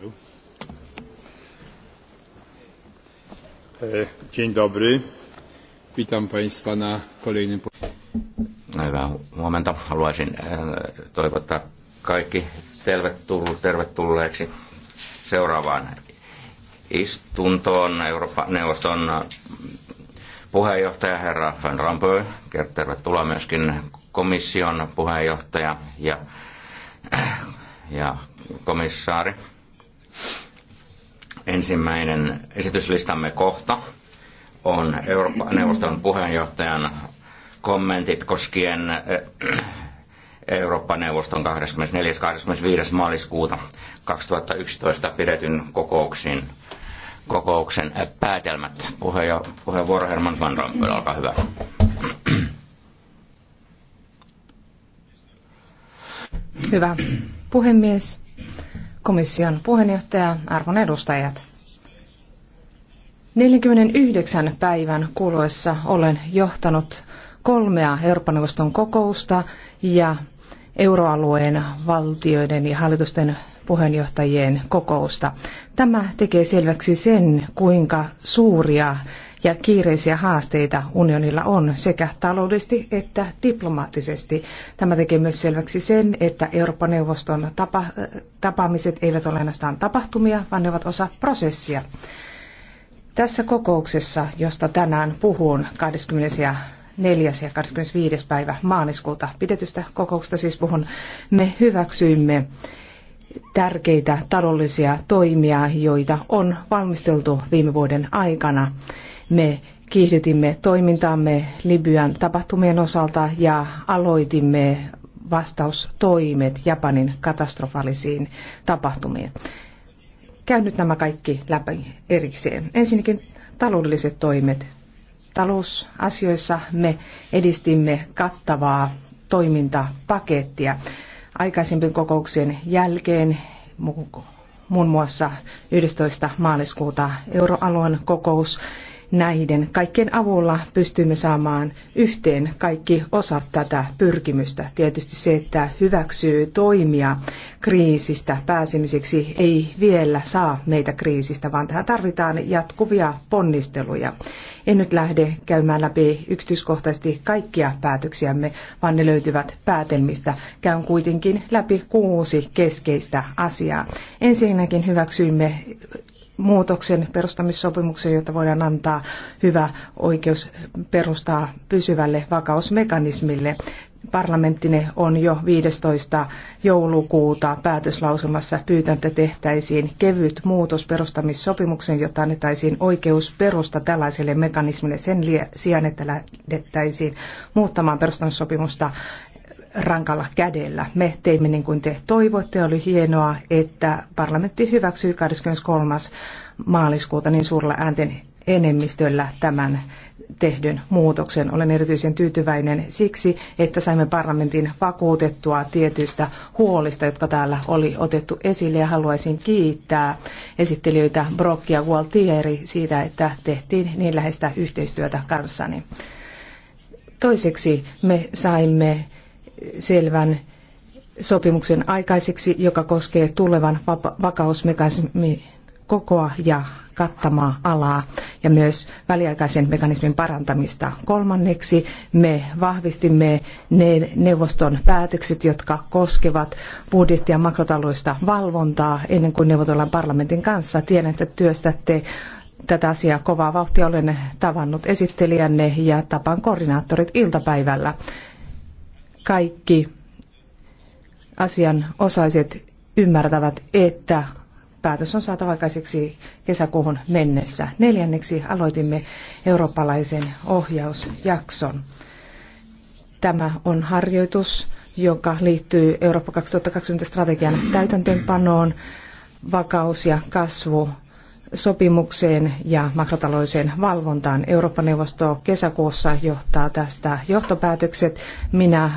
E, dzień dobry. Witam Państwa na kolejnym... Hyvää huomenta. Haluaisin e, toivottaa kaikki tervetulleeksi seuraavaan istuntoon. Euroopan neuvoston puheenjohtaja herra Van Rompuy. Tervetuloa myöskin komission puheenjohtaja ja, ja komissaari. Ensimmäinen esityslistamme kohta on Euroopan neuvoston puheenjohtajan kommentit koskien eh, Eurooppa-neuvoston 24.–25. maaliskuuta 2011 pidetyn kokouksiin kokouksen eh, päätelmät. Puheenjo- puheenvuoro Herman Van Rompuy, olkaa hyvä. Hyvä puhemies komission puheenjohtaja, arvon edustajat. 49 päivän kuluessa olen johtanut kolmea Euroopan neuvoston kokousta ja euroalueen valtioiden ja hallitusten puheenjohtajien kokousta. Tämä tekee selväksi sen, kuinka suuria ja kiireisiä haasteita unionilla on sekä taloudellisesti että diplomaattisesti. Tämä tekee myös selväksi sen, että Euroopan neuvoston tapa, tapaamiset eivät ole ainoastaan tapahtumia, vaan ne ovat osa prosessia. Tässä kokouksessa, josta tänään puhun 20. ja 4. ja 25. päivä maaliskuuta pidetystä kokouksesta siis puhun, me hyväksyimme tärkeitä taloudellisia toimia, joita on valmisteltu viime vuoden aikana me kiihdytimme toimintaamme Libyan tapahtumien osalta ja aloitimme vastaustoimet Japanin katastrofaalisiin tapahtumiin. Käyn nyt nämä kaikki läpi erikseen. Ensinnäkin taloudelliset toimet. Talousasioissa me edistimme kattavaa toimintapakettia. Aikaisempien kokouksien jälkeen muun muassa 11. maaliskuuta euroalueen kokous näiden kaikkien avulla pystymme saamaan yhteen kaikki osat tätä pyrkimystä. Tietysti se, että hyväksyy toimia kriisistä pääsemiseksi ei vielä saa meitä kriisistä, vaan tähän tarvitaan jatkuvia ponnisteluja. En nyt lähde käymään läpi yksityiskohtaisesti kaikkia päätöksiämme, vaan ne löytyvät päätelmistä. Käyn kuitenkin läpi kuusi keskeistä asiaa. Ensinnäkin hyväksyimme muutoksen perustamissopimukseen, jotta voidaan antaa hyvä oikeus perustaa pysyvälle vakausmekanismille. Parlamentti on jo 15. joulukuuta päätöslauselmassa pyytänyt, että tehtäisiin kevyt muutos perustamissopimukseen, jotta annettaisiin oikeus perusta tällaiselle mekanismille sen sijaan, että lähdettäisiin muuttamaan perustamissopimusta rankalla kädellä. Me teimme niin kuin te toivoitte. Oli hienoa, että parlamentti hyväksyi 23. maaliskuuta niin suurella äänten enemmistöllä tämän tehdyn muutoksen. Olen erityisen tyytyväinen siksi, että saimme parlamentin vakuutettua tietyistä huolista, jotka täällä oli otettu esille ja haluaisin kiittää esittelijöitä Brock ja Gualtieri siitä, että tehtiin niin läheistä yhteistyötä kanssani. Toiseksi me saimme selvän sopimuksen aikaiseksi, joka koskee tulevan vakausmekanismin kokoa ja kattamaa alaa ja myös väliaikaisen mekanismin parantamista. Kolmanneksi me vahvistimme ne neuvoston päätökset, jotka koskevat budjetti- ja makrotaloudellista valvontaa ennen kuin neuvotellaan parlamentin kanssa. Tiedän, että työstätte tätä asiaa kovaa vauhtia. Olen tavannut esittelijänne ja tapaan koordinaattorit iltapäivällä kaikki asianosaiset ymmärtävät, että päätös on saatava aikaiseksi kesäkuuhun mennessä. Neljänneksi aloitimme eurooppalaisen ohjausjakson. Tämä on harjoitus, joka liittyy Eurooppa 2020 strategian täytäntöönpanoon, vakaus ja kasvu sopimukseen ja makrotaloudelliseen valvontaan. Eurooppa-neuvosto kesäkuussa johtaa tästä johtopäätökset. Minä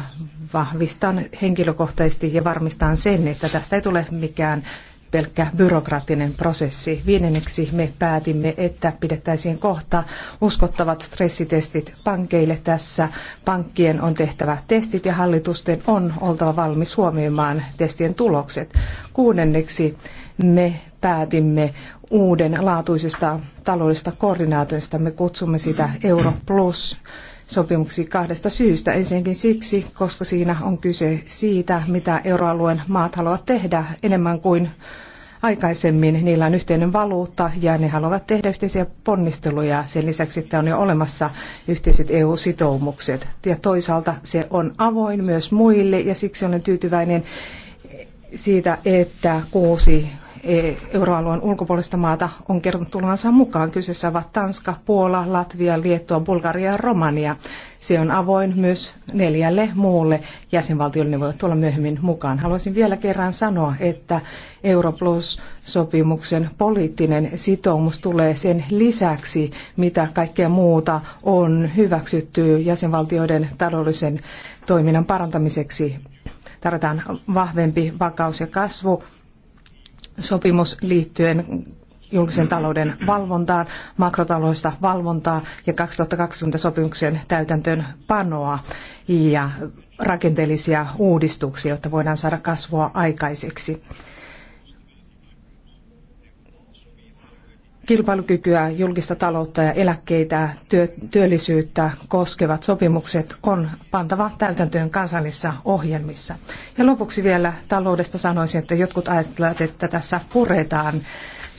vahvistan henkilökohtaisesti ja varmistan sen, että tästä ei tule mikään pelkkä byrokraattinen prosessi. Viidenneksi me päätimme, että pidettäisiin kohta uskottavat stressitestit pankeille tässä. Pankkien on tehtävä testit ja hallitusten on oltava valmis huomioimaan testien tulokset. Kuudenneksi me päätimme uuden laatuisesta taloudellisesta koordinaatiosta. Me kutsumme sitä Euro Plus sopimuksi kahdesta syystä. Ensinnäkin siksi, koska siinä on kyse siitä, mitä euroalueen maat haluavat tehdä enemmän kuin aikaisemmin. Niillä on yhteinen valuutta ja ne haluavat tehdä yhteisiä ponnisteluja. Sen lisäksi, että on jo olemassa yhteiset EU-sitoumukset. Ja toisaalta se on avoin myös muille ja siksi olen tyytyväinen siitä, että kuusi E, euroalueen ulkopuolista maata on kertonut tulevansa mukaan. Kyseessä ovat Tanska, Puola, Latvia, Liettua, Bulgaria ja Romania. Se on avoin myös neljälle muulle jäsenvaltiolle, ne voivat tulla myöhemmin mukaan. Haluaisin vielä kerran sanoa, että Europlus-sopimuksen poliittinen sitoumus tulee sen lisäksi, mitä kaikkea muuta on hyväksytty jäsenvaltioiden taloudellisen toiminnan parantamiseksi tarvitaan vahvempi vakaus- ja kasvu sopimus liittyen julkisen talouden valvontaan, makrotaloista valvontaa ja 2020 sopimuksen täytäntöön panoa ja rakenteellisia uudistuksia, jotta voidaan saada kasvua aikaiseksi. kilpailukykyä, julkista taloutta ja eläkkeitä, työllisyyttä koskevat sopimukset on pantava täytäntöön kansallisissa ohjelmissa. Ja lopuksi vielä taloudesta sanoisin, että jotkut ajattelevat, että tässä puretaan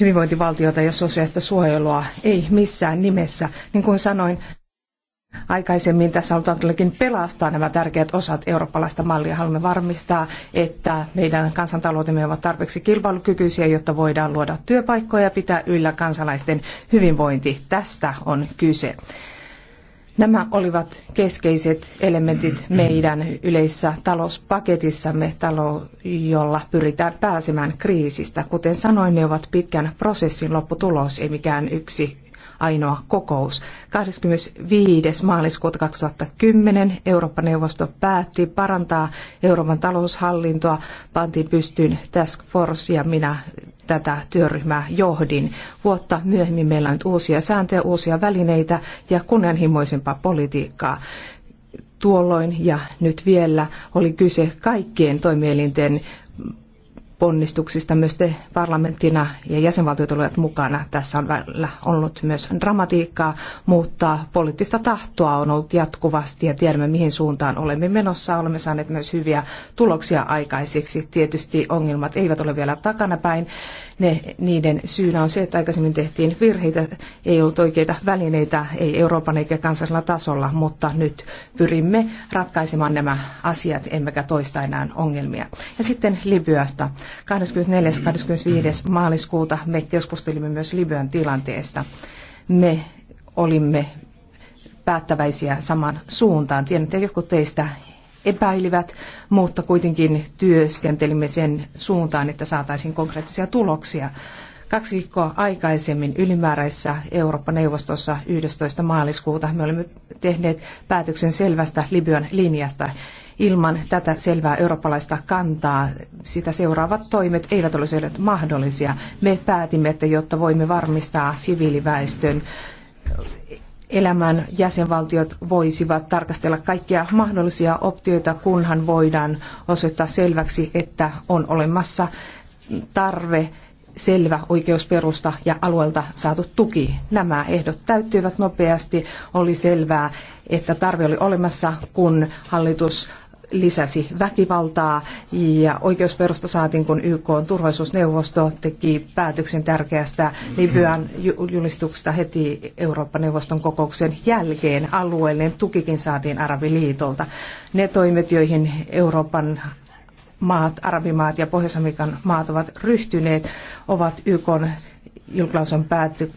hyvinvointivaltiota ja sosiaalista suojelua. Ei missään nimessä. Niin kuin sanoin, Aikaisemmin tässä halutaan todellakin pelastaa nämä tärkeät osat eurooppalaista mallia. Haluamme varmistaa, että meidän kansantaloutemme ovat tarpeeksi kilpailukykyisiä, jotta voidaan luoda työpaikkoja ja pitää yllä kansalaisten hyvinvointi. Tästä on kyse. Nämä olivat keskeiset elementit meidän yleisessä talouspaketissamme, jolla pyritään pääsemään kriisistä. Kuten sanoin, ne ovat pitkän prosessin lopputulos, ei mikään yksi ainoa kokous. 25. maaliskuuta 2010 Eurooppa-neuvosto päätti parantaa Euroopan taloushallintoa, pantiin pystyyn Task Force ja minä tätä työryhmää johdin. Vuotta myöhemmin meillä on nyt uusia sääntöjä, uusia välineitä ja kunnianhimoisempaa politiikkaa tuolloin ja nyt vielä oli kyse kaikkien toimielinten ponnistuksista myös te parlamenttina ja jäsenvaltiot olivat mukana. Tässä on ollut myös dramatiikkaa, mutta poliittista tahtoa on ollut jatkuvasti ja tiedämme mihin suuntaan olemme menossa. Olemme saaneet myös hyviä tuloksia aikaisiksi. Tietysti ongelmat eivät ole vielä takanapäin ne, niiden syynä on se, että aikaisemmin tehtiin virheitä, ei ollut oikeita välineitä, ei Euroopan eikä kansallisella tasolla, mutta nyt pyrimme ratkaisemaan nämä asiat, emmekä toista enää ongelmia. Ja sitten Libyasta. 24. 25. maaliskuuta me keskustelimme myös Libyan tilanteesta. Me olimme päättäväisiä saman suuntaan. Tiedän, että jotkut teistä epäilivät, mutta kuitenkin työskentelimme sen suuntaan, että saataisiin konkreettisia tuloksia. Kaksi viikkoa aikaisemmin ylimääräisessä Eurooppa-neuvostossa 11. maaliskuuta me olimme tehneet päätöksen selvästä Libyan linjasta. Ilman tätä selvää eurooppalaista kantaa sitä seuraavat toimet eivät olisi olleet mahdollisia. Me päätimme, että jotta voimme varmistaa siviiliväestön elämän jäsenvaltiot voisivat tarkastella kaikkia mahdollisia optioita, kunhan voidaan osoittaa selväksi, että on olemassa tarve selvä oikeusperusta ja alueelta saatu tuki. Nämä ehdot täyttyivät nopeasti. Oli selvää, että tarve oli olemassa, kun hallitus lisäsi väkivaltaa ja oikeusperusta saatiin, kun YK turvallisuusneuvosto teki päätöksen tärkeästä Libyan julistuksesta heti Eurooppa-neuvoston kokouksen jälkeen. Alueellinen tukikin saatiin Arabiliitolta. Ne toimet, joihin Euroopan maat, arabimaat ja Pohjois-Amerikan maat ovat ryhtyneet, ovat YK julkilausuman pääty,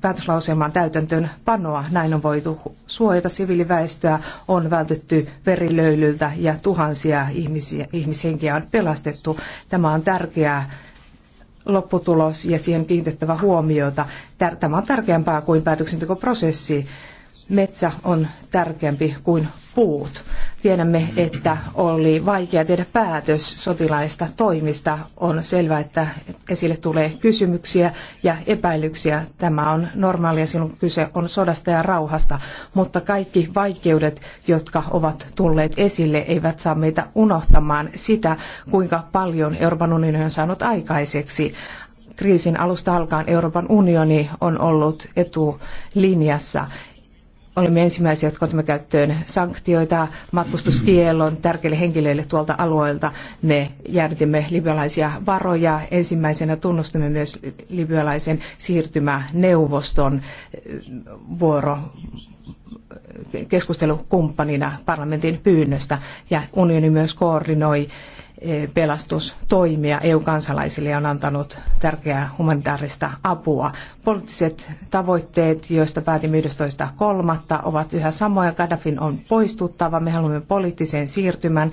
päätöslauselman täytäntöön panoa. Näin on voitu suojata siviiliväestöä, on vältytty verilöylyltä ja tuhansia ihmisiä, ihmishenkiä on pelastettu. Tämä on tärkeää lopputulos ja siihen kiinnitettävä huomiota. Tämä on tärkeämpää kuin päätöksentekoprosessi. Metsä on tärkeämpi kuin puut. Tiedämme, että oli vaikea tehdä päätös sotilaista toimista. On selvää, että esille tulee kysymyksiä ja epäilyksiä. Tämä on normaalia silloin, kun kyse on sodasta ja rauhasta. Mutta kaikki vaikeudet, jotka ovat tulleet esille, eivät saa meitä unohtamaan sitä, kuinka paljon Euroopan unioni on saanut aikaiseksi kriisin alusta alkaen Euroopan unioni on ollut etulinjassa olemme ensimmäisiä, jotka otamme käyttöön sanktioita matkustuskiellon tärkeille henkilöille tuolta alueelta. Me jäädytimme libyalaisia varoja. Ensimmäisenä tunnustimme myös libyalaisen siirtymäneuvoston eh, vuoro eh, keskustelukumppanina parlamentin pyynnöstä ja unioni myös koordinoi pelastustoimia EU-kansalaisille ja on antanut tärkeää humanitaarista apua. Poliittiset tavoitteet, joista päätimme 11.3. ovat yhä samoja. Gaddafin on poistuttava. Me haluamme poliittisen siirtymän,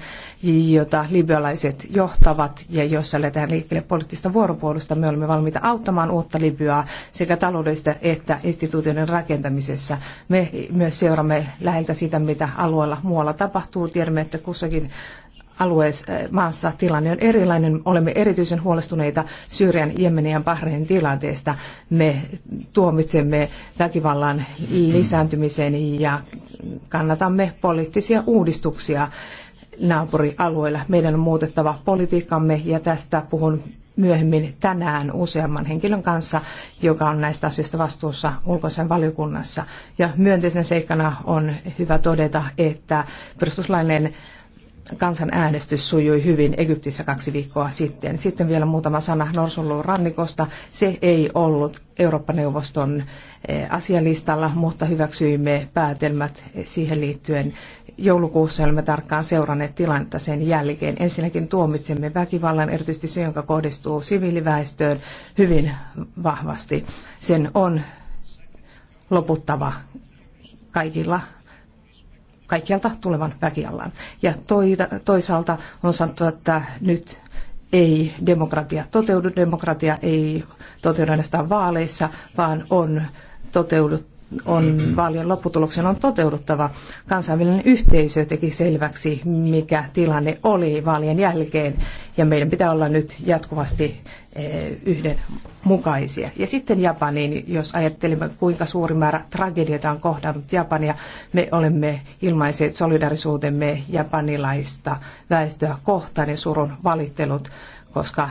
jota libyalaiset johtavat ja jossa lähdetään liikkeelle poliittista vuoropuolusta. Me olemme valmiita auttamaan uutta Libyaa sekä taloudellista että instituutioiden rakentamisessa. Me myös seuraamme läheltä sitä, mitä alueella muualla tapahtuu. Tiedämme, että kussakin alueessa eh, maassa tilanne on erilainen. Olemme erityisen huolestuneita Syyrian, Jemenin ja Bahrainin tilanteesta. Me tuomitsemme väkivallan lisääntymisen ja kannatamme poliittisia uudistuksia naapurialueilla. Meidän on muutettava politiikkamme ja tästä puhun myöhemmin tänään useamman henkilön kanssa, joka on näistä asioista vastuussa ulkoisen valiokunnassa. Ja myönteisenä seikkana on hyvä todeta, että perustuslaillinen kansanäänestys sujui hyvin Egyptissä kaksi viikkoa sitten. Sitten vielä muutama sana Norsunluun rannikosta. Se ei ollut Eurooppa-neuvoston eh, asialistalla, mutta hyväksyimme päätelmät eh, siihen liittyen. Joulukuussa olemme tarkkaan seuranneet tilannetta sen jälkeen. Ensinnäkin tuomitsemme väkivallan, erityisesti se, joka kohdistuu siviiliväestöön, hyvin vahvasti. Sen on loputtava kaikilla kaikkialta tulevan väkiallan. Ja toisaalta on sanottu, että nyt ei demokratia toteudu, demokratia ei toteudu ainoastaan vaaleissa, vaan on toteudut, on mm-hmm. vaalien lopputuloksen on toteuduttava. Kansainvälinen yhteisö teki selväksi, mikä tilanne oli vaalien jälkeen, ja meidän pitää olla nyt jatkuvasti Eh, yhdenmukaisia. Ja sitten Japaniin, jos ajattelemme kuinka suuri määrä tragedioita on kohdannut Japania, me olemme ilmaiseet solidarisuutemme japanilaista väestöä kohtaan ja surun valittelut, koska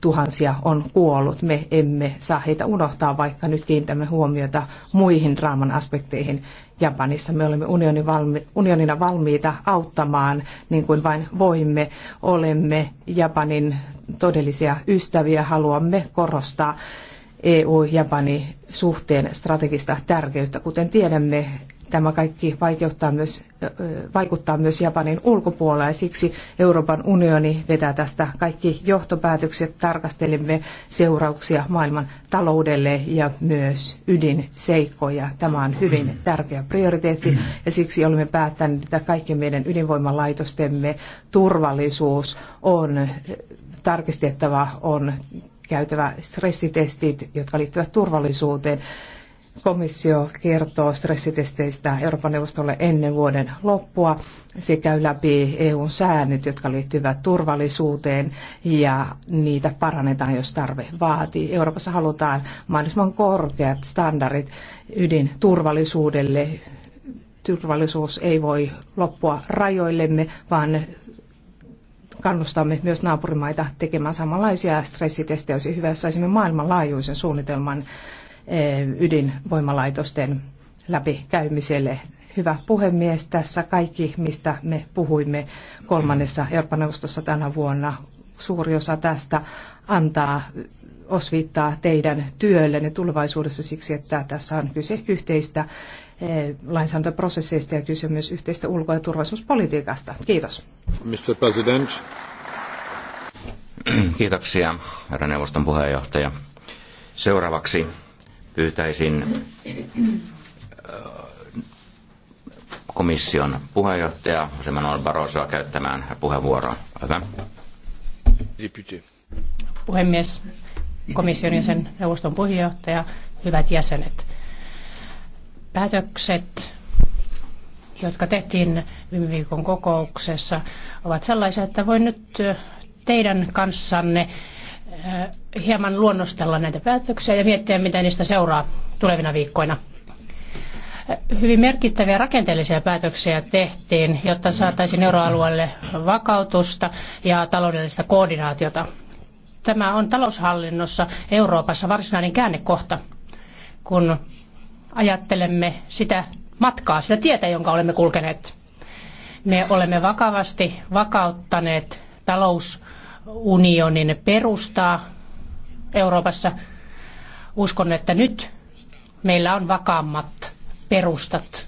tuhansia on kuollut. Me emme saa heitä unohtaa, vaikka nyt kiinnitämme huomiota muihin draaman aspekteihin Japanissa. Me olemme unionin valmi, unionina valmiita auttamaan niin kuin vain voimme. Olemme Japanin todellisia ystäviä. Haluamme korostaa EU-Japani suhteen strategista tärkeyttä. Kuten tiedämme, Tämä kaikki vaikeuttaa myös, vaikuttaa myös Japanin ulkopuolella ja siksi Euroopan unioni vetää tästä kaikki johtopäätökset. Tarkastelimme seurauksia maailman taloudelle ja myös ydinseikkoja. Tämä on hyvin tärkeä prioriteetti ja siksi olemme päättäneet, että kaikki meidän ydinvoimalaitostemme turvallisuus on tarkistettava, on käytävä stressitestit, jotka liittyvät turvallisuuteen komissio kertoo stressitesteistä Euroopan neuvostolle ennen vuoden loppua. Se käy läpi EUn säännöt, jotka liittyvät turvallisuuteen ja niitä parannetaan, jos tarve vaatii. Euroopassa halutaan mahdollisimman korkeat standardit ydinturvallisuudelle. Turvallisuus ei voi loppua rajoillemme, vaan kannustamme myös naapurimaita tekemään samanlaisia stressitestejä. Olisi hyvä, jos saisimme maailmanlaajuisen suunnitelman Eh, ydinvoimalaitosten läpikäymiselle. Hyvä puhemies, tässä kaikki, mistä me puhuimme kolmannessa Euroopan neuvostossa tänä vuonna, suuri osa tästä antaa osviittaa teidän työllenne tulevaisuudessa siksi, että tässä on kyse yhteistä eh, lainsäädäntöprosesseista ja kyse myös yhteistä ulko- ja turvallisuuspolitiikasta. Kiitos. Mr. President. Kiitoksia, herra neuvoston puheenjohtaja. Seuraavaksi pyytäisin komission puheenjohtaja José Manuel Barrosoa käyttämään puheenvuoroa. Hyvä. Puhemies, komission ja sen neuvoston puheenjohtaja, hyvät jäsenet. Päätökset, jotka tehtiin viime viikon kokouksessa, ovat sellaisia, että voin nyt teidän kanssanne hieman luonnostella näitä päätöksiä ja miettiä, mitä niistä seuraa tulevina viikkoina. Hyvin merkittäviä rakenteellisia päätöksiä tehtiin, jotta saataisiin euroalueelle vakautusta ja taloudellista koordinaatiota. Tämä on taloushallinnossa Euroopassa varsinainen käännekohta, kun ajattelemme sitä matkaa, sitä tietä, jonka olemme kulkeneet. Me olemme vakavasti vakauttaneet talous- unionin perustaa Euroopassa. Uskon, että nyt meillä on vakaammat perustat,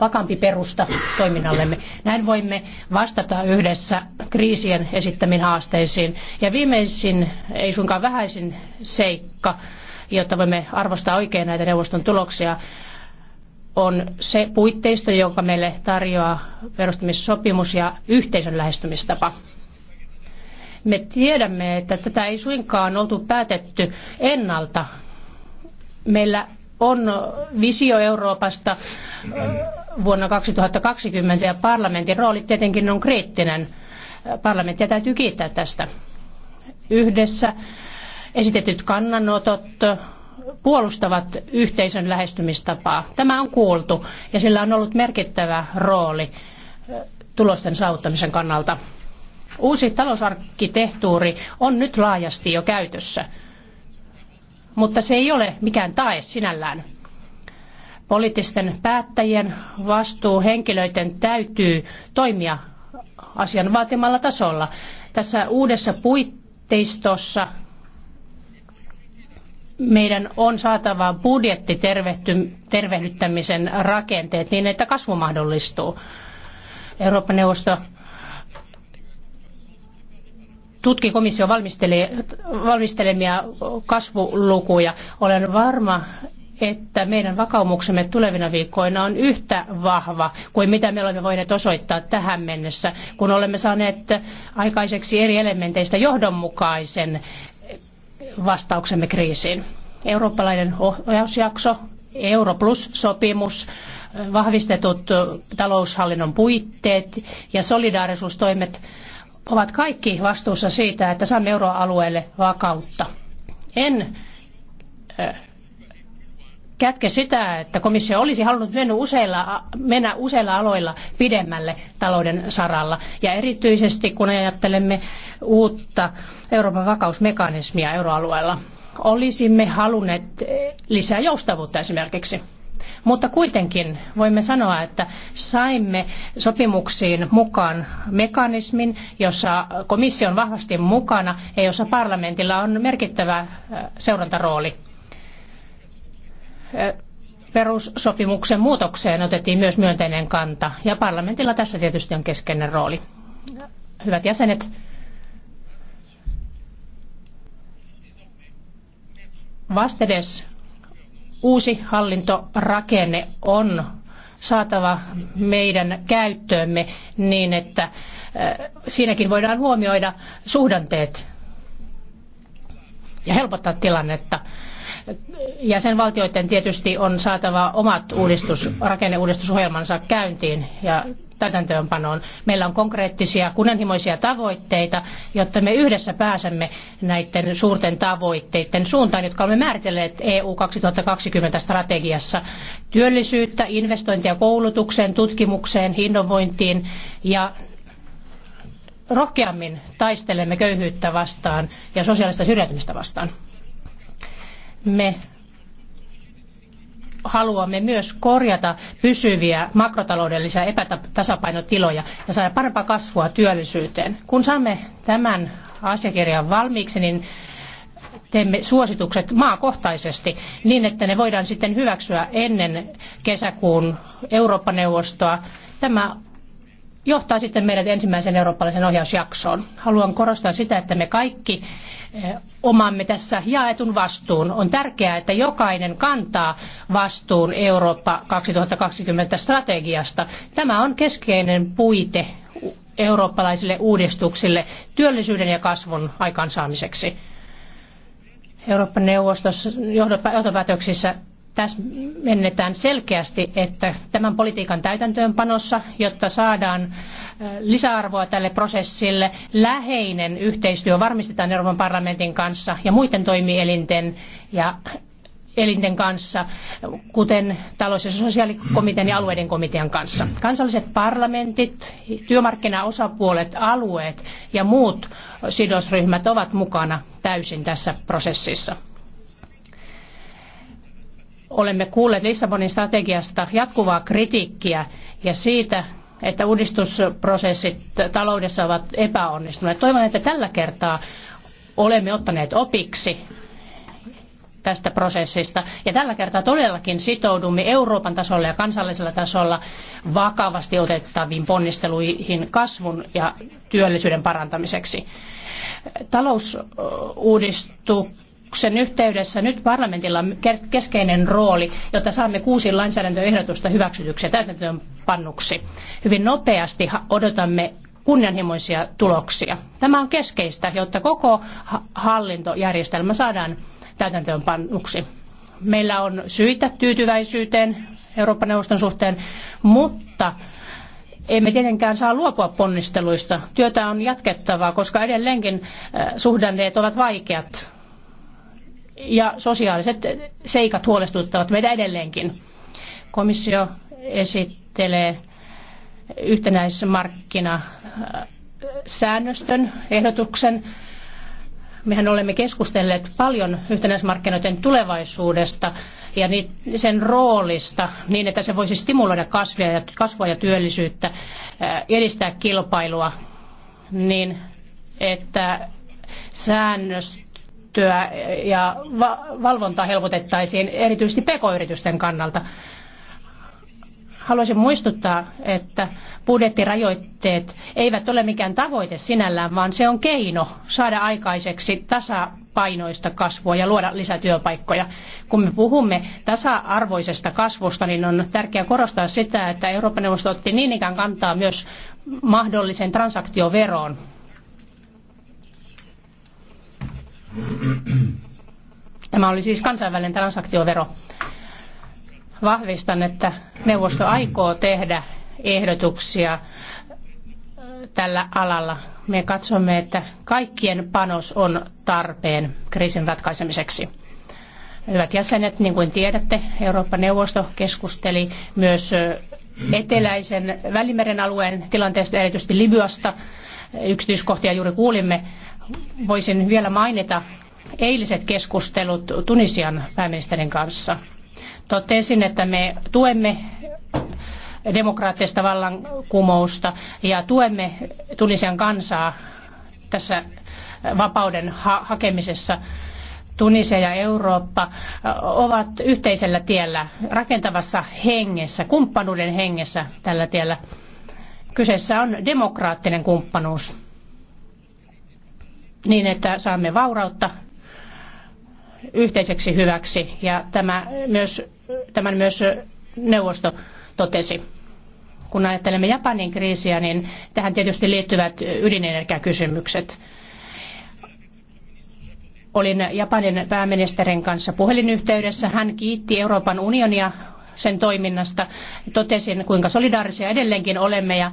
vakampi perusta toiminnallemme. Näin voimme vastata yhdessä kriisien esittämiin haasteisiin. Ja viimeisin, ei suinkaan vähäisin seikka, jotta voimme arvostaa oikein näitä neuvoston tuloksia, on se puitteisto, jonka meille tarjoaa perustamissopimus ja yhteisön lähestymistapa. Me tiedämme, että tätä ei suinkaan oltu päätetty ennalta. Meillä on visio Euroopasta äh, vuonna 2020 ja parlamentin rooli tietenkin on kriittinen. Parlamenttia täytyy kiittää tästä. Yhdessä esitetyt kannanotot puolustavat yhteisön lähestymistapaa. Tämä on kuultu ja sillä on ollut merkittävä rooli tulosten saavuttamisen kannalta. Uusi talousarkkitehtuuri on nyt laajasti jo käytössä, mutta se ei ole mikään tae sinällään. Poliittisten päättäjien vastuuhenkilöiden täytyy toimia asian vaatimalla tasolla. Tässä uudessa puitteistossa meidän on saatava budjetti tervehdyttämisen rakenteet niin, että kasvu mahdollistuu. Euroopan neuvosto tutki komission valmistelemia kasvulukuja. Olen varma, että meidän vakaumuksemme tulevina viikkoina on yhtä vahva kuin mitä me olemme voineet osoittaa tähän mennessä, kun olemme saaneet aikaiseksi eri elementeistä johdonmukaisen vastauksemme kriisiin. Eurooppalainen ohjausjakso, Euro Plus-sopimus, vahvistetut taloushallinnon puitteet ja solidaarisuustoimet ovat kaikki vastuussa siitä, että saamme euroalueelle vakautta. En kätke sitä, että komissio olisi halunnut mennä useilla, mennä useilla aloilla pidemmälle talouden saralla. Ja erityisesti kun ajattelemme uutta Euroopan vakausmekanismia euroalueella, olisimme halunneet lisää joustavuutta esimerkiksi. Mutta kuitenkin voimme sanoa, että saimme sopimuksiin mukaan mekanismin, jossa komissio on vahvasti mukana ja jossa parlamentilla on merkittävä seurantarooli. Perussopimuksen muutokseen otettiin myös myönteinen kanta ja parlamentilla tässä tietysti on keskeinen rooli. Hyvät jäsenet, vastedes Uusi hallintorakenne on saatava meidän käyttöömme niin, että äh, siinäkin voidaan huomioida suhdanteet ja helpottaa tilannetta. Jäsenvaltioiden tietysti on saatava omat uudistus, rakenneuudistusohjelmansa käyntiin ja täytäntöönpanoon. Meillä on konkreettisia kunnianhimoisia tavoitteita, jotta me yhdessä pääsemme näiden suurten tavoitteiden suuntaan, jotka olemme määritelleet EU 2020 strategiassa. Työllisyyttä, investointia koulutukseen, tutkimukseen, innovointiin ja rohkeammin taistelemme köyhyyttä vastaan ja sosiaalista syrjäytymistä vastaan me haluamme myös korjata pysyviä makrotaloudellisia epätasapainotiloja ja saada parempaa kasvua työllisyyteen. Kun saamme tämän asiakirjan valmiiksi, niin teemme suositukset maakohtaisesti niin, että ne voidaan sitten hyväksyä ennen kesäkuun Eurooppa-neuvostoa. Tämä johtaa sitten meidät ensimmäiseen eurooppalaisen ohjausjaksoon. Haluan korostaa sitä, että me kaikki Eh, omamme tässä jaetun vastuun. On tärkeää, että jokainen kantaa vastuun Eurooppa 2020 strategiasta. Tämä on keskeinen puite eurooppalaisille uudistuksille työllisyyden ja kasvun aikaansaamiseksi. Euroopan neuvostossa johtopäätöksissä tässä mennetään selkeästi, että tämän politiikan täytäntöönpanossa, jotta saadaan lisäarvoa tälle prosessille, läheinen yhteistyö varmistetaan Euroopan parlamentin kanssa ja muiden toimielinten ja elinten kanssa, kuten talous- ja sosiaalikomitean ja alueiden komitean kanssa. Kansalliset parlamentit, työmarkkinaosapuolet, alueet ja muut sidosryhmät ovat mukana täysin tässä prosessissa. Olemme kuulleet Lissabonin strategiasta jatkuvaa kritiikkiä ja siitä, että uudistusprosessit taloudessa ovat epäonnistuneet. Toivon, että tällä kertaa olemme ottaneet opiksi tästä prosessista. Ja tällä kertaa todellakin sitoudumme Euroopan tasolla ja kansallisella tasolla vakavasti otettaviin ponnisteluihin kasvun ja työllisyyden parantamiseksi. Talousuudistus uudistuksen yhteydessä nyt parlamentilla on keskeinen rooli, jotta saamme kuusi lainsäädäntöehdotusta hyväksytyksi ja täytäntöönpannuksi. Hyvin nopeasti odotamme kunnianhimoisia tuloksia. Tämä on keskeistä, jotta koko hallintojärjestelmä saadaan täytäntöönpannuksi. Meillä on syitä tyytyväisyyteen Euroopan neuvoston suhteen, mutta emme tietenkään saa luopua ponnisteluista. Työtä on jatkettava, koska edelleenkin äh, suhdanteet ovat vaikeat ja sosiaaliset seikat huolestuttavat meitä edelleenkin. Komissio esittelee yhtenäismarkkinasäännöstön ehdotuksen. Mehän olemme keskustelleet paljon yhtenäismarkkinoiden tulevaisuudesta ja sen roolista niin, että se voisi stimuloida kasvua ja, kasvua ja työllisyyttä, edistää kilpailua, niin että säännös käyttöä ja valvontaa helpotettaisiin erityisesti pk-yritysten kannalta. Haluaisin muistuttaa, että budjettirajoitteet eivät ole mikään tavoite sinällään, vaan se on keino saada aikaiseksi tasapainoista kasvua ja luoda lisätyöpaikkoja. Kun me puhumme tasa-arvoisesta kasvusta, niin on tärkeää korostaa sitä, että Euroopan neuvosto otti niin ikään kantaa myös mahdollisen transaktioveroon Tämä oli siis kansainvälinen transaktiovero. Vahvistan, että neuvosto aikoo tehdä ehdotuksia tällä alalla. Me katsomme, että kaikkien panos on tarpeen kriisin ratkaisemiseksi. Hyvät jäsenet, niin kuin tiedätte, Euroopan neuvosto keskusteli myös eteläisen Välimeren alueen tilanteesta, erityisesti Libyasta. Yksityiskohtia juuri kuulimme voisin vielä mainita eiliset keskustelut Tunisian pääministerin kanssa. Totesin, että me tuemme demokraattista vallankumousta ja tuemme Tunisian kansaa tässä vapauden ha hakemisessa. Tunisia ja Eurooppa ovat yhteisellä tiellä, rakentavassa hengessä, kumppanuuden hengessä tällä tiellä. Kyseessä on demokraattinen kumppanuus niin, että saamme vaurautta yhteiseksi hyväksi. Ja tämä myös, tämän myös neuvosto totesi. Kun ajattelemme Japanin kriisiä, niin tähän tietysti liittyvät ydinenergiakysymykset. Olin Japanin pääministerin kanssa puhelinyhteydessä. Hän kiitti Euroopan unionia sen toiminnasta. Totesin, kuinka solidaarisia edelleenkin olemme ja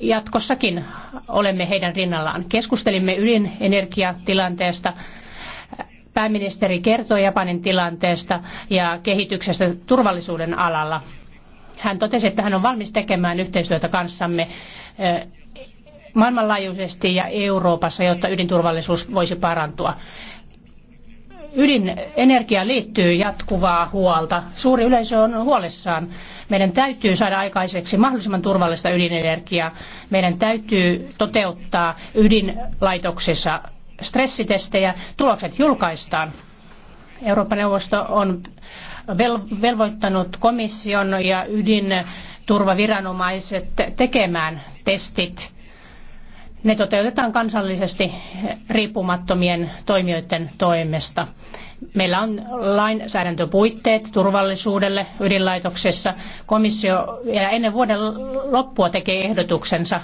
jatkossakin olemme heidän rinnallaan. Keskustelimme ydinenergiatilanteesta, pääministeri kertoi Japanin tilanteesta ja kehityksestä turvallisuuden alalla. Hän totesi, että hän on valmis tekemään yhteistyötä kanssamme eh, maailmanlaajuisesti ja Euroopassa, jotta ydinturvallisuus voisi parantua ydinenergiaan liittyy jatkuvaa huolta. Suuri yleisö on huolissaan. Meidän täytyy saada aikaiseksi mahdollisimman turvallista ydinenergiaa. Meidän täytyy toteuttaa ydinlaitoksissa stressitestejä. Tulokset julkaistaan. Euroopan neuvosto on velvoittanut komission ja ydinturvaviranomaiset tekemään testit ne toteutetaan kansallisesti riippumattomien toimijoiden toimesta. Meillä on lainsäädäntöpuitteet turvallisuudelle ydinlaitoksessa. Komissio ennen vuoden loppua tekee ehdotuksensa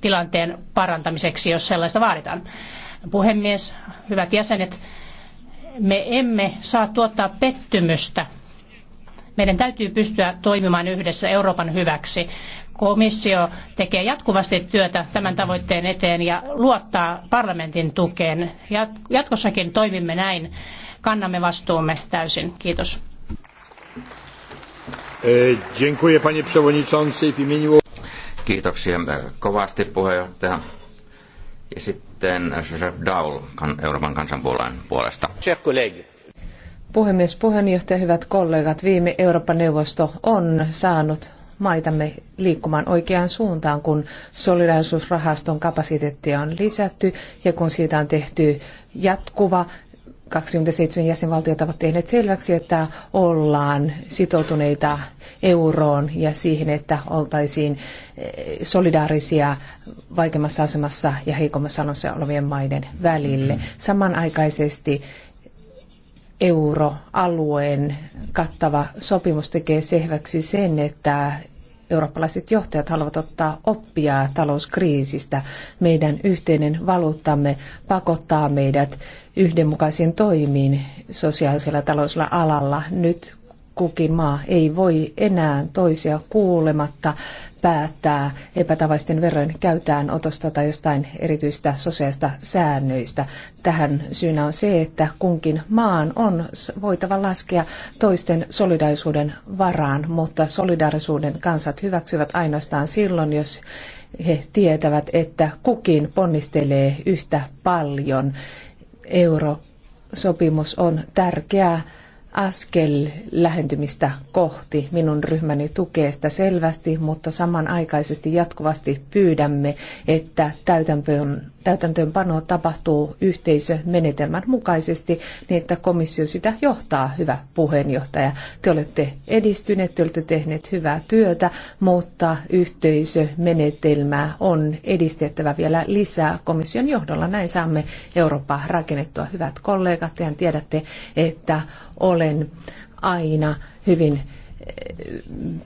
tilanteen parantamiseksi, jos sellaista vaaditaan. Puhemies, hyvät jäsenet, me emme saa tuottaa pettymystä. Meidän täytyy pystyä toimimaan yhdessä Euroopan hyväksi komissio tekee jatkuvasti työtä tämän tavoitteen eteen ja luottaa parlamentin tukeen. Jatkossakin toimimme näin. Kannamme vastuumme täysin. Kiitos. E, dziękuję panie przewodniczący w imieniu... Kiitoksia e, kovasti puheenjohtaja. Ja sitten Joseph Daul Euroopan kansanpuolueen puolesta. Puhemies, puheenjohtaja, hyvät kollegat, viime Euroopan neuvosto on saanut maitamme liikkumaan oikeaan suuntaan, kun solidaisuusrahaston kapasiteettia on lisätty ja kun siitä on tehty jatkuva 27 jäsenvaltiota ovat tehneet selväksi, että ollaan sitoutuneita euroon ja siihen, että oltaisiin eh, solidaarisia vaikeimmassa asemassa ja heikommassa asemassa olevien maiden välille. Mm-hmm. Samanaikaisesti euroalueen kattava sopimus tekee selväksi sen, että eurooppalaiset johtajat haluavat ottaa oppia talouskriisistä. Meidän yhteinen valuuttamme pakottaa meidät yhdenmukaisiin toimiin sosiaalisella talousella alalla. Nyt kukin maa ei voi enää toisia kuulematta päättää epätavaisten verojen käytään otosta tai jostain erityistä sosiaalista säännöistä. Tähän syynä on se, että kunkin maan on voitava laskea toisten solidaisuuden varaan, mutta solidaarisuuden kansat hyväksyvät ainoastaan silloin, jos he tietävät, että kukin ponnistelee yhtä paljon. Eurosopimus on tärkeää askel lähentymistä kohti. Minun ryhmäni tukee sitä selvästi, mutta samanaikaisesti jatkuvasti pyydämme, että täytäntöön, täytäntöönpano tapahtuu yhteisömenetelmän mukaisesti niin, että komissio sitä johtaa, hyvä puheenjohtaja. Te olette edistyneet, te olette tehneet hyvää työtä, mutta yhteisömenetelmää on edistettävä vielä lisää komission johdolla. Näin saamme Eurooppaa rakennettua. Hyvät kollegat, tehän tiedätte, että olen aina hyvin eh,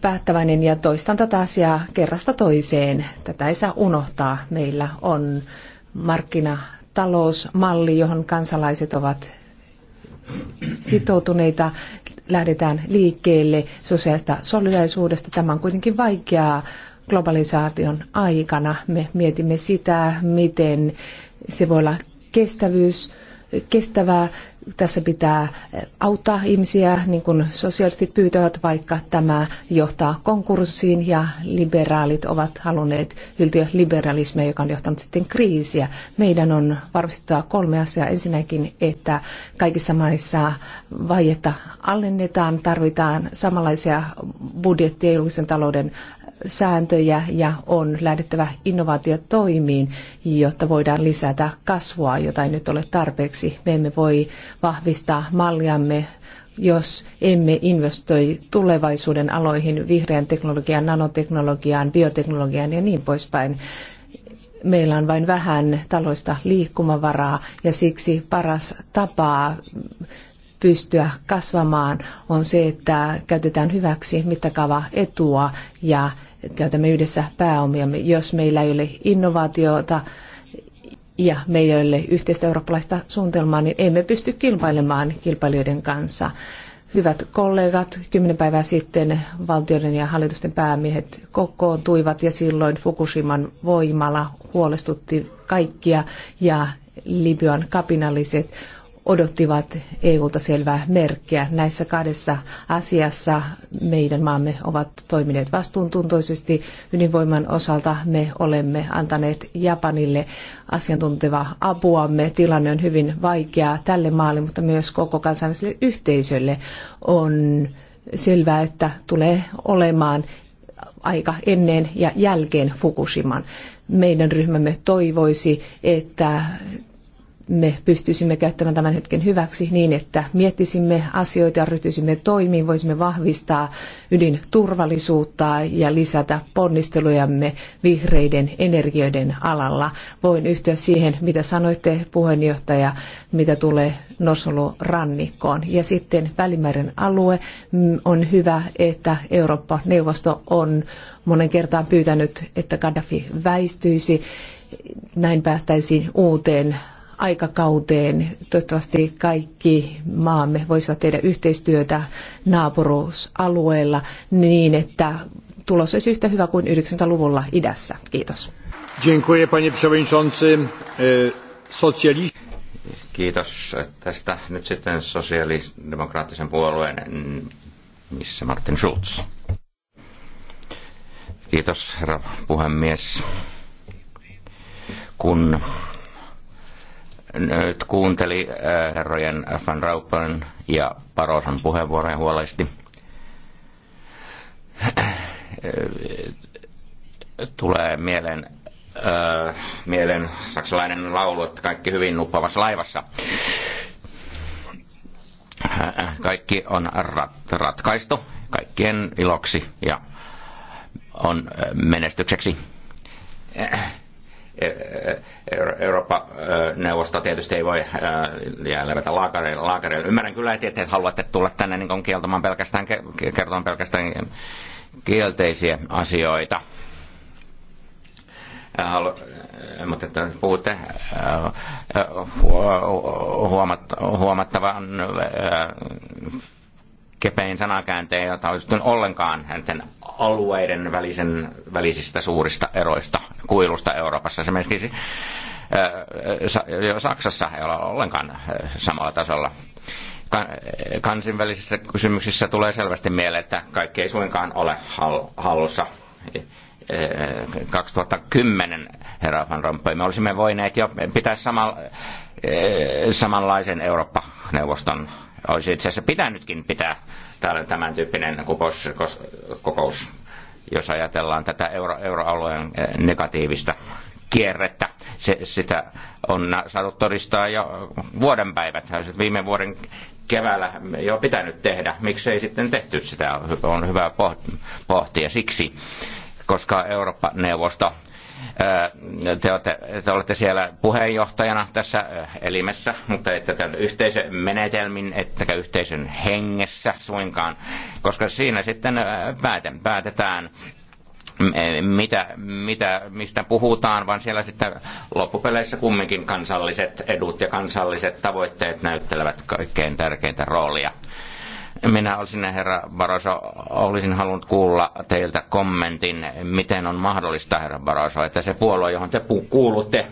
päättäväinen ja toistan tätä asiaa kerrasta toiseen. Tätä ei saa unohtaa. Meillä on markkinatalousmalli, johon kansalaiset ovat sitoutuneita, lähdetään liikkeelle sosiaalista solidaisuudesta. Tämä on kuitenkin vaikeaa globalisaation aikana. Me mietimme sitä, miten se voi olla kestävyys, kestävää tässä pitää auttaa ihmisiä, niin kuin sosialistit pyytävät, vaikka tämä johtaa konkurssiin ja liberaalit ovat halunneet yltyä liberalismia, joka on johtanut sitten kriisiä. Meidän on varmistettava kolme asiaa. Ensinnäkin, että kaikissa maissa vaietta alennetaan, tarvitaan samanlaisia budjettia julkisen talouden sääntöjä ja on lähdettävä innovaatiotoimiin, jotta voidaan lisätä kasvua, jota ei nyt ole tarpeeksi. Me emme voi vahvistaa malliamme jos emme investoi tulevaisuuden aloihin, vihreän teknologiaan, nanoteknologiaan, bioteknologiaan ja niin poispäin. Meillä on vain vähän taloista liikkumavaraa ja siksi paras tapa pystyä kasvamaan on se, että käytetään hyväksi mittakaava etua ja käytämme yhdessä pääomiamme. Jos meillä ei ole innovaatiota ja meillä ei ole yhteistä eurooppalaista suunnitelmaa, niin emme pysty kilpailemaan kilpailijoiden kanssa. Hyvät kollegat, kymmenen päivää sitten valtioiden ja hallitusten päämiehet kokoontuivat ja silloin Fukushiman voimala huolestutti kaikkia ja Libyan kapinalliset odottivat EUlta selvää merkkiä. Näissä kahdessa asiassa meidän maamme ovat toimineet vastuuntuntoisesti. Ydinvoiman osalta me olemme antaneet Japanille asiantunteva apuamme. Tilanne on hyvin vaikea tälle maalle, mutta myös koko kansainväliselle yhteisölle on selvää, että tulee olemaan aika ennen ja jälkeen Fukushiman. Meidän ryhmämme toivoisi, että me pystyisimme käyttämään tämän hetken hyväksi niin, että miettisimme asioita ja ryhtyisimme toimiin, voisimme vahvistaa ydinturvallisuutta ja lisätä ponnistelujamme vihreiden energioiden alalla. Voin yhtyä siihen, mitä sanoitte puheenjohtaja, mitä tulee Norsolu-rannikkoon. Ja sitten Välimeren alue mm, on hyvä, että Eurooppa-neuvosto on monen kertaan pyytänyt, että Gaddafi väistyisi. Näin päästäisiin uuteen aikakauteen. Toivottavasti kaikki maamme voisivat tehdä yhteistyötä naapuruusalueella niin, että tulos olisi yhtä hyvä kuin 90-luvulla idässä. Kiitos. Dziękuję panie e, Kiitos tästä. Nyt sitten sosiaalidemokraattisen puolueen mm, missä Martin Schulz. Kiitos, herra puhemies. Kun nyt kuunteli äh, herrojen Van Raupen ja Parosan puheenvuoroja huolellisesti. Tulee mieleen, äh, mieleen saksalainen laulu, että kaikki hyvin nuppavassa laivassa. Äh, kaikki on rat- ratkaistu kaikkien iloksi ja on äh, menestykseksi. Eurooppa neuvosto tietysti ei voi levätä laakareilla. laakareilla. Ymmärrän kyllä, että te haluatte tulla tänne niin kieltämään pelkästään, kertomaan pelkästään kielteisiä asioita. Halu, mutta että puhutte huomattavan kepein sanakäänteen, jota olisi ollenkaan alueiden välisen, välisistä suurista eroista, kuilusta Euroopassa. Esimerkiksi äh, Saksassa ei ole ollenkaan äh, samalla tasolla. Kansainvälisissä kysymyksissä tulee selvästi mieleen, että kaikki ei suinkaan ole hallussa. 2010, äh, herra Van Rompuy, me olisimme voineet jo pitää samanlaisen Eurooppa-neuvoston olisi itse asiassa pitänytkin pitää tämän tyyppinen kokous, kokous jos ajatellaan tätä euro, euroalueen eh, negatiivista kierrettä. Se, sitä on saatu todistaa jo vuoden päivät. Viime vuoden keväällä jo pitänyt tehdä. Miksei sitten tehty sitä? On hyvä pohtia siksi, koska Eurooppa-neuvosto te olette, te olette siellä puheenjohtajana tässä elimessä, mutta ette tämän yhteisön menetelmin, ettekä yhteisön hengessä suinkaan, koska siinä sitten päätetään e, mitä, mitä, mistä puhutaan, vaan siellä sitten loppupeleissä kumminkin kansalliset edut ja kansalliset tavoitteet näyttelevät kaikkein tärkeintä roolia. Minä olisin, herra Baroso, olisin halunnut kuulla teiltä kommentin, miten on mahdollista, herra Baroso, että se puolue, johon te kuulutte,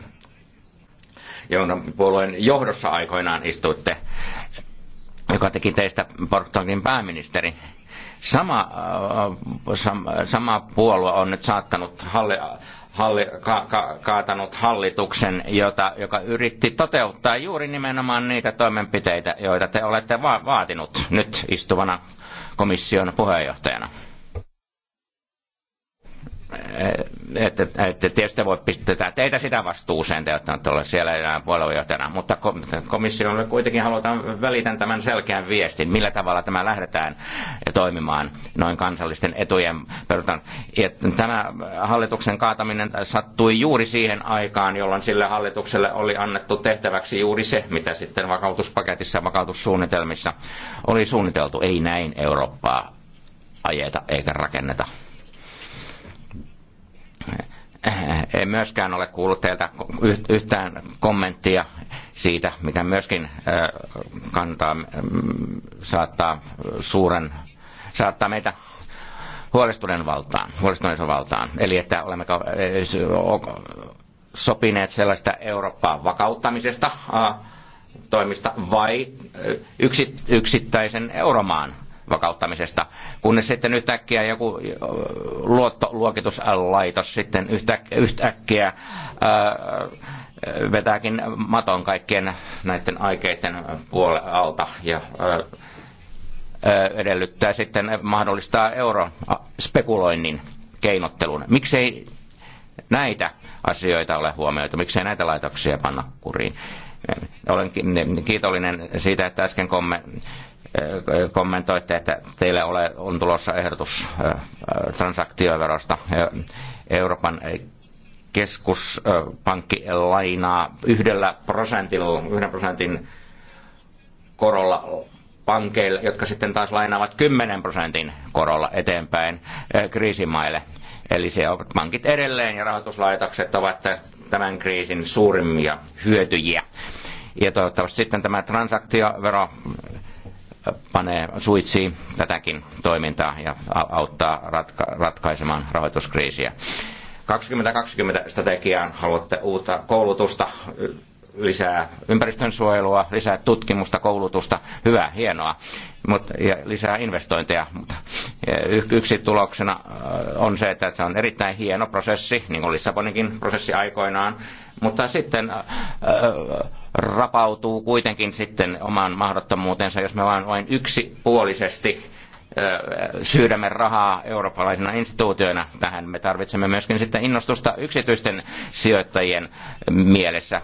jonka puolueen johdossa aikoinaan istuitte, joka teki teistä Portugalin pääministeri. Sama, äh, sama puolue on nyt saattanut halle, halli, ka, ka, kaatanut hallituksen, jota, joka yritti toteuttaa juuri nimenomaan niitä toimenpiteitä, joita te olette va- vaatinut nyt istuvana komission puheenjohtajana että, että tietysti voi pistää teitä sitä vastuuseen, te olette olla siellä enää puoluejohtajana, mutta komissiolle kuitenkin halutaan välitän tämän selkeän viestin, millä tavalla tämä lähdetään toimimaan noin kansallisten etujen perustan. Tämä hallituksen kaataminen sattui juuri siihen aikaan, jolloin sille hallitukselle oli annettu tehtäväksi juuri se, mitä sitten vakautuspaketissa ja vakautussuunnitelmissa oli suunniteltu. Ei näin Eurooppaa ajeta eikä rakenneta. Eh, en myöskään ole kuullut teiltä yhtään kommenttia siitä, mikä myöskin eh, kantaa, mm, saattaa suuren, saattaa meitä huolestuneen valtaan, huolestuneisuuden valtaan. Eli että olemme eh, sopineet sellaista Eurooppaa vakauttamisesta toimista vai yksittäisen euromaan vakauttamisesta, kunnes sitten yhtäkkiä joku luottoluokituslaitos sitten yhtäkkiä ää, vetääkin maton kaikkien näiden aikeiden puole alta ja ää, edellyttää sitten mahdollistaa eurospekuloinnin keinottelun. Miksei näitä asioita ole huomioitu, miksei näitä laitoksia panna kuriin? Olen kiitollinen siitä, että äsken komme, kommentoitte, että teille ole, on tulossa ehdotus transaktioverosta. Euroopan keskuspankki lainaa yhdellä prosentilla, yhden prosentin korolla pankeille, jotka sitten taas lainaavat 10 prosentin korolla eteenpäin kriisimaille. Eli se ovat pankit edelleen ja rahoituslaitokset ovat tämän kriisin suurimmia hyötyjiä. Ja toivottavasti sitten tämä transaktiovero panee, suitsiin tätäkin toimintaa ja auttaa ratka- ratkaisemaan rahoituskriisiä. 2020-strategiaan haluatte uutta koulutusta, lisää ympäristönsuojelua, lisää tutkimusta, koulutusta, hyvää, hienoa, mutta, ja lisää investointeja. Mutta yksi tuloksena on se, että se on erittäin hieno prosessi, niin kuin Lissaboninkin prosessi aikoinaan, mutta sitten äh, rapautuu kuitenkin sitten omaan mahdottomuutensa, jos me vain, vain yksipuolisesti syydämme rahaa eurooppalaisina instituutioina tähän. Me tarvitsemme myöskin sitten innostusta yksityisten sijoittajien mielessä.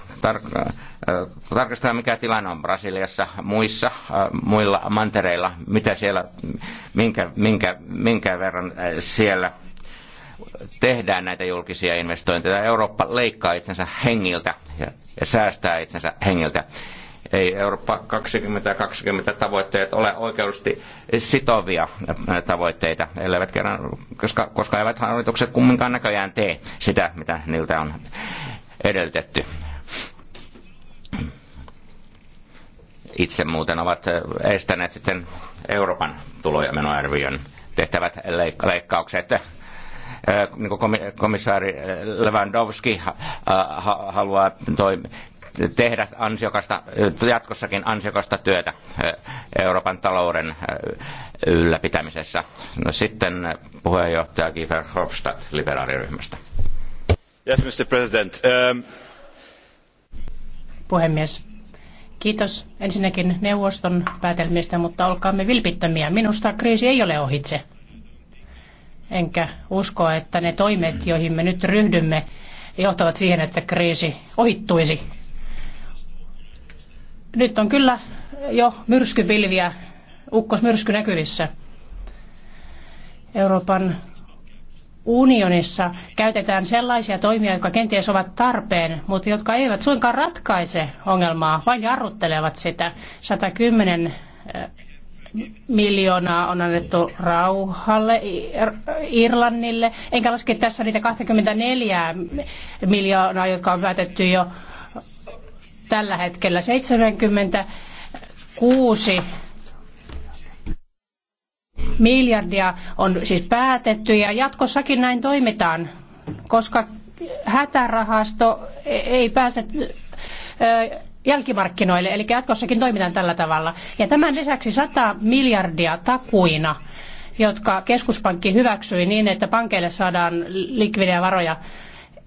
tarkastellaan, mikä tilanne on Brasiliassa, muissa, muilla mantereilla, mitä siellä, minkä, minkä, minkä verran siellä – tehdään näitä julkisia investointeja. Eurooppa leikkaa itsensä hengiltä ja säästää itsensä hengiltä. Ei Eurooppa 2020 tavoitteet ole oikeudellisesti sitovia tavoitteita, elleivät kerran, koska, koska eivät hallitukset kumminkaan näköjään tee sitä, mitä niiltä on edellytetty itse muuten ovat estäneet sitten Euroopan tulo- ja menoarvion tehtävät leikkaukset. Niin komissaari Lewandowski haluaa tehdä ansiokasta, jatkossakin ansiokasta työtä Euroopan talouden ylläpitämisessä. No sitten puheenjohtaja Kiefer Hofstadt liberaaliryhmästä. Yes, Mr. President. Um... Puhemies, kiitos ensinnäkin neuvoston päätelmistä, mutta olkaamme vilpittömiä. Minusta kriisi ei ole ohitse enkä usko, että ne toimet, joihin me nyt ryhdymme, johtavat siihen, että kriisi ohittuisi. Nyt on kyllä jo myrskypilviä, ukkosmyrsky näkyvissä. Euroopan unionissa käytetään sellaisia toimia, jotka kenties ovat tarpeen, mutta jotka eivät suinkaan ratkaise ongelmaa, vain jarruttelevat sitä. 110 miljoonaa on annettu rauhalle Irlannille. Enkä laske tässä niitä 24 miljoonaa, jotka on päätetty jo tällä hetkellä. 76 miljardia on siis päätetty ja jatkossakin näin toimitaan, koska hätärahasto e-, ei pääse jälkimarkkinoille, eli jatkossakin toimitaan tällä tavalla. Ja tämän lisäksi 100 miljardia takuina, jotka keskuspankki hyväksyi niin, että pankeille saadaan likvidejä varoja.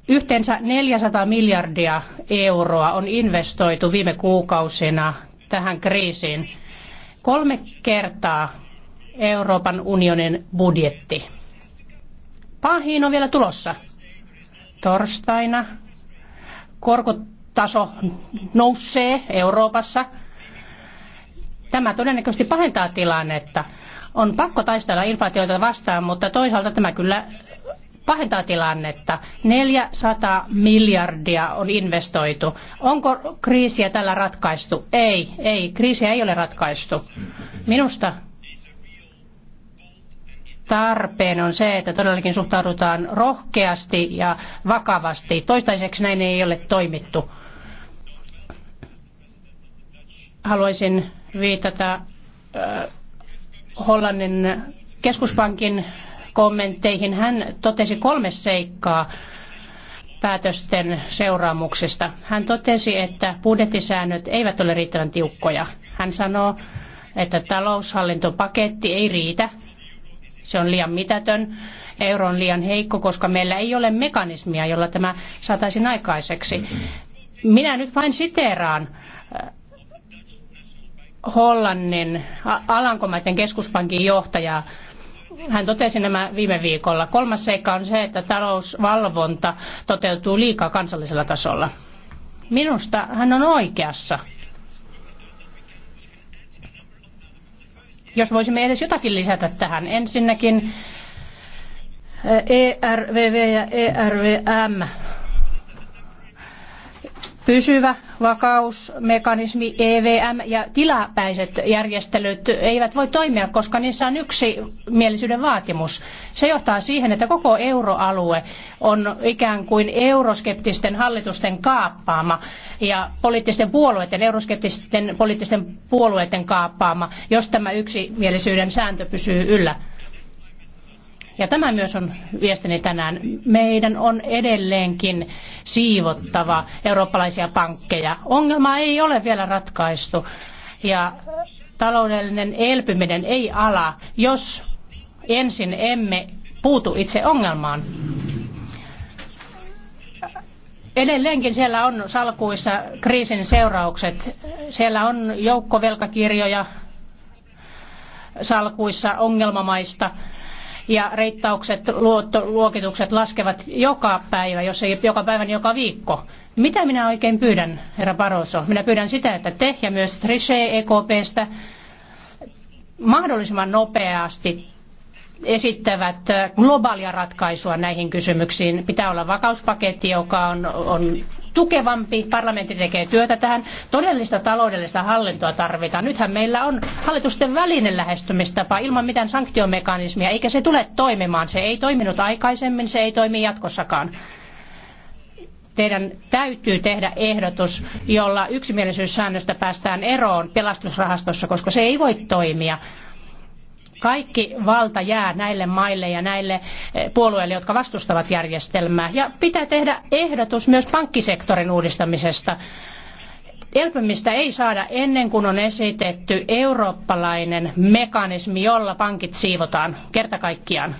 Yhteensä 400 miljardia euroa on investoitu viime kuukausina tähän kriisiin. Kolme kertaa Euroopan unionin budjetti. Pahin on vielä tulossa. Torstaina korkot taso nousee Euroopassa. Tämä todennäköisesti pahentaa tilannetta. On pakko taistella inflaatiota vastaan, mutta toisaalta tämä kyllä pahentaa tilannetta. 400 miljardia on investoitu. Onko kriisiä tällä ratkaistu? Ei, ei. Kriisiä ei ole ratkaistu. Minusta tarpeen on se, että todellakin suhtaudutaan rohkeasti ja vakavasti. Toistaiseksi näin ei ole toimittu haluaisin viitata äh, Hollannin keskuspankin kommentteihin. Hän totesi kolme seikkaa päätösten seuraamuksista. Hän totesi, että budjettisäännöt eivät ole riittävän tiukkoja. Hän sanoo, että taloushallintopaketti ei riitä. Se on liian mitätön, euro on liian heikko, koska meillä ei ole mekanismia, jolla tämä saataisiin aikaiseksi. Minä nyt vain siteeraan Hollannin Alankomaiden keskuspankin johtaja Hän totesi nämä viime viikolla. Kolmas seikka on se, että talousvalvonta toteutuu liikaa kansallisella tasolla. Minusta hän on oikeassa. Jos voisimme edes jotakin lisätä tähän. Ensinnäkin ERVV ja ERVM Pysyvä vakausmekanismi EVM ja tilapäiset järjestelyt eivät voi toimia, koska niissä on yksi mielisyyden vaatimus. Se johtaa siihen, että koko euroalue on ikään kuin euroskeptisten hallitusten kaappaama ja poliittisten puolueiden, euroskeptisten poliittisten puolueiden kaappaama, jos tämä yksi mielisyyden sääntö pysyy yllä. Ja tämä myös on viestini tänään. Meidän on edelleenkin siivottava eurooppalaisia pankkeja. Ongelma ei ole vielä ratkaistu. Ja taloudellinen elpyminen ei ala, jos ensin emme puutu itse ongelmaan edelleenkin siellä on salkuissa kriisin seuraukset. Siellä on joukkovelkakirjoja salkuissa ongelmamaista ja reittaukset, luokitukset laskevat joka päivä, jos ei joka päivä, niin joka viikko. Mitä minä oikein pyydän, herra Barroso? Minä pyydän sitä, että te ja myös Trichet EKPstä mahdollisimman nopeasti esittävät globaalia ratkaisua näihin kysymyksiin. Pitää olla vakauspaketti, joka on, on tukevampi. Parlamentti tekee työtä tähän. Todellista taloudellista hallintoa tarvitaan. Nythän meillä on hallitusten välinen lähestymistapa ilman mitään sanktiomekanismia, eikä se tule toimimaan. Se ei toiminut aikaisemmin, se ei toimi jatkossakaan teidän täytyy tehdä ehdotus, jolla yksimielisyyssäännöstä päästään eroon pelastusrahastossa, koska se ei voi toimia. Kaikki valta jää näille maille ja näille eh, puolueille, jotka vastustavat järjestelmää. Ja pitää tehdä ehdotus myös pankkisektorin uudistamisesta. Elpymistä ei saada ennen kuin on esitetty eurooppalainen mekanismi, jolla pankit siivotaan kerta kaikkiaan.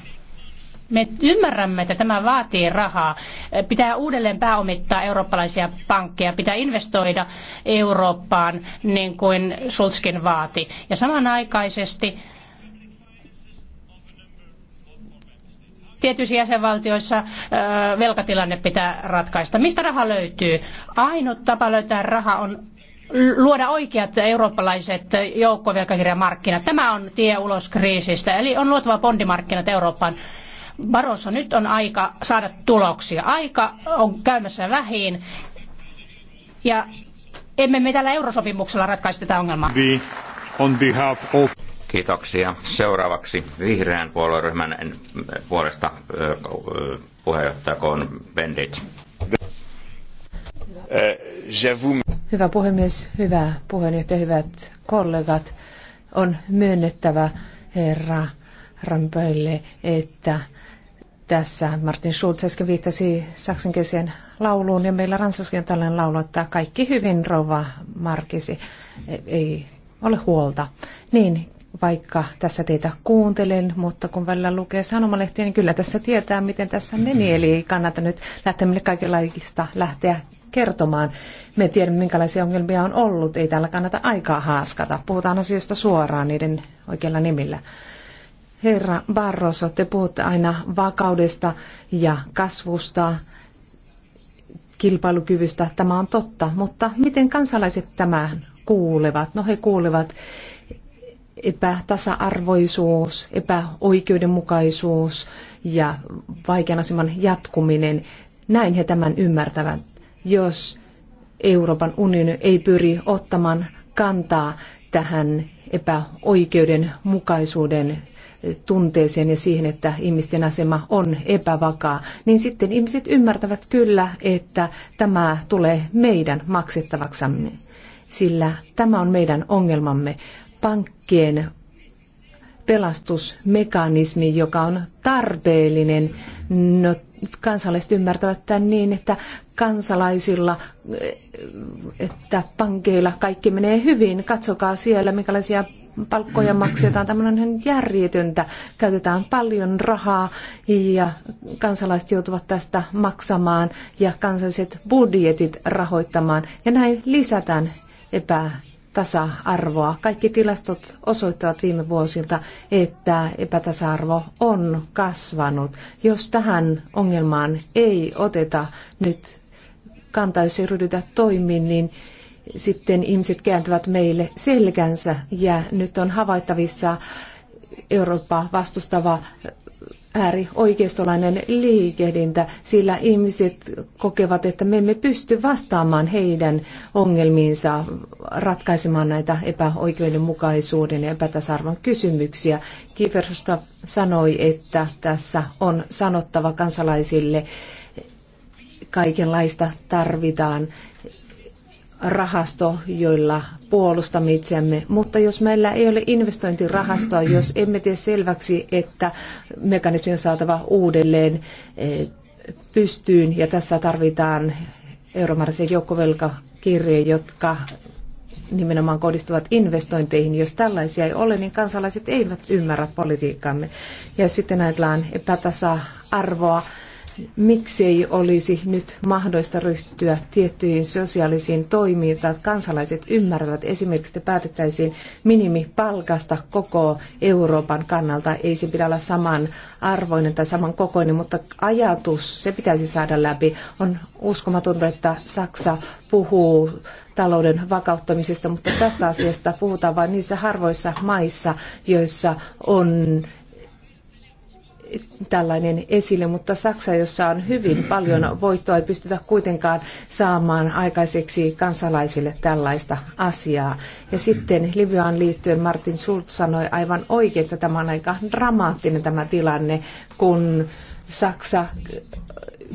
Me ymmärrämme, että tämä vaatii rahaa. Eh, pitää uudelleen pääomittaa eurooppalaisia pankkeja, pitää investoida Eurooppaan, niin kuin Sulskin vaati. Ja samanaikaisesti tietyissä jäsenvaltioissa velkatilanne pitää ratkaista. Mistä raha löytyy? Ainut tapa löytää raha on luoda oikeat eurooppalaiset joukkovelkakirjamarkkinat. Tämä on tie ulos kriisistä, eli on luotava bondimarkkinat Eurooppaan. Barossa nyt on aika saada tuloksia. Aika on käymässä vähin ja emme me tällä eurosopimuksella ratkaise tätä ongelmaa. On behalf of... Kiitoksia. Seuraavaksi vihreän puolueryhmän puolesta puheenjohtaja Kohn Bendit. Hyvä puhemies, hyvä puheenjohtaja, hyvät kollegat. On myönnettävä herra Rampöille, että tässä Martin Schulz äsken viittasi saksankieliseen lauluun ja meillä ranskaskin on tällainen laulu, että kaikki hyvin rouva Markisi, ei ole huolta. Niin, vaikka tässä teitä kuuntelen, mutta kun välillä lukee sanomalehtiä, niin kyllä tässä tietää, miten tässä meni. Mm-hmm. Eli ei kannata nyt lähteä kaikenlaista lähteä kertomaan. Me tiedämme, minkälaisia ongelmia on ollut. Ei täällä kannata aikaa haaskata. Puhutaan asioista suoraan niiden oikeilla nimillä. Herra Barroso, te puhutte aina vakaudesta ja kasvusta, kilpailukyvystä. Tämä on totta, mutta miten kansalaiset tämän kuulevat? No he kuulevat epätasa-arvoisuus, epäoikeudenmukaisuus ja vaikean aseman jatkuminen. Näin he tämän ymmärtävät, jos Euroopan unioni ei pyri ottamaan kantaa tähän epäoikeudenmukaisuuden tunteeseen ja siihen, että ihmisten asema on epävakaa, niin sitten ihmiset ymmärtävät kyllä, että tämä tulee meidän maksettavaksamme, sillä tämä on meidän ongelmamme pankkien pelastusmekanismi, joka on tarpeellinen. No, kansalaiset ymmärtävät tämän niin, että kansalaisilla, että pankeilla kaikki menee hyvin. Katsokaa siellä, minkälaisia palkkoja maksetaan. Tämmöinen järjetöntä. Käytetään paljon rahaa ja kansalaiset joutuvat tästä maksamaan ja kansalliset budjetit rahoittamaan. Ja näin lisätään epä tasa-arvoa. Kaikki tilastot osoittavat viime vuosilta, että epätasa-arvo on kasvanut. Jos tähän ongelmaan ei oteta nyt kantaisi ryhdytä toimiin, niin sitten ihmiset kääntävät meille selkänsä ja nyt on havaittavissa Eurooppaa vastustava äärioikeistolainen liikehdintä, sillä ihmiset kokevat, että me emme pysty vastaamaan heidän ongelmiinsa, ratkaisemaan näitä epäoikeudenmukaisuuden ja epätasarvon kysymyksiä. Kiversta sanoi, että tässä on sanottava kansalaisille, kaikenlaista tarvitaan rahasto, joilla puolustamme itseämme. Mutta jos meillä ei ole investointirahastoa, jos emme tee selväksi, että mekanismi on saatava uudelleen eh, pystyyn, ja tässä tarvitaan euromääräisiä joukkovelkakirjoja, jotka nimenomaan kohdistuvat investointeihin. Jos tällaisia ei ole, niin kansalaiset eivät ymmärrä politiikkaamme. Ja jos sitten ajatellaan epätasa-arvoa, Miksi ei olisi nyt mahdollista ryhtyä tiettyihin sosiaalisiin toimiin, joita kansalaiset ymmärtävät. Esimerkiksi että päätettäisiin minimipalkasta koko Euroopan kannalta. Ei se pidä olla saman arvoinen tai saman kokoinen, mutta ajatus, se pitäisi saada läpi. On uskomatonta, että Saksa puhuu talouden vakauttamisesta, mutta tästä asiasta puhutaan vain niissä harvoissa maissa, joissa on tällainen esille, mutta Saksa, jossa on hyvin paljon voittoa, ei pystytä kuitenkaan saamaan aikaiseksi kansalaisille tällaista asiaa. Ja sitten Libyaan liittyen Martin Schulz sanoi aivan oikein, että tämä on aika dramaattinen tämä tilanne, kun Saksa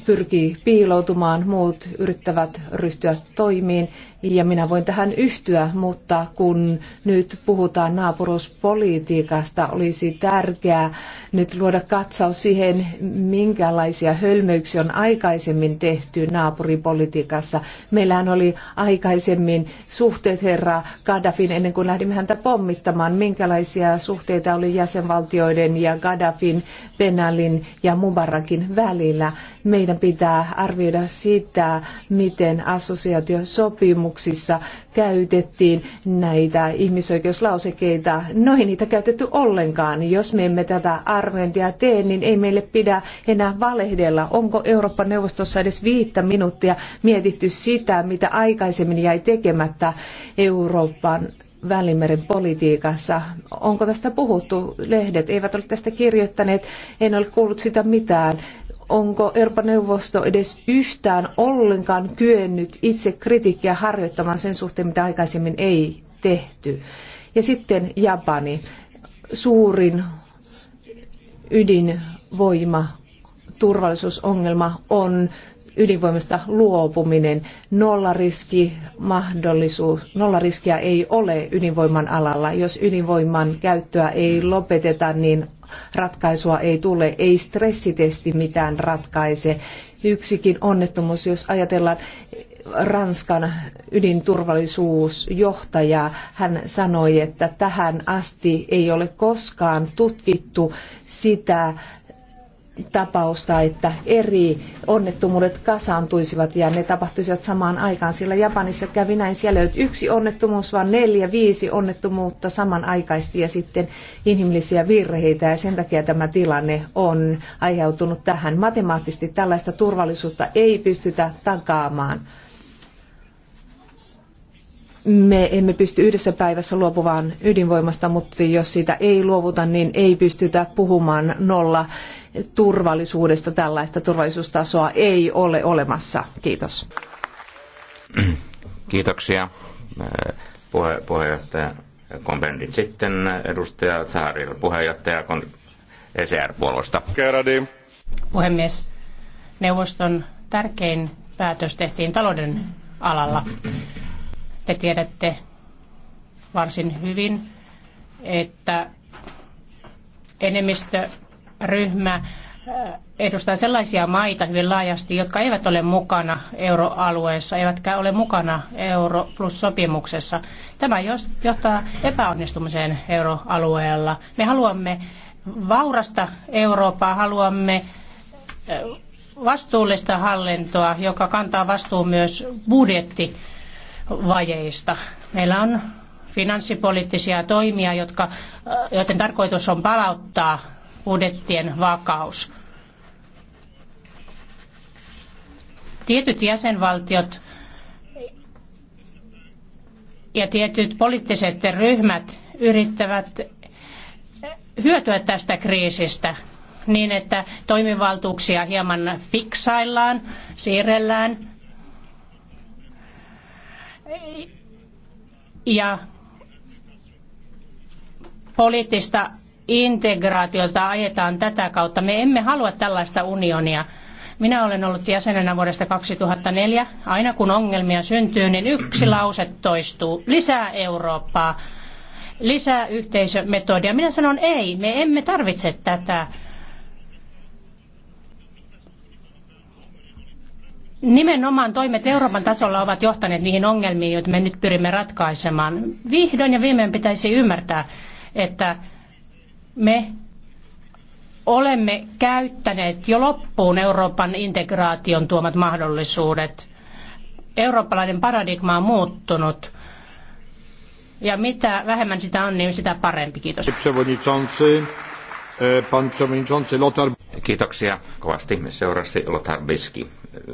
pyrkii piiloutumaan, muut yrittävät ryhtyä toimiin ja minä voin tähän yhtyä, mutta kun nyt puhutaan naapuruspolitiikasta, olisi tärkeää nyt luoda katsaus siihen, minkälaisia hölmöyksiä on aikaisemmin tehty naapuripolitiikassa. Meillähän oli aikaisemmin suhteet herra Gaddafin ennen kuin lähdimme häntä pommittamaan, minkälaisia suhteita oli jäsenvaltioiden ja Gaddafin, Benalin ja Mubarakin välillä. Meidän pitää arvioida sitä, miten assosiaatiosopimus sopimuksissa käytettiin näitä ihmisoikeuslausekkeita. No ei niitä käytetty ollenkaan. Jos me emme tätä arviointia tee, niin ei meille pidä enää valehdella. Onko Euroopan neuvostossa edes viittä minuuttia mietitty sitä, mitä aikaisemmin jäi tekemättä Euroopan Välimeren politiikassa. Onko tästä puhuttu? Lehdet eivät ole tästä kirjoittaneet. En ole kuullut sitä mitään onko Euroopan neuvosto edes yhtään ollenkaan kyennyt itse kritiikkiä harjoittamaan sen suhteen, mitä aikaisemmin ei tehty. Ja sitten Japani, suurin ydinvoima, turvallisuusongelma on ydinvoimasta luopuminen. Nollariski mahdollisuus, nollariskiä ei ole ydinvoiman alalla. Jos ydinvoiman käyttöä ei lopeteta, niin ratkaisua ei tule, ei stressitesti mitään ratkaise. Yksikin onnettomuus, jos ajatellaan Ranskan ydinturvallisuusjohtaja, hän sanoi, että tähän asti ei ole koskaan tutkittu sitä, tapausta, että eri onnettomuudet kasaantuisivat ja ne tapahtuisivat samaan aikaan, sillä Japanissa kävi näin, siellä ei ollut yksi onnettomuus, vaan neljä, viisi onnettomuutta samanaikaisesti ja sitten inhimillisiä virheitä ja sen takia tämä tilanne on aiheutunut tähän. Matemaattisesti tällaista turvallisuutta ei pystytä takaamaan me emme pysty yhdessä päivässä luopumaan ydinvoimasta, mutta jos siitä ei luovuta, niin ei pystytä puhumaan nolla turvallisuudesta. Tällaista turvallisuustasoa ei ole olemassa. Kiitos. Kiitoksia eh, puhe, puheenjohtaja Konvendit. Sitten edustaja Saarilla, puheenjohtaja ECR-puolosta. Puhemies, neuvoston tärkein päätös tehtiin talouden alalla. Te tiedätte varsin hyvin, että enemmistö ryhmä äh, edustaa sellaisia maita hyvin laajasti, jotka eivät ole mukana euroalueessa, eivätkä ole mukana euro plus sopimuksessa. Tämä johtaa epäonnistumiseen euroalueella. Me haluamme vaurasta Eurooppaa, haluamme äh, vastuullista hallintoa, joka kantaa vastuun myös budjettivajeista. Meillä on finanssipoliittisia toimia, jotka, äh, joiden tarkoitus on palauttaa budjettien vakaus. Tietyt jäsenvaltiot ja tietyt poliittiset ryhmät yrittävät hyötyä tästä kriisistä niin, että toimivaltuuksia hieman fiksaillaan, siirrellään ja poliittista integraatiota ajetaan tätä kautta. Me emme halua tällaista unionia. Minä olen ollut jäsenenä vuodesta 2004. Aina kun ongelmia syntyy, niin yksi lause toistuu. Lisää Eurooppaa, lisää yhteisömetodia. Minä sanon ei, me emme tarvitse tätä. Nimenomaan toimet Euroopan tasolla ovat johtaneet niihin ongelmiin, joita me nyt pyrimme ratkaisemaan. Vihdoin ja viimein pitäisi ymmärtää, että me olemme käyttäneet jo loppuun Euroopan integraation tuomat mahdollisuudet. Eurooppalainen paradigma on muuttunut. Ja mitä vähemmän sitä on, niin sitä parempi. Kiitos. E, Kiitoksia kovasti. Seurasi Lothar Biski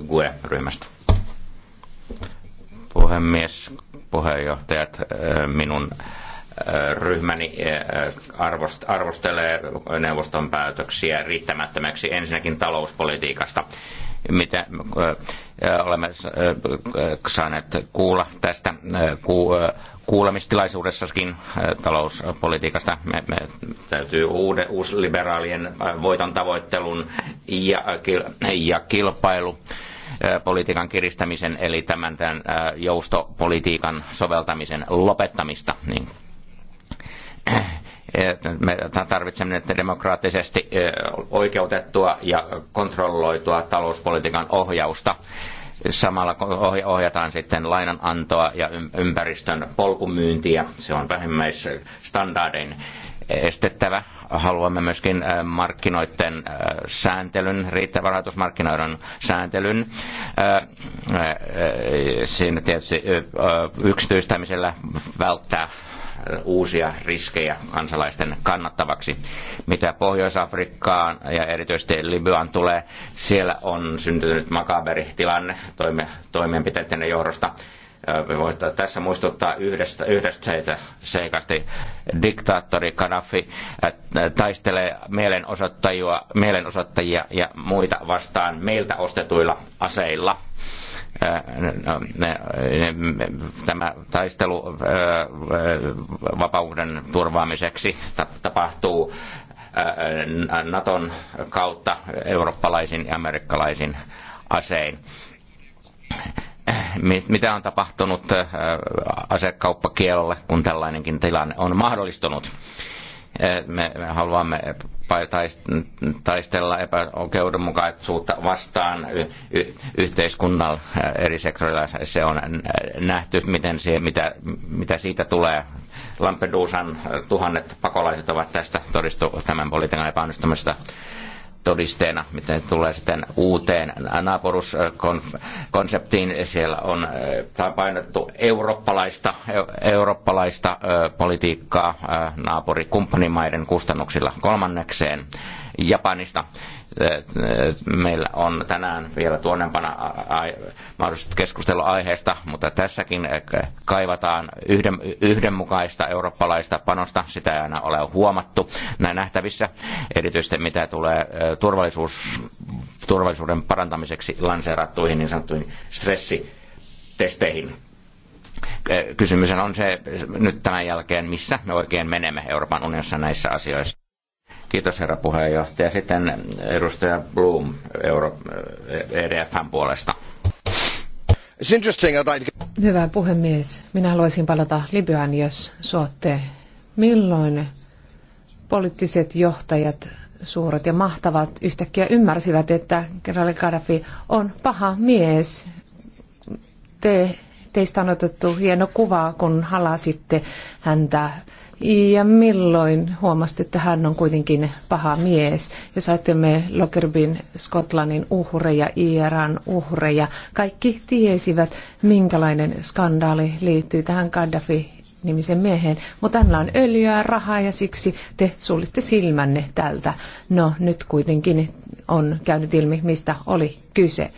GUE-ryhmästä. Puhemies, puheenjohtajat, e, minun ryhmäni eh, arvostelee neuvoston päätöksiä riittämättömäksi ensinnäkin talouspolitiikasta. Mitä eh, eh, olemme saaneet kuulla tästä kuulemistilaisuudessakin talouspolitiikasta. Me, me täytyy uude, uusliberaalien voiton tavoittelun ja, ja kilpailu politiikan kiristämisen eli tämän, tämän joustopolitiikan soveltamisen lopettamista, niin me tarvitsemme demokraattisesti oikeutettua ja kontrolloitua talouspolitiikan ohjausta. Samalla ohjataan sitten lainanantoa ja ympäristön polkumyyntiä. Se on vähimmäisstandardin estettävä. Haluamme myöskin markkinoiden sääntelyn, riittävän rahoitusmarkkinoiden sääntelyn. Siinä tietysti yksityistämisellä välttää uusia riskejä kansalaisten kannattavaksi. Mitä Pohjois-Afrikkaan ja erityisesti Libyan tulee, siellä on syntynyt makaberi tilanne toime, toimenpiteiden johdosta. Voisi tässä muistuttaa yhdestä, yhdestä seikasti Diktaattori Kanafi taistelee mielenosoittajia, mielenosoittajia ja muita vastaan meiltä ostetuilla aseilla tämä taistelu vapauden turvaamiseksi tapahtuu Naton kautta eurooppalaisin ja amerikkalaisin asein. Mitä on tapahtunut asekauppakielolle, kun tällainenkin tilanne on mahdollistunut? Eh, me, me haluamme taistella epäoikeudenmukaisuutta vastaan y, y, yhteiskunnalla eh, eri sektoreilla. Se on nähty, miten siihen, mitä, mitä siitä tulee. Lampedusan tuhannet pakolaiset ovat tästä todistu tämän politiikan epäonnistumisesta todisteena, mitä tulee sitten uuteen naapuruskonseptiin. Siellä on äh, painottu eurooppalaista, eurooppalaista äh, politiikkaa äh, naapurikumppanimaiden kustannuksilla kolmannekseen Japanista meillä on tänään vielä tuonnempana mahdollisesti keskustelu aiheesta, mutta tässäkin kaivataan yhden, yhdenmukaista eurooppalaista panosta. Sitä ei aina ole huomattu näin nähtävissä, erityisesti mitä tulee turvallisuus, turvallisuuden parantamiseksi lanseerattuihin niin sanottuihin stressitesteihin kysymys on se nyt tämän jälkeen, missä me oikein menemme Euroopan unionissa näissä asioissa. Kiitos herra puheenjohtaja. Sitten edustaja Bloom Euro, EDFn puolesta. Hyvä puhemies. Minä haluaisin palata Libyaan, jos suotte. Milloin poliittiset johtajat, suuret ja mahtavat, yhtäkkiä ymmärsivät, että kenraali Gaddafi on paha mies? Te, teistä on otettu hieno kuva, kun halasitte häntä ja milloin huomasit, että hän on kuitenkin paha mies? Jos ajattelemme Lockerbin Skotlannin uhreja, IRAn uhreja, kaikki tiesivät, minkälainen skandaali liittyy tähän Gaddafi nimisen mieheen, mutta hänellä on öljyä, rahaa ja siksi te sullitte silmänne tältä. No nyt kuitenkin on käynyt ilmi, mistä oli kyse.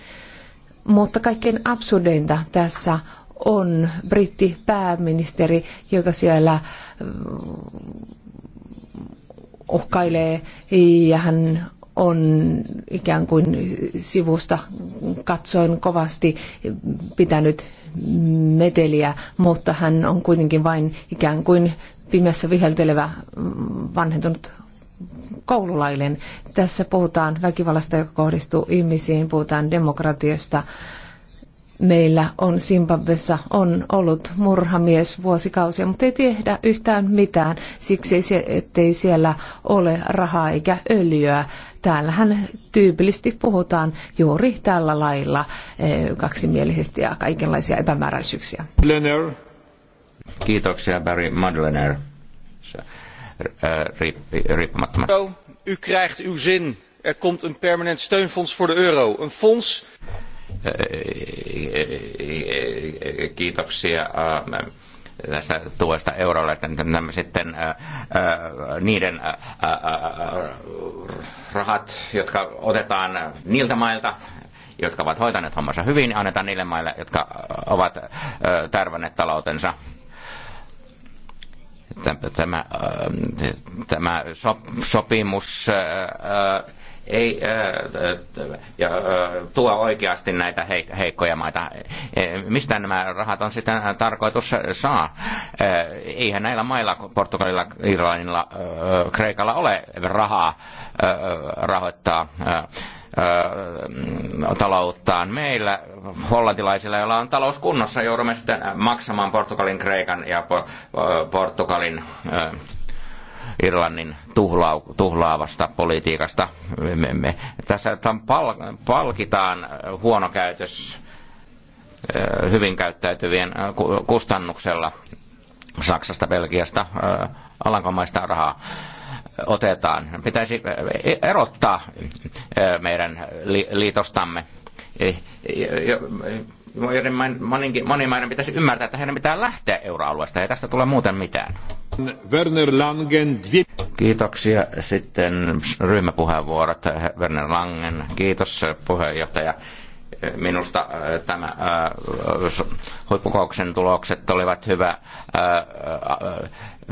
Mutta kaikkein absurdeinta tässä on britti pääministeri, joka siellä uhkailee mm, ja hän on ikään kuin sivusta katsoen kovasti pitänyt meteliä, mutta hän on kuitenkin vain ikään kuin pimeässä viheltelevä mm, vanhentunut koululainen. Tässä puhutaan väkivallasta, joka kohdistuu ihmisiin, puhutaan demokratiasta, meillä on Zimbabwessa on ollut murhamies vuosikausia, mutta ei tiedä yhtään mitään, siksi ettei siellä ole rahaa eikä öljyä. Täällähän tyypillisesti puhutaan juuri tällä lailla eh, kaksimielisesti ja kaikenlaisia epämääräisyyksiä. Lenner. Kiitoksia Barry Madlener. Eh, riippi, riippumattomat. U krijgt uw zin. Er komt een permanent steunfonds voor de euro. Een fonds kiitoksia tästä äh, tuosta eurolle, että nämä sitten ää, äh, äh, niiden ää, rahat, jotka otetaan niiltä mailta, jotka ovat hoitaneet hommansa hyvin, annetaan niille maille, jotka ovat tärvänneet taloutensa tämä, tämä sop, sopimus ei ja, tuo oikeasti näitä heikkoja maita. E, mistä nämä rahat on sitten tarkoitus saa? Eihän näillä mailla, Portugalilla, Irlannilla, Kreikalla ole rahaa rahoittaa talouttaan. Meillä hollantilaisilla, joilla on talous kunnossa, joudumme sitten maksamaan Portugalin, Kreikan ja Portugalin Irlannin tuhlaavasta politiikasta. Me, me, tässä pal, palkitaan äh, huono käytös äh, hyvin käyttäytyvien äh, kustannuksella Saksasta, Belgiasta, Alankomaista rahaa otetaan. Pitäisi e-, erottaa meidän liitostamme joiden moninkin, monien maiden pitäisi ymmärtää, että heidän pitää lähteä euroalueesta. Ei tästä tule muuten mitään. Werner Langen. Kiitoksia. Sitten ryhmäpuheenvuorot. Werner Langen. Kiitos puheenjohtaja minusta äh, tämä äh, huippukouksen tulokset olivat hyvä äh, äh,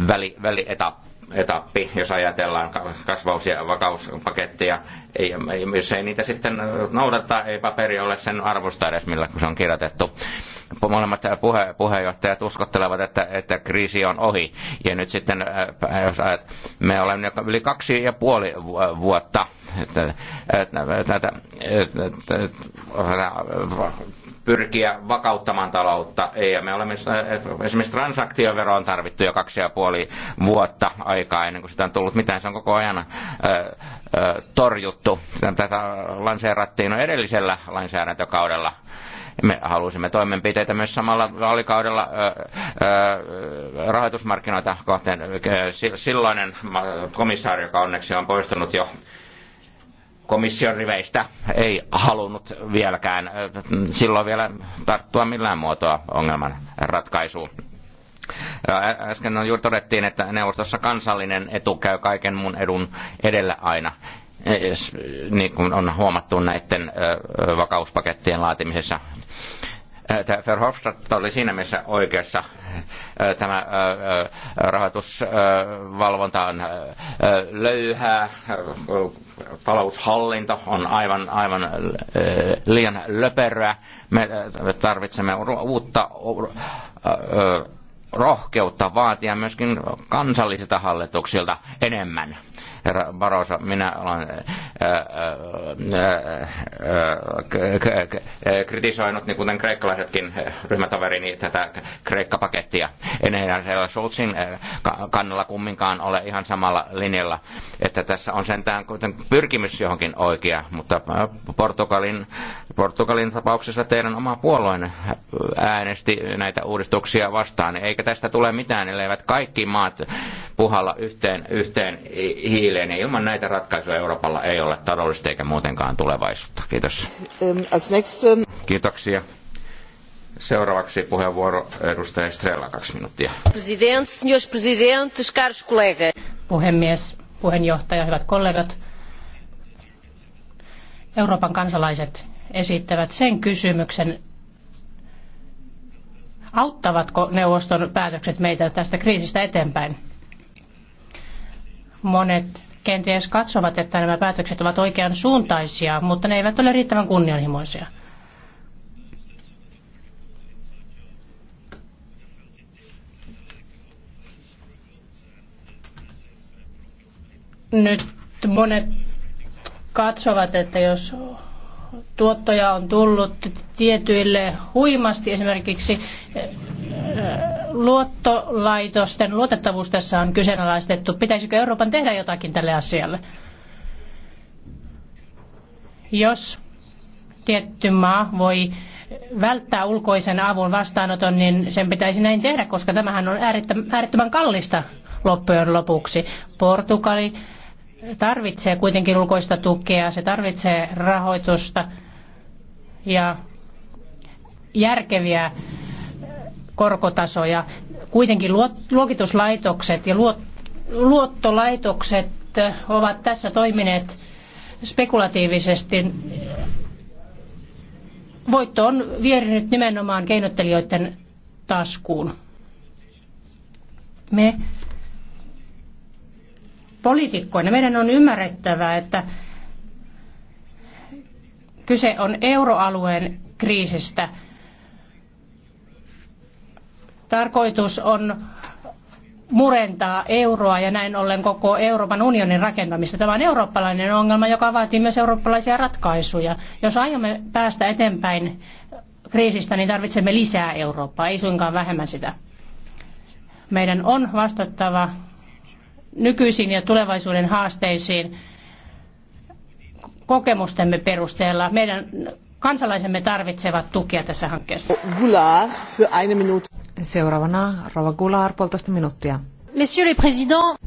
väli, välietappi etappi, jos ajatellaan kasvaus- ja vakauspakettia. Ei, jos ei niitä sitten noudata, ei paperi ole sen arvosta edes, millä se on kirjoitettu. Molemmat puhe, puheenjohtajat uskottelevat, että, että kriisi on ohi. Ja nyt sitten, jos ajat, me olemme yli kaksi ja puoli vuotta tätä pyrkiä vakauttamaan taloutta. Ja me olemme esimerkiksi on tarvittu jo kaksi ja puoli vuotta aikaa ennen kuin sitä on tullut mitään. Se on koko ajan torjuttu. Tätä lanseerattiin no edellisellä lainsäädäntökaudella me halusimme toimenpiteitä myös samalla vaalikaudella rahoitusmarkkinoita kohteen. Silloinen komissaari, joka onneksi on poistunut jo komission riveistä ei halunnut vieläkään silloin vielä tarttua millään muotoa ongelman ratkaisuun. Äsken on juuri todettiin, että neuvostossa kansallinen etu käy kaiken mun edun edellä aina, niin kuin on huomattu näiden vakauspakettien laatimisessa Äh, Verhofstadt oli siinä mielessä oikeassa. Äh, tämä äh, rahoitusvalvonta on löyhää, taloushallinto on aivan, aivan liian löperöä. Me tarvitsemme uutta rohkeutta vaatia myöskin kansallisilta hallituksilta enemmän herra Barosa, minä olen äh, äh, äh, kritisoinut, niin kuten kreikkalaisetkin ryhmätoverini, tätä kreikkapakettia. En enää siellä Schulzin kannalla kumminkaan ole ihan samalla linjalla, että tässä on sentään kuitenkin pyrkimys johonkin oikea, mutta Portugalin Portugalin tapauksessa teidän oma puolueen äänesti näitä uudistuksia vastaan. Eikä tästä tule mitään, elleivät kaikki maat puhalla yhteen, yhteen hiileen. Ja ilman näitä ratkaisuja Euroopalla ei ole taloudellista eikä muutenkaan tulevaisuutta. Kiitos. Kiitoksia. Seuraavaksi puheenvuoro edustaja Estrella, kaksi minuuttia. President, signors president, caros kollegat. Puhemies, puheenjohtaja, hyvät kollegat. Euroopan kansalaiset esittävät sen kysymyksen, auttavatko neuvoston päätökset meitä tästä kriisistä eteenpäin. Monet kenties katsovat, että nämä päätökset ovat oikean suuntaisia, mutta ne eivät ole riittävän kunnianhimoisia. Nyt monet katsovat, että jos tuottoja on tullut tietyille huimasti. Esimerkiksi eh, luottolaitosten luotettavuus tässä on kyseenalaistettu. Pitäisikö Euroopan tehdä jotakin tälle asialle? Jos tietty maa voi välttää ulkoisen avun vastaanoton, niin sen pitäisi näin tehdä, koska tämähän on äärettömän kallista loppujen lopuksi. Portugali tarvitsee kuitenkin ulkoista tukea, se tarvitsee rahoitusta ja järkeviä korkotasoja. Kuitenkin luokituslaitokset ja luottolaitokset ovat tässä toimineet spekulatiivisesti. Voitto on vierinyt nimenomaan keinottelijoiden taskuun. Me poliitikkoina meidän on ymmärrettävä, että kyse on euroalueen kriisistä. Tarkoitus on murentaa euroa ja näin ollen koko Euroopan unionin rakentamista. Tämä on eurooppalainen ongelma, joka vaatii myös eurooppalaisia ratkaisuja. Jos aiomme päästä eteenpäin kriisistä, niin tarvitsemme lisää Eurooppaa, ei suinkaan vähemmän sitä. Meidän on vastattava nykyisiin ja tulevaisuuden haasteisiin kokemustemme perusteella. Meidän kansalaisemme tarvitsevat tukea tässä hankkeessa. für eine minute. Seuraavana Rova Goulard, puolitoista minuuttia. Monsieur le Président.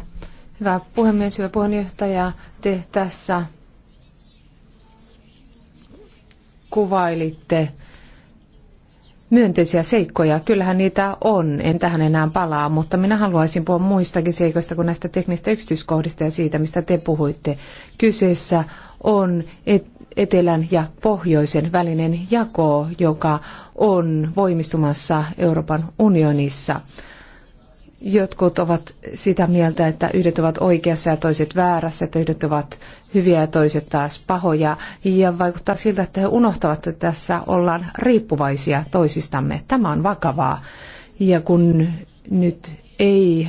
Hyvä puhemies, hyvä puheenjohtaja. Te tässä kuvailitte myönteisiä seikkoja. Kyllähän niitä on, en tähän enää palaa, mutta minä haluaisin puhua muistakin seikoista kuin näistä teknistä yksityiskohdista ja siitä, mistä te puhuitte. Kyseessä on etelän ja pohjoisen välinen jako, joka on voimistumassa Euroopan unionissa jotkut ovat sitä mieltä, että yhdet ovat oikeassa ja toiset väärässä, että yhdet ovat hyviä ja toiset taas pahoja. Ja vaikuttaa siltä, että he unohtavat, että tässä ollaan riippuvaisia toisistamme. Tämä on vakavaa. Ja kun nyt ei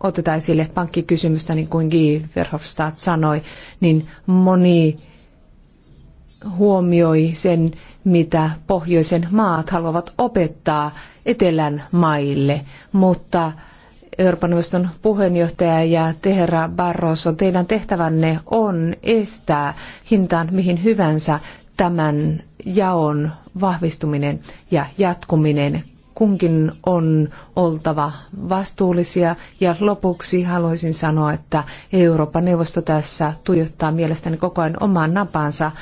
oteta esille pankkikysymystä, niin kuin Guy Verhofstadt sanoi, niin moni huomioi sen, mitä pohjoisen maat haluavat opettaa etelän maille, mutta Euroopan neuvoston puheenjohtaja ja te herra Barroso, teidän tehtävänne on estää hintaan mihin hyvänsä tämän jaon vahvistuminen ja jatkuminen. Kunkin on oltava vastuullisia ja lopuksi haluaisin sanoa, että Euroopan neuvosto tässä tuijottaa mielestäni koko ajan omaan napansa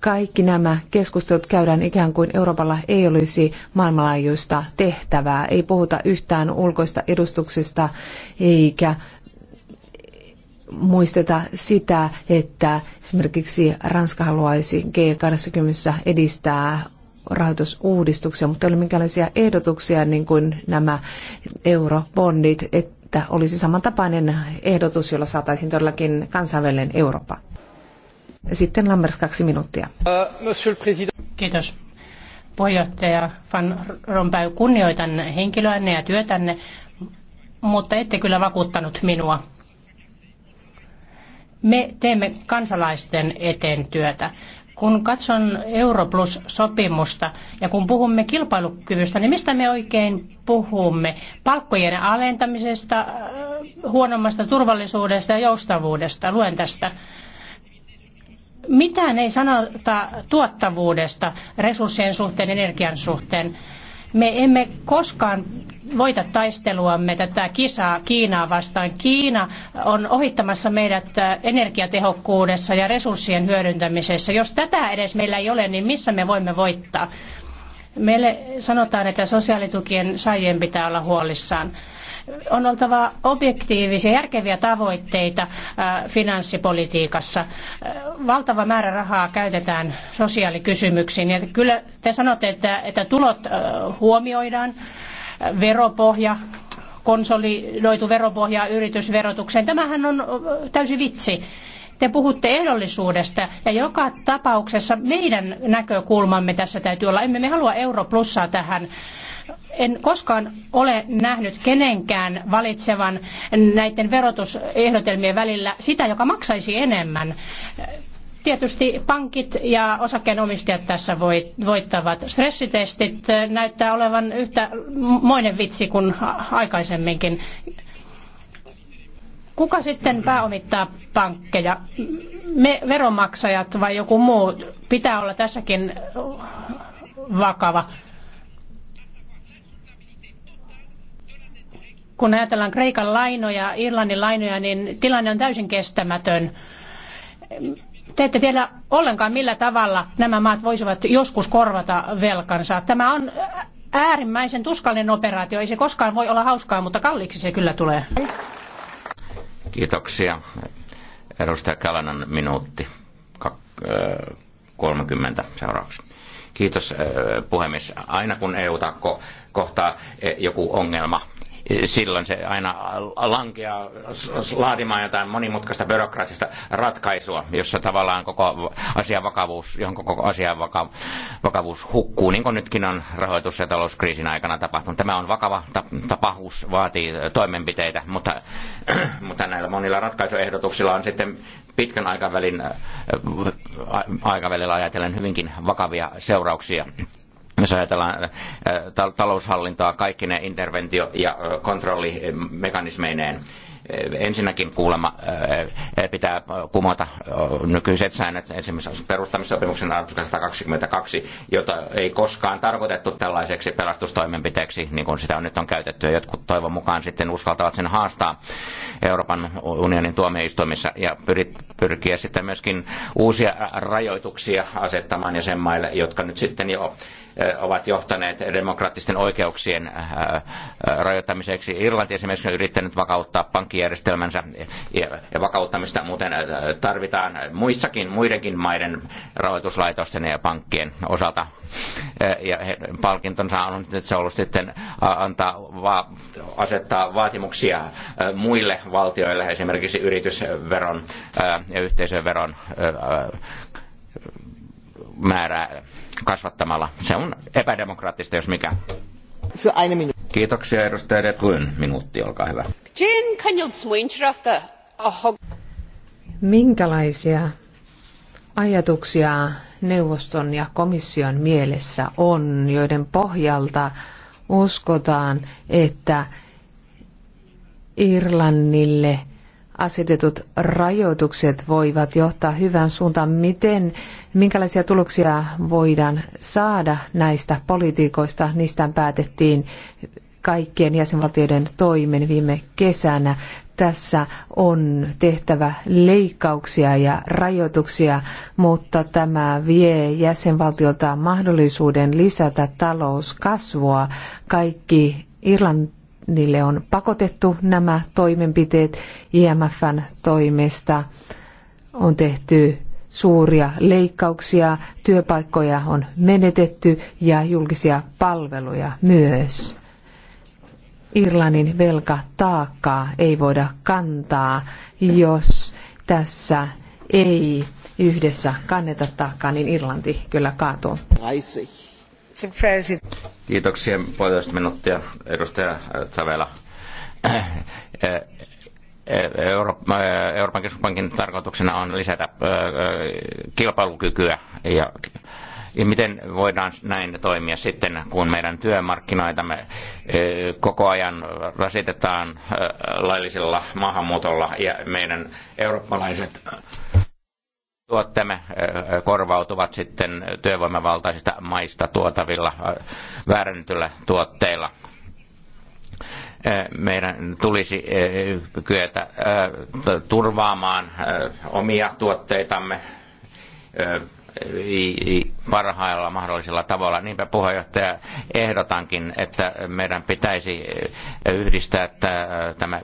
kaikki nämä keskustelut käydään ikään kuin Euroopalla ei olisi maailmanlaajuista tehtävää. Ei puhuta yhtään ulkoista edustuksista eikä muisteta sitä, että esimerkiksi Ranska haluaisi G20 edistää rahoitusuudistuksia, mutta ei ole minkäänlaisia ehdotuksia, niin kuin nämä eurobondit, että olisi samantapainen ehdotus, jolla saataisiin todellakin kansainvälinen Eurooppa. Sitten Lammers kaksi minuuttia. Kiitos. Puheenjohtaja Van Rompuy, kunnioitan henkilöänne ja työtänne, mutta ette kyllä vakuuttanut minua. Me teemme kansalaisten eteen työtä. Kun katson Europlus-sopimusta ja kun puhumme kilpailukyvystä, niin mistä me oikein puhumme? Palkkojen alentamisesta, äh, huonommasta turvallisuudesta ja joustavuudesta. Luen tästä. Mitään ei sanota tuottavuudesta resurssien suhteen, energian suhteen. Me emme koskaan voita taisteluamme tätä kisaa Kiinaa vastaan. Kiina on ohittamassa meidät äh, energiatehokkuudessa ja resurssien hyödyntämisessä. Jos tätä edes meillä ei ole, niin missä me voimme voittaa? Meille sanotaan, että sosiaalitukien saajien pitää olla huolissaan. On oltava objektiivisia, järkeviä tavoitteita äh, finanssipolitiikassa. Äh, valtava määrä rahaa käytetään sosiaalikysymyksiin. Ja kyllä te sanotte, että, että tulot äh, huomioidaan, veropohja konsolidoitu veropohja yritysverotukseen. Tämähän on täysi vitsi. Te puhutte ehdollisuudesta ja joka tapauksessa meidän näkökulmamme tässä täytyy olla. Emme me halua plussaa tähän en koskaan ole nähnyt kenenkään valitsevan näiden verotusehdotelmien välillä sitä, joka maksaisi enemmän tietysti pankit ja osakkeenomistajat tässä voittavat. Stressitestit näyttää olevan yhtä moinen vitsi kuin aikaisemminkin. Kuka sitten pääomittaa pankkeja? Me veronmaksajat vai joku muu? Pitää olla tässäkin vakava. kun ajatellaan Kreikan lainoja, Irlannin lainoja, niin tilanne on täysin kestämätön. Te ette tiedä ollenkaan, millä tavalla nämä maat voisivat joskus korvata velkansa. Tämä on äärimmäisen tuskallinen operaatio. Ei se koskaan voi olla hauskaa, mutta kalliiksi se kyllä tulee. Kiitoksia. Edustaja Kalanan minuutti. 30 äh, seuraavaksi. Kiitos äh, puhemies. Aina kun EUta kohtaa e- joku ongelma, silloin se aina lankeaa laatimaan jotain monimutkaista byrokraattista ratkaisua, jossa tavallaan koko asian vakavuus, johon koko asian vaka, vakavuus hukkuu, niin kuin nytkin on rahoitus- ja talouskriisin aikana tapahtunut. Tämä on vakava tapaus, vaatii toimenpiteitä, mutta, mutta näillä monilla ratkaisuehdotuksilla on sitten pitkän aikavälin, äh, aikavälillä ajatellen hyvinkin vakavia seurauksia jos ajatellaan äh, taloushallintoa, kaikki ne interventio- ja äh, kontrollimekanismeineen, äh, ensinnäkin kuulemma pitää kumota nykyiset säännöt esimerkiksi perustamissopimuksen artikla 122, jota ei koskaan tarkoitettu tällaiseksi pelastustoimenpiteeksi, niin kuin sitä on nyt on käytetty. Jotkut toivon mukaan sitten uskaltavat sen haastaa Euroopan unionin tuomioistuimissa ja pyrkiä sitten myöskin uusia rajoituksia asettamaan ja maille, jotka nyt sitten jo ovat johtaneet demokraattisten oikeuksien rajoittamiseksi. Irlanti esimerkiksi on yrittänyt vakauttaa pankkijärjestelmänsä ja vakauttamista muuten tarvitaan muissakin muidenkin maiden rahoituslaitosten ja pankkien osalta. Ja palkintonsa on nyt se ollut sitten antaa, va, asettaa vaatimuksia muille valtioille, esimerkiksi yritysveron ja yhteisöveron määrää kasvattamalla. Se on epädemokraattista, jos mikä. Kiitoksia edustaja De Bruyne. Minuutti, olkaa hyvä. Minkälaisia ajatuksia neuvoston ja komission mielessä on, joiden pohjalta uskotaan, että Irlannille – asetetut rajoitukset voivat johtaa hyvään suuntaan. Miten, minkälaisia tuloksia voidaan saada näistä politiikoista? Niistä päätettiin kaikkien jäsenvaltioiden toimen viime kesänä. Tässä on tehtävä leikkauksia ja rajoituksia, mutta tämä vie jäsenvaltiolta mahdollisuuden lisätä talouskasvua. Kaikki Irlanti niille on pakotettu nämä toimenpiteet IMFn toimesta. On tehty suuria leikkauksia, työpaikkoja on menetetty ja julkisia palveluja myös. Irlannin velkataakkaa ei voida kantaa, jos tässä ei yhdessä kanneta taakkaa, niin Irlanti kyllä kaatuu. 30. Kiitoksia puolitoista minuuttia, edustaja Savela. Euroopan keskuspankin tarkoituksena on lisätä äh, kilpailukykyä ja ja miten voidaan näin toimia sitten, kun meidän työmarkkinoitamme äh, koko ajan rasitetaan äh, laillisella maahanmuutolla ja meidän eurooppalaiset tuotteemme korvautuvat sitten työvoimavaltaisista maista tuotavilla väärennetyillä tuotteilla. Meidän tulisi kyetä turvaamaan omia tuotteitamme parhailla mahdollisilla tavalla. Niinpä puheenjohtaja ehdotankin, että meidän pitäisi yhdistää tämä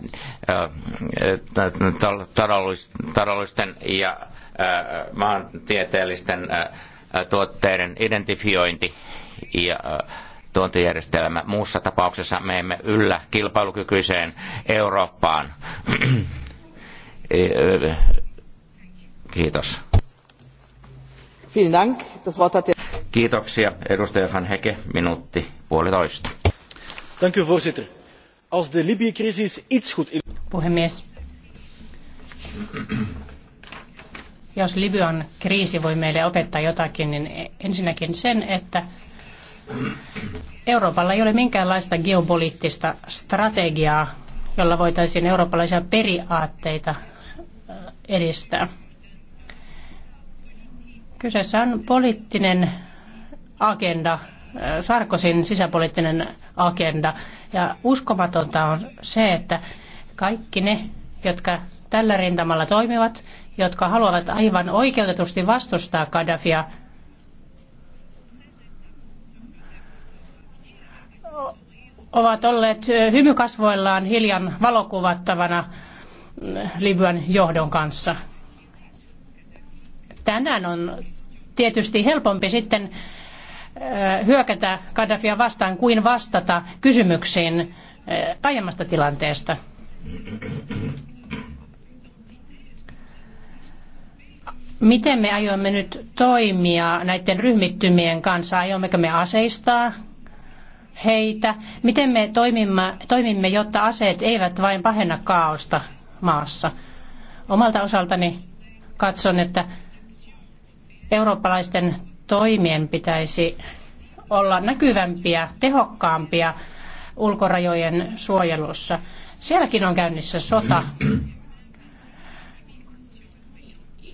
taloudellisten ja maantieteellisten tuotteiden identifiointi ja tuontijärjestelmä. Muussa tapauksessa me emme yllä kilpailukykyiseen Eurooppaan. Kiitos. Kiitoksia, edustaja Van Heke, minuutti puolitoista. Dank u, voorzitter. Als de Libië-crisis iets goed... Puhemies. Jos Libyan kriisi voi meille opettaa jotakin, niin ensinnäkin sen, että Euroopalla ei ole minkäänlaista geopoliittista strategiaa, jolla voitaisiin eurooppalaisia periaatteita äh, edistää. Kyseessä on poliittinen agenda, äh, Sarkosin sisäpoliittinen agenda. Ja uskomatonta on se, että kaikki ne, jotka tällä rintamalla toimivat, jotka haluavat aivan oikeutetusti vastustaa Gaddafia, ovat olleet hymykasvoillaan hiljan valokuvattavana Libyan johdon kanssa. Tänään on tietysti helpompi sitten hyökätä Gaddafia vastaan kuin vastata kysymyksiin aiemmasta tilanteesta. Miten me aiomme nyt toimia näiden ryhmittymien kanssa? Aiommeko me aseistaa heitä? Miten me toimimme, toimimme jotta aseet eivät vain pahenna kaaosta maassa? Omalta osaltani katson, että eurooppalaisten toimien pitäisi olla näkyvämpiä, tehokkaampia ulkorajojen suojelussa. Sielläkin on käynnissä sota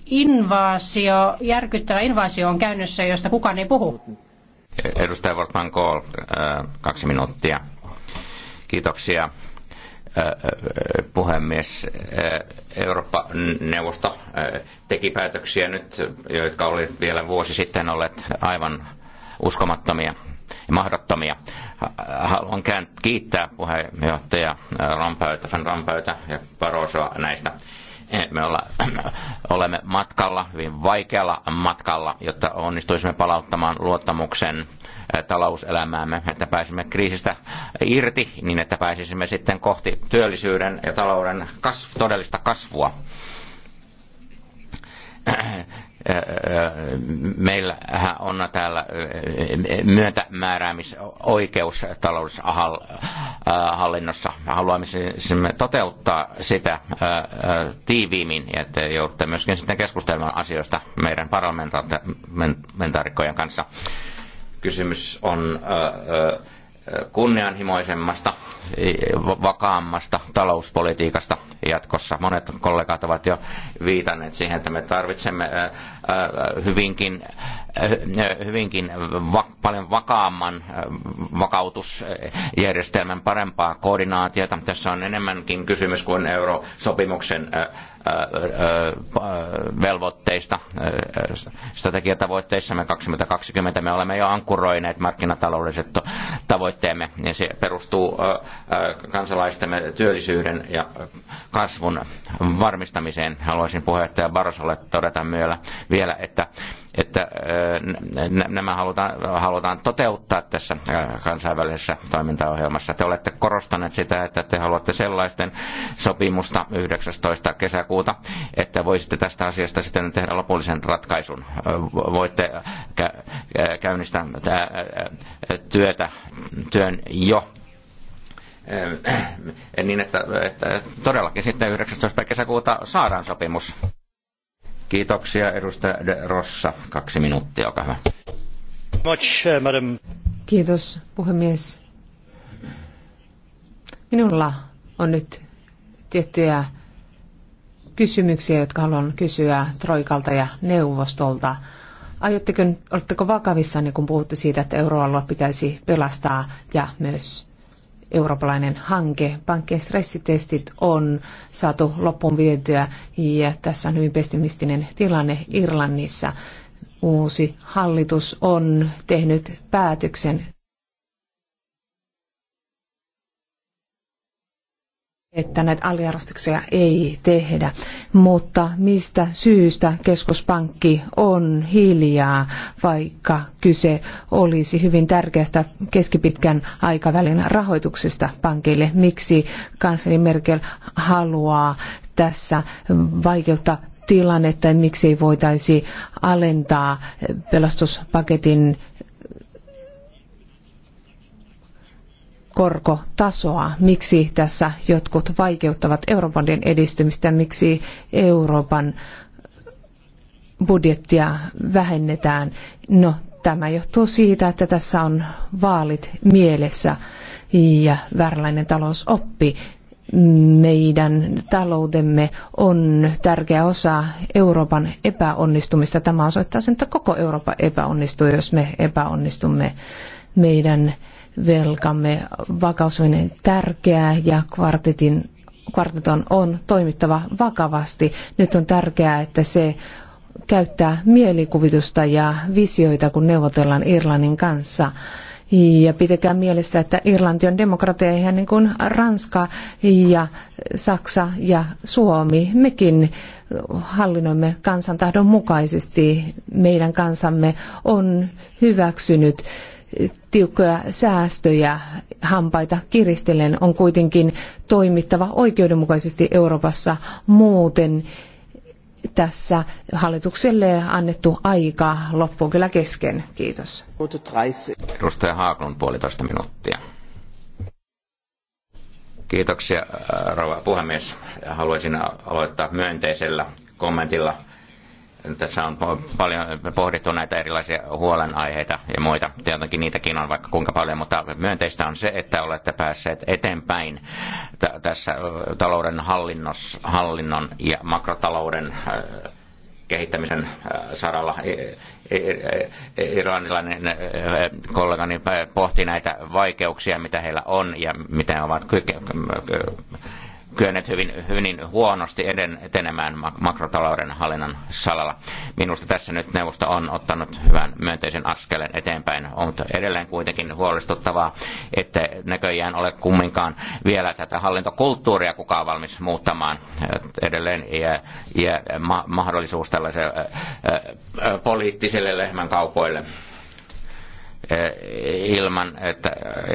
invaasio, järkyttävä invaasio on käynnissä, josta kukaan ei puhu. Edustaja Wortman Kohl, äh, kaksi minuuttia. Kiitoksia äh, äh, puhemies. Eurooppa-neuvosto teki päätöksiä nyt, jotka olivat vielä vuosi sitten olleet aivan uskomattomia ja mahdottomia. Haluan kiittää puheenjohtaja Rampöytä, Van Rampöytä ja Parosoa näistä Eh, me olemme matkalla, hyvin vaikealla matkalla, jotta onnistuisimme palauttamaan luottamuksen eh, talouselämäämme, että pääsimme kriisistä irti, niin että pääsisimme sitten kohti työllisyyden ja talouden kasv- todellista kasvua eh, meillä on täällä myöntämääräämisoikeus taloudessa Äh, hallinnossa. Haluaisimme toteuttaa sitä äh, äh, tiiviimmin, että joudutte myöskin sitten keskustelemaan asioista meidän parlamentaarikkojen kanssa. Kysymys on kunnianhimoisemmasta, vakaammasta talouspolitiikasta jatkossa. Monet kollegat ovat jo viitanneet siihen, että me tarvitsemme hyvinkin, hyvinkin va- paljon vakaamman vakautusjärjestelmän parempaa koordinaatiota. Tässä on enemmänkin kysymys kuin eurosopimuksen velvoitteista. Strategiatavoitteissamme 2020 me olemme jo ankkuroineet markkinataloudelliset tavoitteemme ja se perustuu kansalaistemme työllisyyden ja kasvun varmistamiseen. Haluaisin puheenjohtaja Barosolle todeta myöllä vielä, että että nämä halutaan, halutaan toteuttaa tässä kansainvälisessä toimintaohjelmassa. Te olette korostaneet sitä, että te haluatte sellaisten sopimusta 19. kesäkuuta, että voisitte tästä asiasta sitten tehdä lopullisen ratkaisun. Voitte käynnistää työtä, työn jo niin, että, että todellakin sitten 19. kesäkuuta saadaan sopimus. Kiitoksia edustaja De Rossa. Kaksi minuuttia, olkaa hyvä. Uh, Kiitos puhemies. Minulla on nyt tiettyjä kysymyksiä, jotka haluan kysyä Troikalta ja neuvostolta. Aiotteko, oletteko vakavissanne, kun puhutte siitä, että euroalue pitäisi pelastaa ja myös eurooppalainen hanke. Pankkien stressitestit on saatu loppuun vietyä ja tässä on hyvin pessimistinen tilanne Irlannissa. Uusi hallitus on tehnyt päätöksen että näitä aliarvostuksia ei tehdä, mutta mistä syystä keskuspankki on hiljaa, vaikka kyse olisi hyvin tärkeästä keskipitkän aikavälin rahoituksesta pankille. Miksi kansleri Merkel haluaa tässä vaikeuttaa tilannetta, ja miksi ei voitaisi alentaa pelastuspaketin korkotasoa, miksi tässä jotkut vaikeuttavat eurobondien edistymistä, miksi Euroopan budjettia vähennetään. No, tämä johtuu siitä, että tässä on vaalit mielessä ja vääränlainen talousoppi. Meidän taloutemme on tärkeä osa Euroopan epäonnistumista. Tämä osoittaa sen, että koko Eurooppa epäonnistuu, jos me epäonnistumme. Meidän velkamme on tärkeää ja kvartetin, kvarteton on toimittava vakavasti. Nyt on tärkeää, että se käyttää mielikuvitusta ja visioita, kun neuvotellaan Irlannin kanssa. Ja pitäkää mielessä, että Irlanti on demokratia ihan niin kuin Ranska ja Saksa ja Suomi. Mekin hallinnoimme kansan tahdon mukaisesti. Meidän kansamme on hyväksynyt tiukkoja säästöjä hampaita kiristellen on kuitenkin toimittava oikeudenmukaisesti Euroopassa muuten tässä hallitukselle annettu aika loppuu kyllä kesken. Kiitos. Edustaja Haaklund puolitoista minuuttia. Kiitoksia, rouva puhemies. Haluaisin aloittaa myönteisellä kommentilla tässä on paljon pohdittu näitä erilaisia huolenaiheita ja muita. Tietenkin niitäkin on vaikka kuinka paljon, mutta myönteistä on se, että olette päässeet eteenpäin tässä talouden hallinnos, hallinnon ja makrotalouden kehittämisen saralla. Irlannilainen kollegani pohti näitä vaikeuksia, mitä heillä on ja miten ovat kyenneet hyvin, hyvin huonosti eden, etenemään makrotalouden hallinnan salalla. Minusta tässä nyt neuvosto on ottanut hyvän myönteisen askeleen eteenpäin, on mutta edelleen kuitenkin huolestuttavaa, että näköjään ole kumminkaan vielä tätä hallintokulttuuria kukaan valmis muuttamaan. Edelleen jää, jää ma- mahdollisuus tällaiselle ää, ää, poliittiselle lehmänkaupoille. Eh, ilman, että,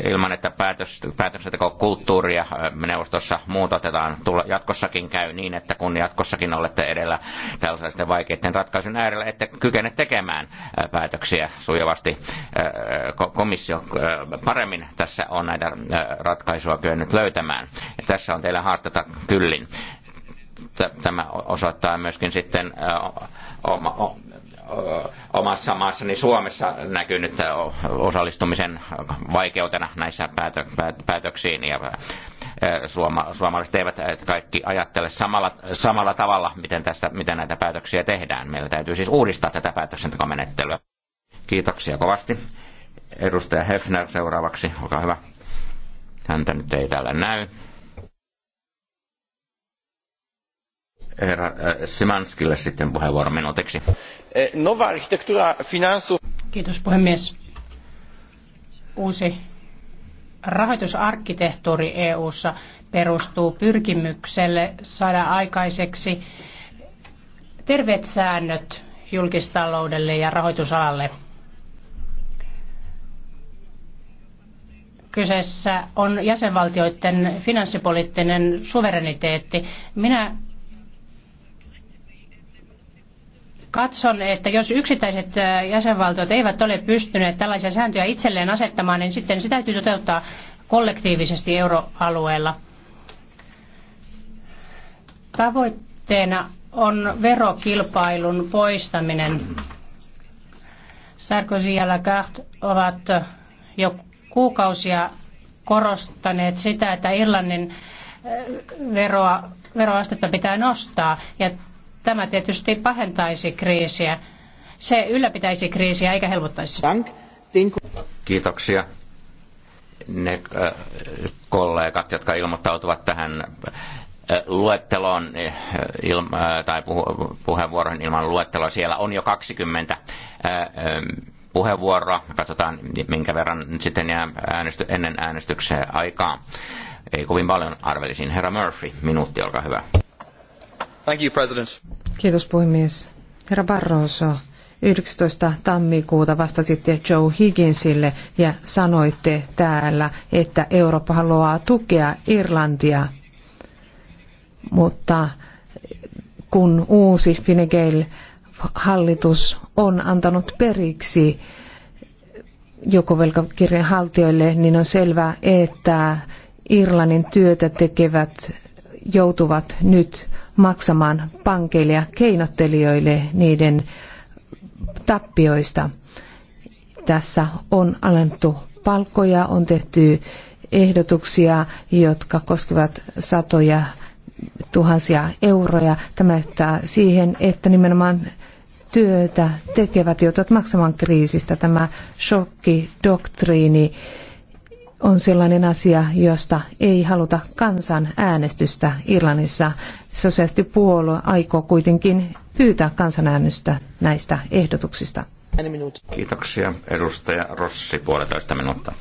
ilman, että päätös, päätöksentekokulttuuria eh, neuvostossa muutotetaan. Jatkossakin käy niin, että kun jatkossakin olette edellä tällaisten vaikeiden ratkaisun äärellä, että kykene tekemään eh, päätöksiä sujuvasti. Komissio paremmin tässä on näitä ratkaisuja kyennyt löytämään. Tässä on teillä haastetta kyllin tämä osoittaa myöskin sitten oma, omassa maassani Suomessa näkynyt osallistumisen vaikeutena näissä päätöksiin ja suoma, suomalaiset eivät kaikki ajattele samalla, samalla tavalla, miten, tästä, miten näitä päätöksiä tehdään. Meillä täytyy siis uudistaa tätä päätöksentekomenettelyä. Kiitoksia kovasti. Edustaja Hefner seuraavaksi, olkaa hyvä. Häntä nyt ei täällä näy. herra äh, Simanskille sitten puheenvuoro minuutiksi. Äh, Nova architektura finansu... Kiitos puhemies. Uusi rahoitusarkkitehtuuri EU:ssa perustuu pyrkimykselle saada aikaiseksi terveet säännöt julkistaloudelle ja rahoitusalalle. Kyseessä on jäsenvaltioiden finanssipoliittinen suvereniteetti. Minä Katson, että jos yksittäiset äh, jäsenvaltiot eivät ole pystyneet tällaisia sääntöjä itselleen asettamaan, niin sitten se täytyy toteuttaa kollektiivisesti euroalueella. Tavoitteena on verokilpailun poistaminen. Sarkozy ja Lagarde ovat jo kuukausia korostaneet sitä, että Irlannin äh, veroa, veroastetta pitää nostaa. Ja Tämä tietysti pahentaisi kriisiä. Se ylläpitäisi kriisiä eikä helpottaisi. Kiitoksia ne äh, kollegat, jotka ilmoittautuvat tähän äh, luetteloon äh, tai puheenvuoron ilman luetteloa. Siellä on jo 20 ähm, puheenvuoroa. Katsotaan, minkä verran nyt sitten jää äänesty, ennen äänestykseen aikaa. Ei kovin paljon arvelisin. Herra Murphy, minuutti, olkaa hyvä. Thank you, President. Kiitos puhemies. Herra Barroso, 11. tammikuuta vastasitte Joe Higginsille ja sanoitte täällä, että Eurooppa haluaa tukea Irlantia, mutta kun uusi gael hallitus on antanut periksi joukkovelkakirjan haltijoille, niin on selvää, että Irlannin työtä tekevät joutuvat nyt maksamaan pankeille ja keinottelijoille niiden tappioista. Tässä on alennettu palkkoja, on tehty ehdotuksia, jotka koskevat satoja tuhansia euroja. Tämä johtaa siihen, että nimenomaan työtä tekevät joutuvat maksamaan kriisistä. Tämä shokkidoktriini doktriini on sellainen asia, josta ei haluta kansan äänestystä Irlannissa. Sosiaalistipuolue aikoo kuitenkin pyytää kansanäänestystä näistä ehdotuksista. Kiitoksia. Edustaja Rossi, puolitoista minuutta.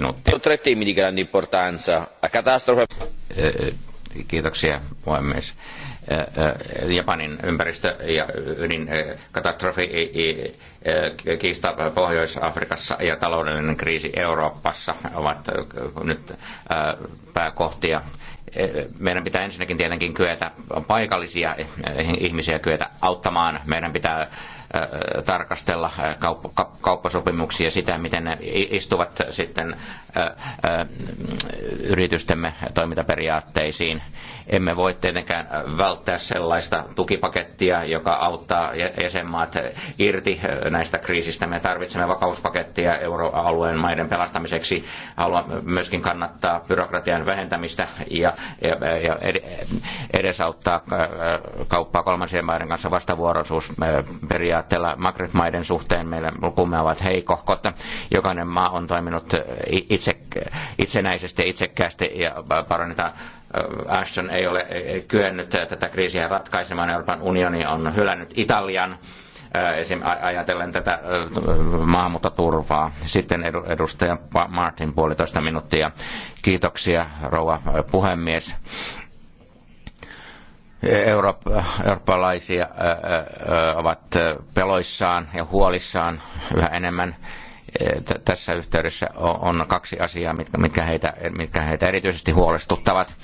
minuuttia. Tre temi di eh, eh, Kiitoksia, puhemies. Äh, äh, Japanin ympäristö- ja ydinkatastrofi, äh, kiista Pohjois-Afrikassa ja taloudellinen kriisi Euroopassa ovat nyt pääkohtia. Meidän pitää ensinnäkin tietenkin kyetä paikallisia ihmisiä kyetä auttamaan. Meidän pitää Äh, tarkastella äh, kauppasopimuksia sitä, miten ne istuvat sitten äh, yritystemme toimintaperiaatteisiin. Emme voi tietenkään välttää sellaista tukipakettia, joka auttaa jäsenmaat irti näistä kriisistä. Me tarvitsemme vakauspakettia euroalueen maiden pelastamiseksi. Haluan myöskin kannattaa byrokratian vähentämistä ja, edesauttaa kauppaa kolmansien maiden kanssa vastavuoroisuusperiaatteita periaatteella Maghreb-maiden suhteen meillä lukumme ovat heikohkot. Jokainen maa on toiminut itse, itsenäisesti ja itsekkäästi ja parannetaan äh, Ashton ei ole kyennyt tätä kriisiä ratkaisemaan. Euroopan unioni on hylännyt Italian äh, esim. ajatellen tätä äh, maahanmuuttoturvaa. Sitten edustaja Martin puolitoista minuuttia. Kiitoksia, rouva puhemies eurooppalaisia ovat peloissaan ja huolissaan yhä enemmän tässä yhteydessä on kaksi asiaa, mitkä, mitkä, heitä, mitkä heitä erityisesti huolestuttavat.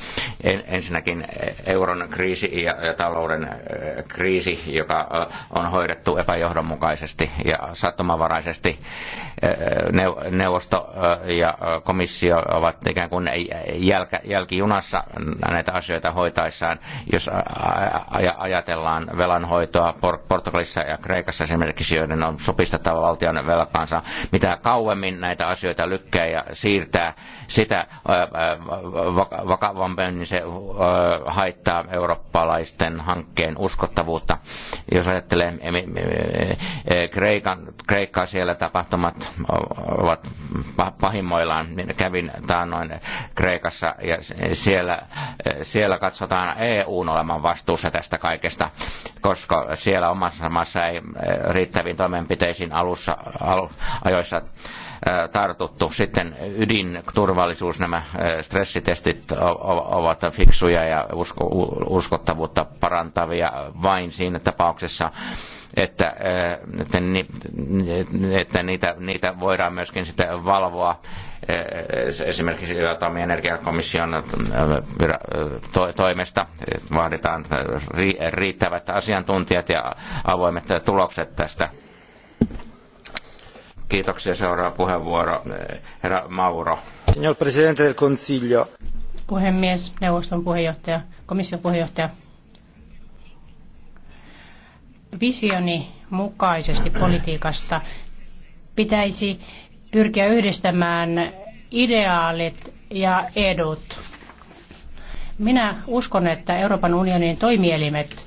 Ensinnäkin e-, euron kriisi ja, ja talouden e-, kriisi, joka on hoidettu epäjohdonmukaisesti ja sattumavaraisesti. E-, neuvosto ja komissio ovat ikään kuin jälkä, jälkijunassa näitä asioita hoitaessaan. Jos ajatellaan velanhoitoa Portugalissa ja Kreikassa esimerkiksi, joiden on supistettava valtion velkaansa, mitä kauemmin näitä asioita lykkää ja siirtää, sitä vakavammin niin se haittaa eurooppalaisten hankkeen uskottavuutta. Jos ajattelee Kreikan, Kreikkaa siellä tapahtumat ovat pahimmoillaan, niin kävin taannoin Kreikassa ja siellä, siellä katsotaan EUn olevan vastuussa tästä kaikesta, koska siellä omassa maassa ei riittäviin toimenpiteisiin alussa al, ajoissa joissa tartuttu. Sitten ydinturvallisuus, nämä stressitestit ovat fiksuja ja uskottavuutta parantavia vain siinä tapauksessa, että, että, ni, että niitä, niitä voidaan myöskin sitten valvoa esimerkiksi Atomi energiakomission toimesta vaaditaan riittävät asiantuntijat ja avoimet tulokset tästä Kiitoksia. Seuraava puheenvuoro, herra Mauro. Signor Presidente del Consiglio. Puhemies, neuvoston puheenjohtaja, komission puheenjohtaja. Visioni mukaisesti politiikasta pitäisi pyrkiä yhdistämään ideaalit ja edut. Minä uskon, että Euroopan unionin toimielimet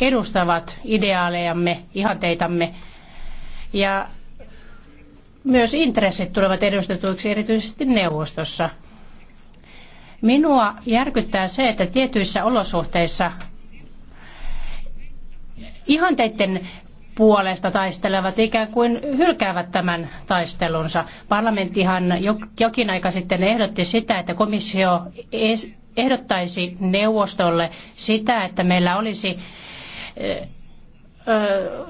edustavat ideaalejamme, ihanteitamme ja myös intressit tulevat edustetuiksi erityisesti neuvostossa. Minua järkyttää se, että tietyissä olosuhteissa ihanteiden puolesta taistelevat ikään kuin hylkäävät tämän taistelunsa. Parlamenttihan jokin aika sitten ehdotti sitä, että komissio ehdottaisi neuvostolle sitä, että meillä olisi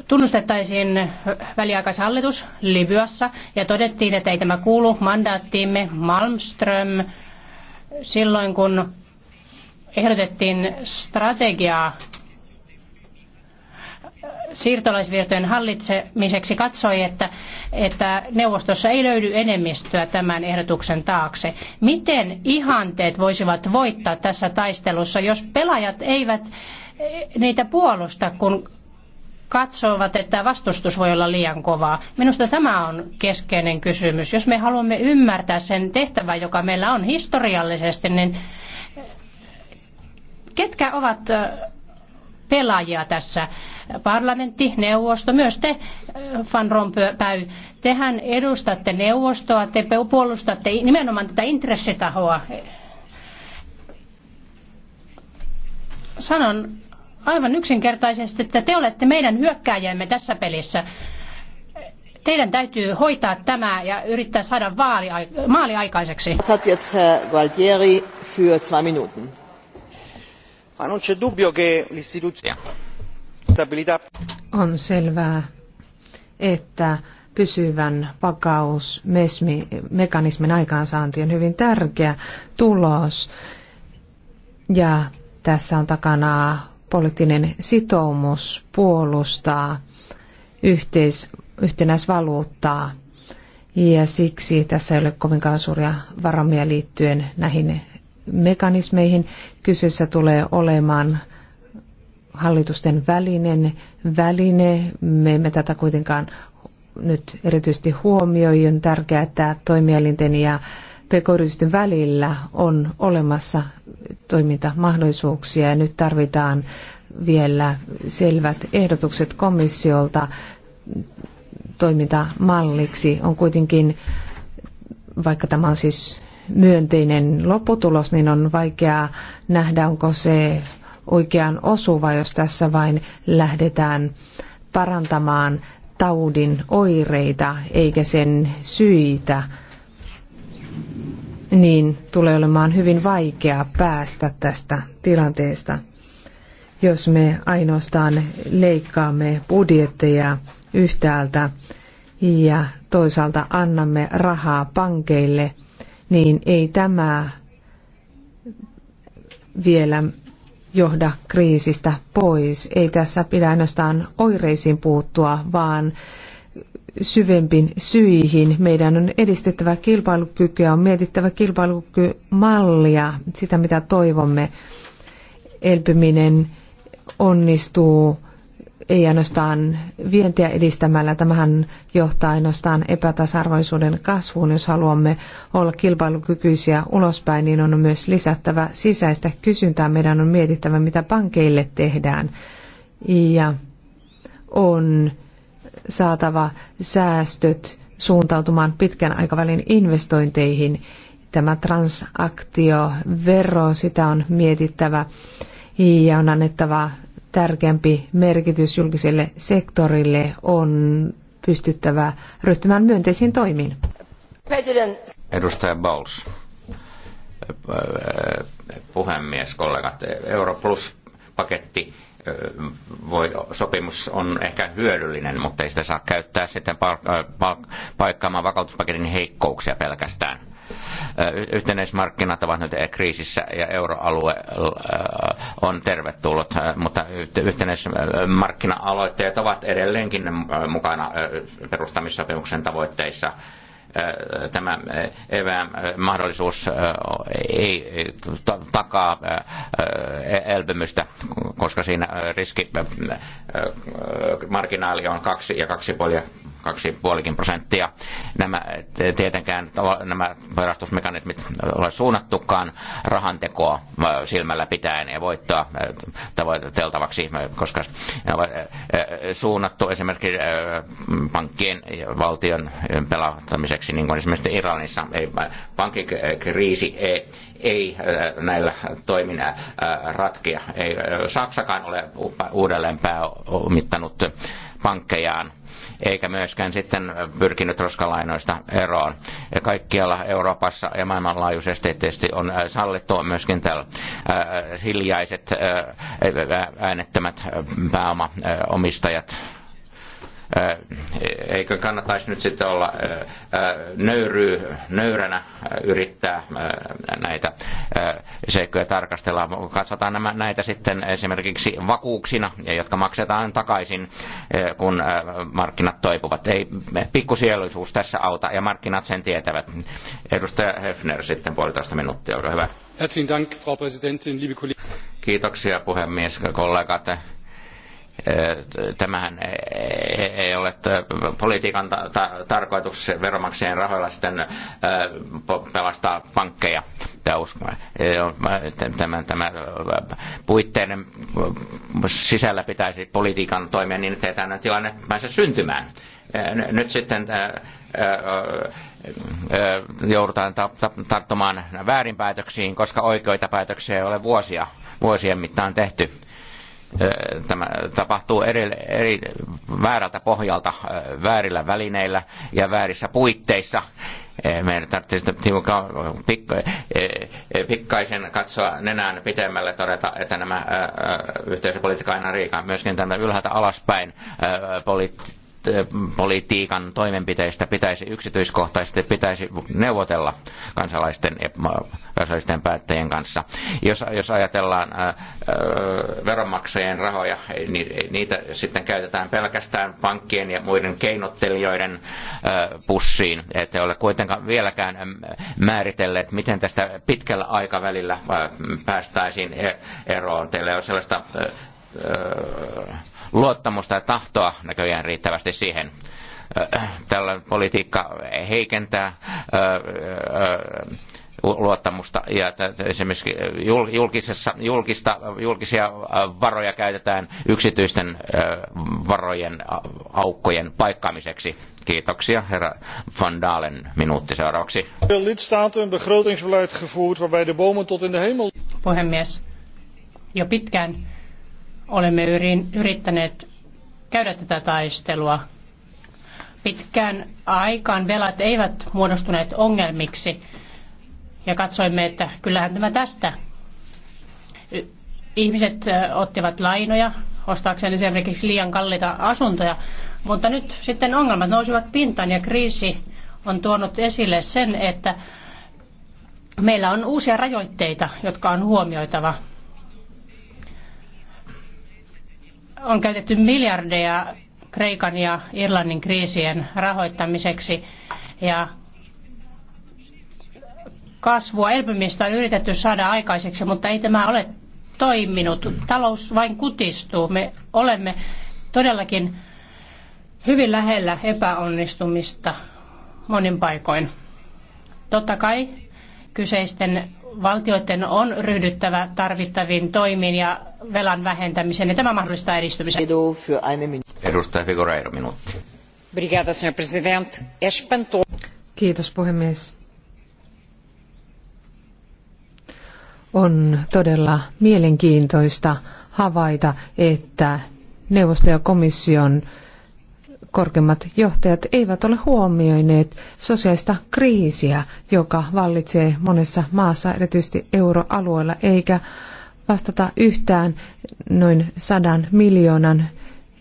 tunnustettaisiin väliaikaishallitus Libyassa ja todettiin, että ei tämä kuulu mandaattiimme Malmström silloin, kun ehdotettiin strategiaa siirtolaisvirtojen hallitsemiseksi katsoi, että, että neuvostossa ei löydy enemmistöä tämän ehdotuksen taakse. Miten ihanteet voisivat voittaa tässä taistelussa, jos pelaajat eivät eh, niitä puolusta, kun katsovat, että vastustus voi olla liian kovaa. Minusta tämä on keskeinen kysymys. Jos me haluamme ymmärtää sen tehtävän, joka meillä on historiallisesti, niin ketkä ovat pelaajia tässä? Parlamentti, neuvosto, myös te, Van Rompuy, tehän edustatte neuvostoa, te puolustatte nimenomaan tätä intressitahoa. Sanon aivan yksinkertaisesti, että te olette meidän hyökkääjämme tässä pelissä. Teidän täytyy hoitaa tämä ja yrittää saada vaali, maali aikaiseksi. Hat jetzt Herr Gualtieri für zwei Minuten. Ma non c'è dubbio che l'istituzione on selvää, että pysyvän vakausmekanismin aikaansaanti on hyvin tärkeä tulos. Ja tässä on takana poliittinen sitoumus puolustaa yhteis, yhtenäisvaluuttaa ja siksi tässä ei ole kovinkaan suuria varomia liittyen näihin mekanismeihin. Kyseessä tulee olemaan hallitusten välinen väline. Me emme tätä kuitenkaan nyt erityisesti huomioi. On tärkeää, että toimielinten ja pk välillä on olemassa toimintamahdollisuuksia ja nyt tarvitaan vielä selvät ehdotukset komissiolta toimintamalliksi. On kuitenkin, vaikka tämä on siis myönteinen lopputulos, niin on vaikeaa nähdä, onko se oikeaan osuva, jos tässä vain lähdetään parantamaan taudin oireita eikä sen syitä niin tulee olemaan hyvin vaikea päästä tästä tilanteesta. Jos me ainoastaan leikkaamme budjetteja yhtäältä ja toisaalta annamme rahaa pankeille, niin ei tämä vielä johda kriisistä pois. Ei tässä pidä ainoastaan oireisiin puuttua, vaan syvempiin syihin. Meidän on edistettävä kilpailukykyä, on mietittävä kilpailukykymallia, sitä mitä toivomme. Elpyminen onnistuu ei ainoastaan vientiä edistämällä, tämähän johtaa ainoastaan epätasarvoisuuden kasvuun. Jos haluamme olla kilpailukykyisiä ulospäin, niin on myös lisättävä sisäistä kysyntää. Meidän on mietittävä, mitä pankeille tehdään. Ja on saatava säästöt suuntautumaan pitkän aikavälin investointeihin. Tämä transaktiovero, sitä on mietittävä ja on annettava tärkeämpi merkitys julkiselle sektorille, on pystyttävä ryhtymään myönteisiin toimiin. President. Edustaja Bowles, puhemies, kollegat, Europlus-paketti voi, sopimus on ehkä hyödyllinen, mutta ei sitä saa käyttää sitten äh, paikkaamaan vakautuspaketin heikkouksia pelkästään. Äh, yhtenäismarkkinat ovat nyt äh, kriisissä ja euroalue on tervetullut, mutta yhtenäismarkkina-aloitteet ovat edelleenkin mukana perustamissopimuksen tavoitteissa Äh, tämä äh, evään äh, mahdollisuus ei takaa elpymystä, koska siinä riski marginaali on kaksi ja kaksi puolia 2,5 prosenttia. Nämä, tietenkään nämä pelastusmekanismit ole suunnattukaan rahantekoa äh, silmällä pitäen ja voittoa äh, tavoiteltavaksi, äh, koska ne ovat suunnattu esimerkiksi pankkien ja valtion pelastamiseksi, niin kuin esimerkiksi Iranissa. Ei, pankkikriisi ei, ei näillä toimin ratkea. Ei Saksakaan ole uudelleen pääomittanut pankkejaan eikä myöskään sitten pyrkinyt roskalainoista eroon. Kaikkialla Euroopassa ja maailmanlaajuisesti tietysti on äh, sallittu myöskin tällä äh, hiljaiset äh, äänettömät pääomaomistajat eikö kannattaisi nyt sitten olla nöyry, nöyränä yrittää näitä seikkoja tarkastella. Katsotaan nämä, näitä sitten esimerkiksi vakuuksina, jotka maksetaan takaisin, kun markkinat toipuvat. Ei pikkusieluisuus tässä auta, ja markkinat sen tietävät. Edustaja Hefner sitten puolitoista minuuttia, olkaa hyvä. Dank, Frau liebe Kiitoksia puhemies, kollegat Tämähän e, e, e, ei ole politiikan tarkoitus veromaksien rahoilla sitten pelastaa pankkeja. Tämän, tämä puitteiden sisällä pitäisi politiikan toimia niin, että ei tämä tilanne pääse syntymään nyt sitten joudutaan tarttumaan väärinpäätöksiin, koska oikeita päätöksiä ei ole vuosia, vuosien mittaan tehty tämä tapahtuu eri, eri, väärältä pohjalta, väärillä välineillä ja väärissä puitteissa. Meidän tarvitsee hiukan pikkaisen katsoa nenään pitemmälle todeta, että nämä yhteisöpolitiikka aina riikaa myöskin tänne ylhäältä alaspäin poliittisesti politiikan toimenpiteistä pitäisi yksityiskohtaisesti pitäisi neuvotella kansalaisten, kansalaisten päättäjien kanssa. Jos, jos ajatellaan ää, äh, äh, veronmaksajien rahoja, niin niitä sitten käytetään pelkästään pankkien ja muiden keinottelijoiden ää, äh, pussiin. Ette ole kuitenkaan vieläkään ähm, määritelleet, miten tästä pitkällä aikavälillä ää, päästäisiin e-, eroon. Teillä on sellaista luottamusta ja tahtoa näköjään riittävästi siihen. Tällä politiikka heikentää luottamusta ja esimerkiksi julkisessa, julkista, julkisia varoja käytetään yksityisten varojen aukkojen paikkaamiseksi. Kiitoksia, herra Van Dalen. Minuutti seuraavaksi. Puhemies, jo pitkään olemme yrittäneet käydä tätä taistelua. Pitkään aikaan velat eivät muodostuneet ongelmiksi ja katsoimme, että kyllähän tämä tästä. Ihmiset ottivat lainoja ostaakseen esimerkiksi liian kalliita asuntoja, mutta nyt sitten ongelmat nousivat pintaan ja kriisi on tuonut esille sen, että meillä on uusia rajoitteita, jotka on huomioitava on käytetty miljardeja Kreikan ja Irlannin kriisien rahoittamiseksi ja kasvua, elpymistä on yritetty saada aikaiseksi, mutta ei tämä ole toiminut. Talous vain kutistuu. Me olemme todellakin hyvin lähellä epäonnistumista monin paikoin. Totta kai kyseisten valtioiden on ryhdyttävä tarvittaviin toimiin ja velan vähentämiseen, ja tämä mahdollistaa edistymisen. Edustaja minuutti. Kiitos puhemies. On todella mielenkiintoista havaita, että neuvosto ja komission korkeimmat johtajat eivät ole huomioineet sosiaalista kriisiä, joka vallitsee monessa maassa, erityisesti euroalueella, eikä vastata yhtään noin sadan miljoonan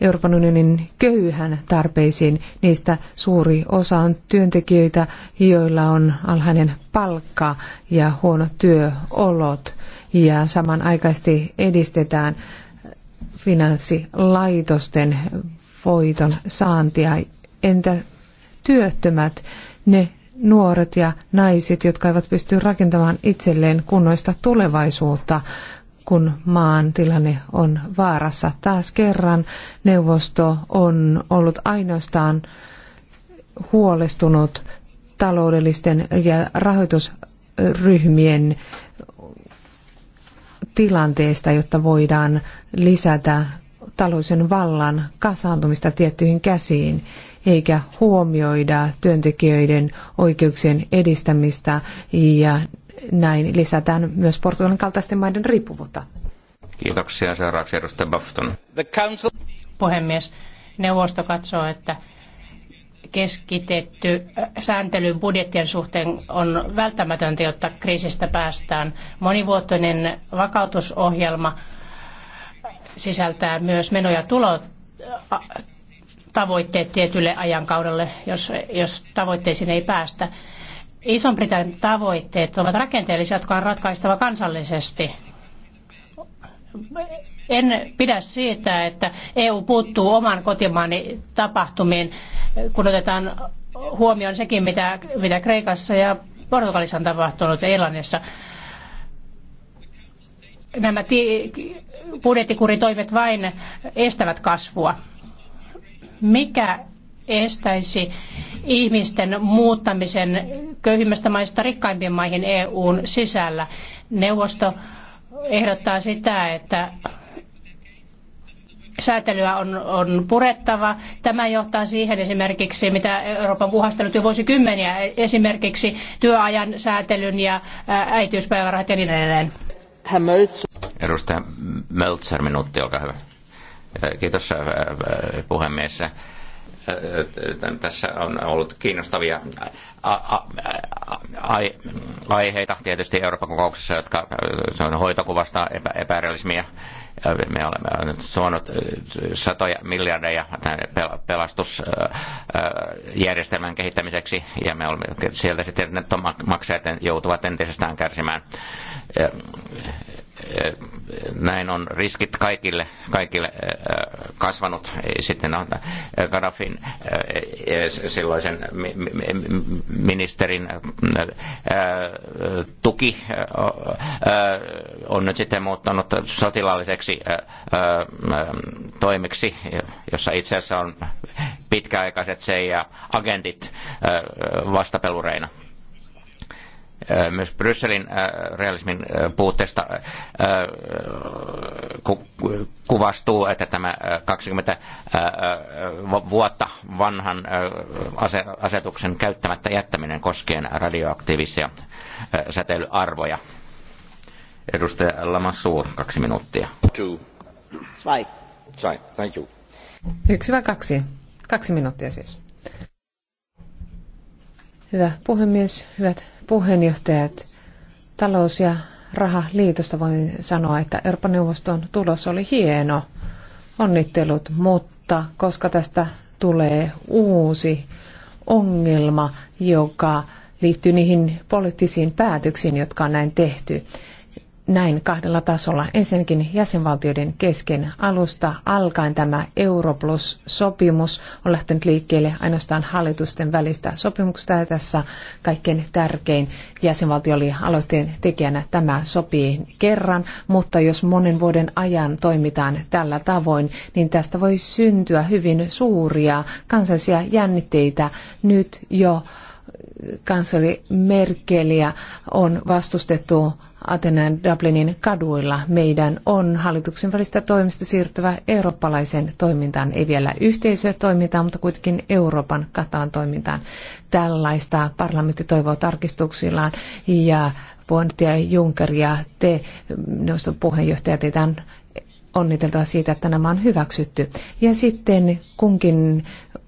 Euroopan unionin köyhän tarpeisiin. Niistä suuri osa on työntekijöitä, joilla on alhainen palkka ja huonot työolot. Ja samanaikaisesti edistetään finanssilaitosten voiton saantia. Entä työttömät, ne nuoret ja naiset, jotka eivät pysty rakentamaan itselleen kunnoista tulevaisuutta, kun maan tilanne on vaarassa. Taas kerran neuvosto on ollut ainoastaan huolestunut taloudellisten ja rahoitusryhmien tilanteesta, jotta voidaan lisätä taloudellisen vallan kasaantumista tiettyihin käsiin, eikä huomioida työntekijöiden oikeuksien edistämistä ja näin lisätään myös Portugalin kaltaisten maiden riippuvuutta. Kiitoksia. Seuraavaksi edustaja Bafton. Puhemies, neuvosto katsoo, että keskitetty äh, sääntely budjettien suhteen on välttämätöntä, jotta kriisistä päästään. Monivuotinen vakautusohjelma sisältää myös meno- ja tulotavoitteet tavoitteet tietylle ajankaudelle, jos, jos tavoitteisiin ei päästä. Ison-Britannian tavoitteet ovat rakenteellisia, jotka on ratkaistava kansallisesti. En pidä siitä, että EU puuttuu oman kotimaani tapahtumiin, kun otetaan huomioon sekin, mitä, mitä Kreikassa ja Portugalissa on tapahtunut ja Irlannissa. Nämä ti- budjettikuritoimet vain estävät kasvua. Mikä estäisi ihmisten muuttamisen köyhimmistä maista rikkaimpien maihin EUn sisällä? Neuvosto ehdottaa sitä, että säätelyä on, on purettava. Tämä johtaa siihen esimerkiksi, mitä Eurooppa on puhastellut jo vuosikymmeniä, esimerkiksi työajan säätelyn ja äitiyspäivärahat ja niin edelleen. Edustaja Meltzer, minuutti, olkaa hyvä. Kiitos äh, äh, puhemies. Äh, tässä on ollut kiinnostavia aiheita tietysti Euroopan kokouksessa, jotka se on hoitokuvasta epä, epärealismia. Me olemme nyt suonut satoja miljardeja pelastusjärjestelmän kehittämiseksi ja me olemme sieltä sitten maksajat joutuvat entisestään kärsimään näin on riskit kaikille, kaikille äh, kasvanut sitten kadafin Gaddafin silloisen ministerin tuki on nyt sitten muuttanut sotilaalliseksi äh, äh, toimiksi, jossa itse asiassa on pitkäaikaiset CIA-agentit vastapelureina. Äh, myös Brysselin äh, realismin äh, puutteesta kuvastuu, että tämä 20 vuotta vanhan asetuksen käyttämättä jättäminen koskien radioaktiivisia säteilyarvoja. Edustaja Lamassuur, kaksi minuuttia. Two. Zwei. Zwei. Thank you. Yksi vai kaksi? Kaksi minuuttia siis. Hyvä puhemies, hyvät puheenjohtajat, talous- ja rahaliitosta voin sanoa, että Euroopan neuvoston tulos oli hieno, onnittelut, mutta koska tästä tulee uusi ongelma, joka liittyy niihin poliittisiin päätöksiin, jotka on näin tehty näin kahdella tasolla. Ensinnäkin jäsenvaltioiden kesken alusta alkaen tämä Europlus-sopimus on lähtenyt liikkeelle ainoastaan hallitusten välistä sopimuksesta ja tässä kaikkein tärkein jäsenvaltio oli aloitteen tekijänä. Tämä sopii kerran, mutta jos monen vuoden ajan toimitaan tällä tavoin, niin tästä voi syntyä hyvin suuria kansallisia jännitteitä nyt jo kansali Merkeliä on vastustettu Atenan Dublinin kaduilla. Meidän on hallituksen välistä toimista siirtyvä eurooppalaisen toimintaan, ei vielä yhteisötoimintaan, mutta kuitenkin Euroopan kataan toimintaan. Tällaista parlamentti toivoo tarkistuksillaan ja Bond ja Juncker ja te, neuvoston puheenjohtaja, on onniteltava siitä, että nämä on hyväksytty. Ja sitten kunkin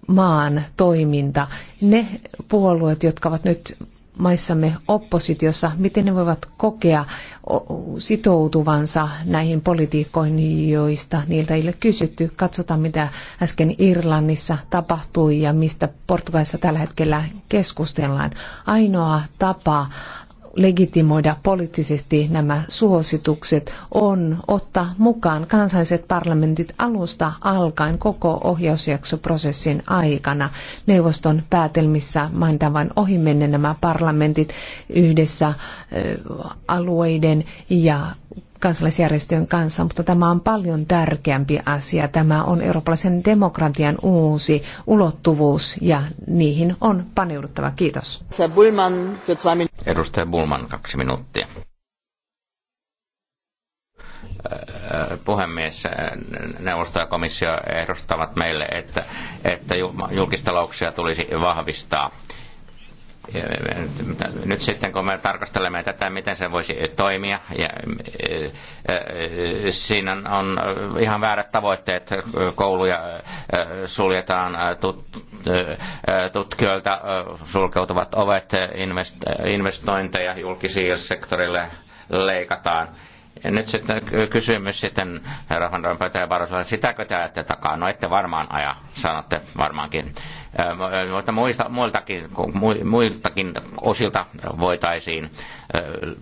maan toiminta. Ne puolueet, jotka ovat nyt maissamme oppositiossa, miten ne voivat kokea sitoutuvansa näihin politiikkoihin, joista niiltä ei ole kysytty. Katsotaan, mitä äsken Irlannissa tapahtui ja mistä Portugalissa tällä hetkellä keskustellaan. Ainoa tapa legitimoida poliittisesti nämä suositukset on ottaa mukaan kansalliset parlamentit alusta alkaen koko ohjausjaksoprosessin aikana. Neuvoston päätelmissä mainitaan vain ohimennen nämä parlamentit yhdessä alueiden ja kansalaisjärjestöjen kanssa, mutta tämä on paljon tärkeämpi asia. Tämä on eurooppalaisen demokratian uusi ulottuvuus ja niihin on paneuduttava. Kiitos. Edustaja Bulman, kaksi minuuttia äh, puhemies, äh, neuvosto ja komissio ehdostavat meille, että, että julkistalouksia tulisi vahvistaa nyt sitten kun me tarkastelemme tätä, miten se voisi toimia, ja, siinä on ihan väärät tavoitteet. Kouluja suljetaan tutkijoilta, sulkeutuvat ovet, investointeja julkisille sektorille leikataan ja nyt sitten kysymys sitten, herra Van Rompuy ja Barrosolle, sitäkö te ajatte takaa? No ette varmaan aja, sanotte varmaankin. Mutta muista, muiltakin, muiltakin osilta voitaisiin,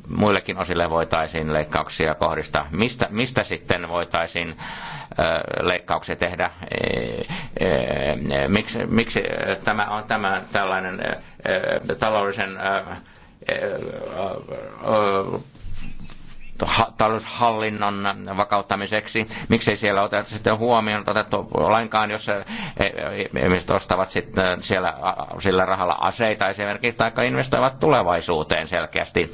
muillekin osille voitaisiin leikkauksia kohdistaa. Mistä, mistä sitten voitaisiin leikkauksia tehdä? Miksi, miksi tämä on tämä tällainen taloudellisen taloushallinnon vakauttamiseksi. Miksei siellä oteta sitten huomioon otettu lainkaan, jos e-, e-, ihmiset ostavat sitten siellä, sillä rahalla aseita esimerkiksi, tai investoivat tulevaisuuteen selkeästi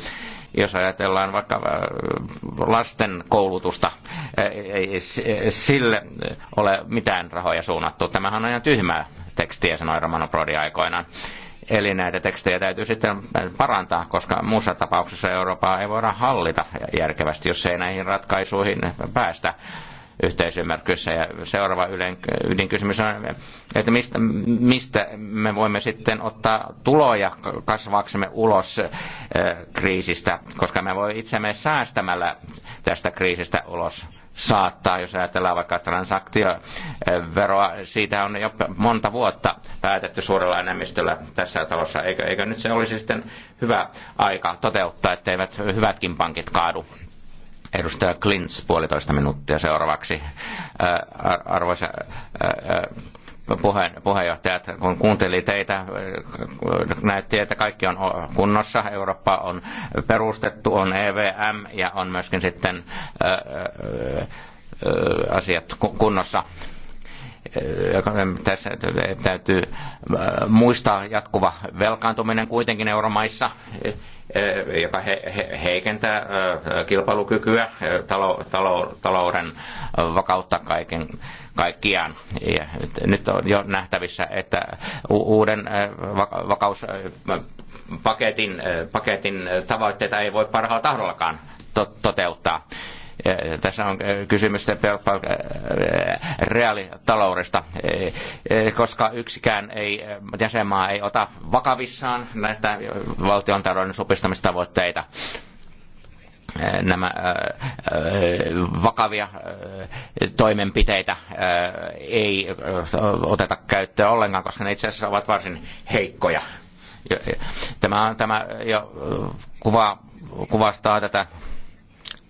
jos ajatellaan vaikka e, lasten koulutusta, ei sille ole mitään rahoja suunnattu. Tämähän on ihan tyhmää tekstiä, sanoi Romano Prodi aikoinaan. Eli näitä tekstejä täytyy sitten parantaa, koska muussa tapauksessa Eurooppaa ei voida hallita järkevästi, jos ei näihin ratkaisuihin päästä yhteisymmärryksessä. Ja seuraava ydinkysymys on, että mistä, mistä me voimme sitten ottaa tuloja kasvaaksemme ulos eh, kriisistä, koska me voimme itsemme säästämällä tästä kriisistä ulos saattaa, jos ajatellaan vaikka transaktioveroa, siitä on jo monta vuotta päätetty suurella enemmistöllä tässä talossa. Eikö, eikö nyt se olisi sitten hyvä aika toteuttaa, etteivät hyvätkin pankit kaadu? Edustaja Klintz, puolitoista minuuttia seuraavaksi. Arvoisa puheen, puheenjohtajat, kun kuuntelin teitä, näytti, että kaikki on kunnossa. Eurooppa on perustettu, on EVM ja on myöskin sitten asiat kunnossa tässä täytyy äh, muistaa jatkuva velkaantuminen kuitenkin euromaissa, äh, joka heikentää äh, kilpailukykyä, talouden vakautta kaiken, kaikkiaan. Ja nyt on jo nähtävissä, että uuden vakaus paketin, paketin tavoitteita ei voi parhaalla tahdollakaan to- toteuttaa. Tässä on äh, kysymys äh, reaalitaloudesta, äh, koska yksikään ei, jäsenmaa ei ota vakavissaan näitä valtion talouden supistamistavoitteita nämä vakavia toimenpiteitä ei oteta käyttöön ollenkaan, koska ne itse asiassa ovat varsin heikkoja. Tämä, tämä jo kuva, kuvastaa tätä